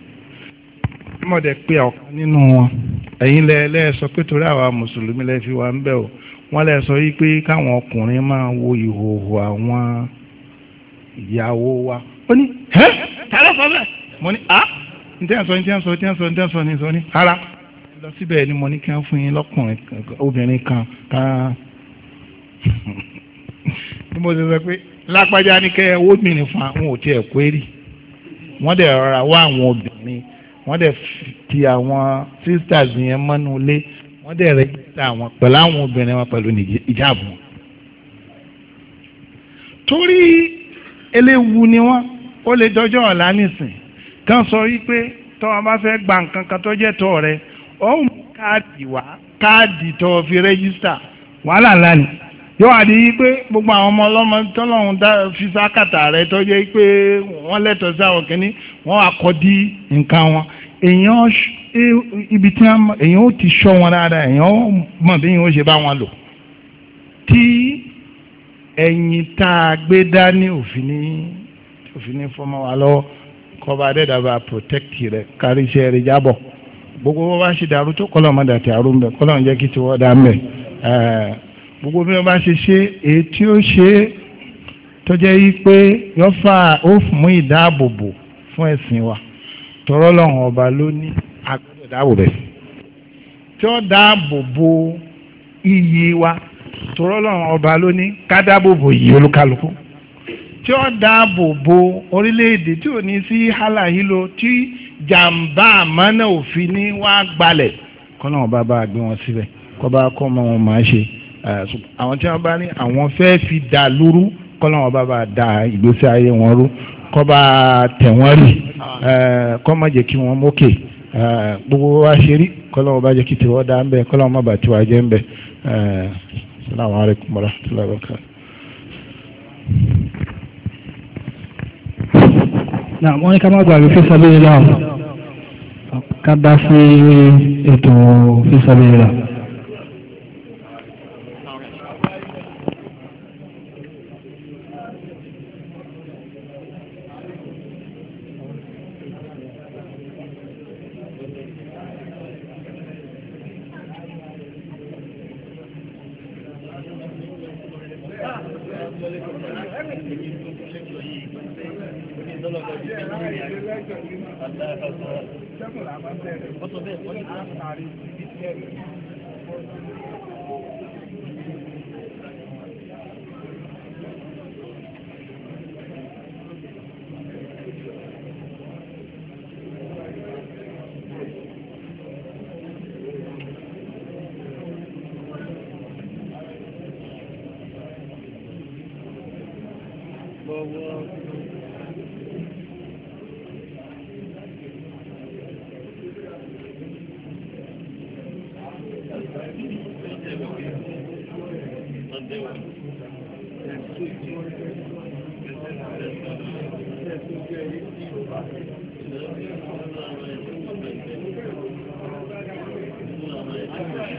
mọ̀dẹ̀ pé ọ̀kan nínú wọn ẹ̀yin lẹ́ẹ̀ sọ pé torí àwa mùsùlùmí lẹ́ẹ̀ fi wá ń bẹ̀ o wọ́n lẹ́ẹ̀ sọ yí pé káwọn ọkùnrin máa wo ìhòòhò àwọn ìyàwó wa. ó ní ẹ́ tààrà sọ bẹ́ẹ̀. mo ní a ah, ní tí wọ́n sọ ní tí wọ́n sọ ní tí wọ́n sọ ní tí wọ́n sọ ní sọ ní. rárá lọ síbẹ̀ ni mo ní kí wọ́n fún yín lọ́kùnrin bí mo ṣe sọ pé lápájá ní kẹ́ owó mìíràn fún àwọn òtí ẹ̀ kwérì wọ́n dẹ̀ rọra wá àwọn obìnrin wọ́n dẹ̀ ti àwọn sisters yẹn mọ́nú ilé wọ́n dẹ̀ rẹ́gísítà àwọn pẹ̀lú àwọn obìnrin wọn pẹ̀lú ìjáàbù wọn. torí eléwu ni wọ́n ó lè dọ́jọ́ ọ̀la nísìn kan sọ wípé tó o bá fẹ́ gba nǹkan kan tó tọ́ rẹ ó mú káàdì wá káàdì tó fi rẹ́gísítà wàhálà lánìí yóò wà ní pé gbogbo àwọn ọmọ ọlọ́mọ tọ́lọ́hún fi sákàtà rẹ tó jẹ́ pé wọ́n lẹ́tọ̀ọ́ sí àwọn kìíní wọ́n wà kọ́ di nǹkan wọn èèyàn ibi tí èèyàn ti sọ wọn dáadáa èèyàn ó mọ̀ bí èèyàn ó ṣe bá wọn lò tí ẹ̀yìn tá a gbé dání òfin ní òfin ní fọmọ wa lọ́wọ́ kọba adẹ́dàbà protect rẹ̀ kárí iṣẹ́ rẹ̀ jábọ̀ gbogbo wọn bá ṣe dàrú tó kọ́lọ́ mọ́ dàtí àrùn bẹ́ẹ̀ kọ́lọ́ ń jẹ́ dá ń bẹ́ẹ̀ gbogbo bí wọ́n bá ṣe ṣe èyí tí ó ṣe tó jẹ́ yí pé yọ́fà ó mú ìdáàbòbò fún ẹ̀sìn wa tọrọ lọ́hùn ọba ló ní agbọ́dọ̀ dáàbòbò ẹ̀sìn tí ó dáàbòbò iyì wa tọrọ lọ́hùn ọba ló ní ká dáàbòbò iyì olúkálukú tí ó dáàbòbò orílẹ̀-èdè tí ò ní sí hálàhílo tí jàǹbá àmọ́nà òfin ní wá gbalẹ̀ kọ́ náà bá bá gbé wọn síbẹ̀ kọ́ bá kọ́ mọ́ wọn máa ṣe. àwọn tí wọ́n bá ní àwọn fẹ́ fi da lóru kọ́láwọn bá bá da ìgbésí ayé wọn rú kọ bá tẹ̀ wọ́n rì kọ́ má kí wọn mókè gbogbo wa ṣe rí bá tiwọ́ dá má na ní ká má sábẹ́ ká dá sí